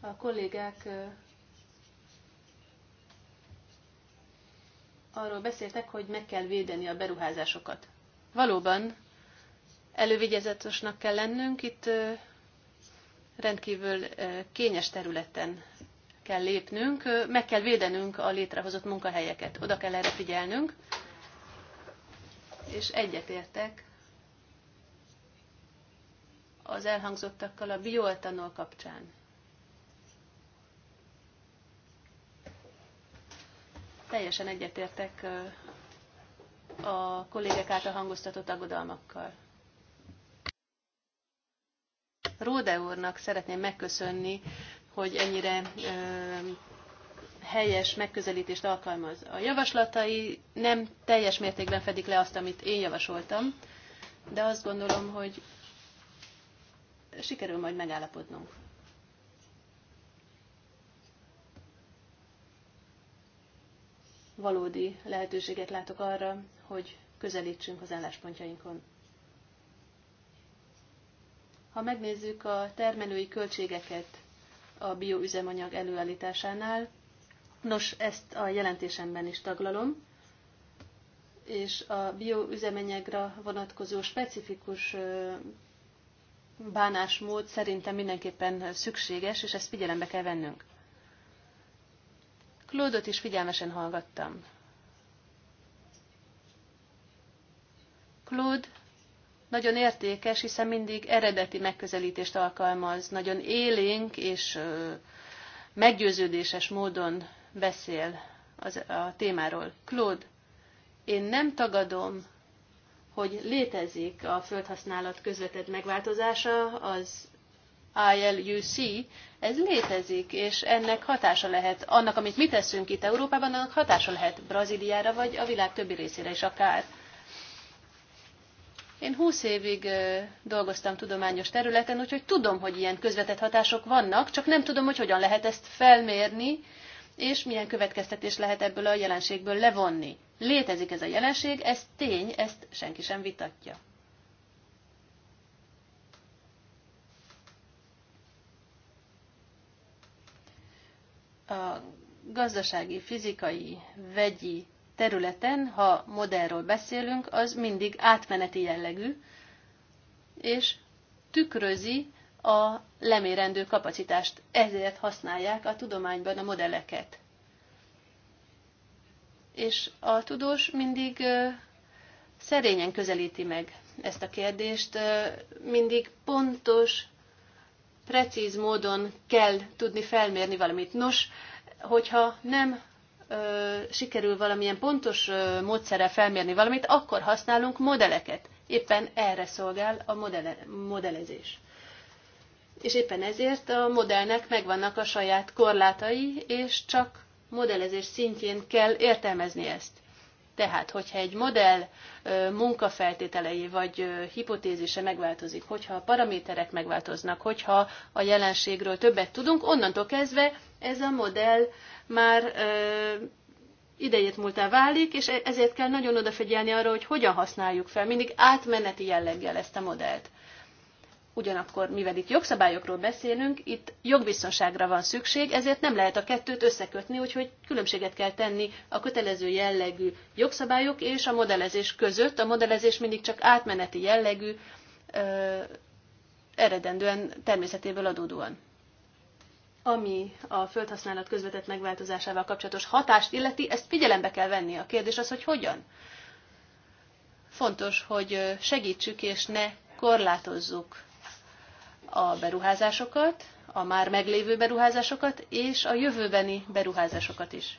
A kollégák arról beszéltek, hogy meg kell védeni a beruházásokat. Valóban elővigyázatosnak kell lennünk, itt rendkívül kényes területen kell lépnünk, meg kell védenünk a létrehozott munkahelyeket, oda kell erre figyelnünk, és egyetértek az elhangzottakkal a bioetanol kapcsán. Teljesen egyetértek a kollégek által hangoztatott aggodalmakkal. Róde úrnak szeretném megköszönni, hogy ennyire ö, helyes megközelítést alkalmaz. A javaslatai nem teljes mértékben fedik le azt, amit én javasoltam, de azt gondolom, hogy sikerül majd megállapodnunk. Valódi lehetőséget látok arra, hogy közelítsünk az álláspontjainkon. Ha megnézzük a termelői költségeket a bioüzemanyag előállításánál, nos, ezt a jelentésemben is taglalom, és a bioüzemanyagra vonatkozó specifikus bánásmód szerintem mindenképpen szükséges, és ezt figyelembe kell vennünk. Klódot is figyelmesen hallgattam. Claude nagyon értékes, hiszen mindig eredeti megközelítést alkalmaz, nagyon élénk és meggyőződéses módon beszél az, a témáról. Claude, én nem tagadom, hogy létezik a földhasználat közvetett megváltozása, az ILUC, ez létezik, és ennek hatása lehet, annak, amit mi teszünk itt Európában, annak hatása lehet Brazíliára, vagy a világ többi részére is akár. Én 20 évig dolgoztam tudományos területen, úgyhogy tudom, hogy ilyen közvetett hatások vannak, csak nem tudom, hogy hogyan lehet ezt felmérni, és milyen következtetés lehet ebből a jelenségből levonni. Létezik ez a jelenség, ez tény, ezt senki sem vitatja. A gazdasági, fizikai, vegyi területen, ha modellről beszélünk, az mindig átmeneti jellegű, és tükrözi a lemérendő kapacitást. Ezért használják a tudományban a modelleket. És a tudós mindig szerényen közelíti meg ezt a kérdést, mindig pontos, precíz módon kell tudni felmérni valamit. Nos, hogyha nem sikerül valamilyen pontos módszerrel felmérni valamit, akkor használunk modelleket. Éppen erre szolgál a modele, modellezés. És éppen ezért a modellnek megvannak a saját korlátai, és csak modellezés szintjén kell értelmezni ezt. Tehát, hogyha egy modell munkafeltételei vagy hipotézise megváltozik, hogyha a paraméterek megváltoznak, hogyha a jelenségről többet tudunk, onnantól kezdve ez a modell már idejét múltá válik, és e-, ezért kell nagyon odafigyelni arra, hogy hogyan használjuk fel, mindig átmeneti jelleggel ezt a modellt. Ugyanakkor, mivel itt jogszabályokról beszélünk, itt jogbiztonságra van szükség, ezért nem lehet a kettőt összekötni, úgyhogy különbséget kell tenni a kötelező jellegű jogszabályok és a modellezés között. A modellezés mindig csak átmeneti jellegű, ö, eredendően természetéből adódóan ami a földhasználat közvetett megváltozásával kapcsolatos hatást illeti, ezt figyelembe kell venni. A kérdés az, hogy hogyan. Fontos, hogy segítsük és ne korlátozzuk a beruházásokat, a már meglévő beruházásokat és a jövőbeni beruházásokat is.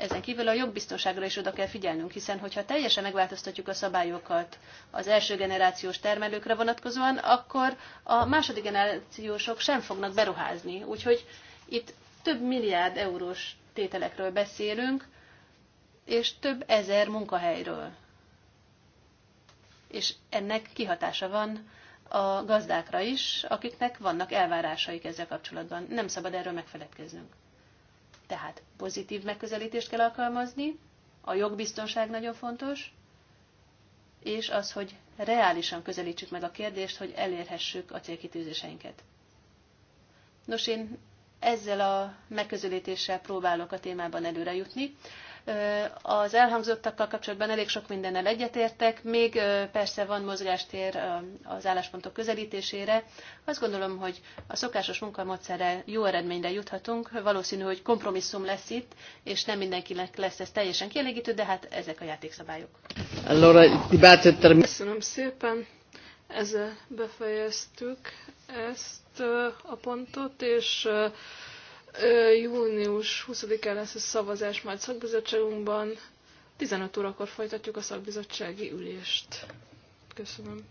Ezen kívül a jogbiztonságra is oda kell figyelnünk, hiszen hogyha teljesen megváltoztatjuk a szabályokat az első generációs termelőkre vonatkozóan, akkor a második generációsok sem fognak beruházni. Úgyhogy itt több milliárd eurós tételekről beszélünk, és több ezer munkahelyről. És ennek kihatása van a gazdákra is, akiknek vannak elvárásaik ezzel kapcsolatban. Nem szabad erről megfeledkeznünk. Tehát pozitív megközelítést kell alkalmazni, a jogbiztonság nagyon fontos, és az, hogy reálisan közelítsük meg a kérdést, hogy elérhessük a célkitűzéseinket. Nos, én ezzel a megközelítéssel próbálok a témában előre jutni. Az elhangzottakkal kapcsolatban elég sok mindennel egyetértek, még persze van mozgástér az álláspontok közelítésére. Azt gondolom, hogy a szokásos munkamódszerrel jó eredményre juthatunk, valószínű, hogy kompromisszum lesz itt, és nem mindenkinek lesz ez teljesen kielégítő, de hát ezek a játékszabályok. Köszönöm szépen, ezzel befejeztük ezt a pontot, és Június 20-án lesz a szavazás majd szakbizottságunkban. 15 órakor folytatjuk a szakbizottsági ülést. Köszönöm.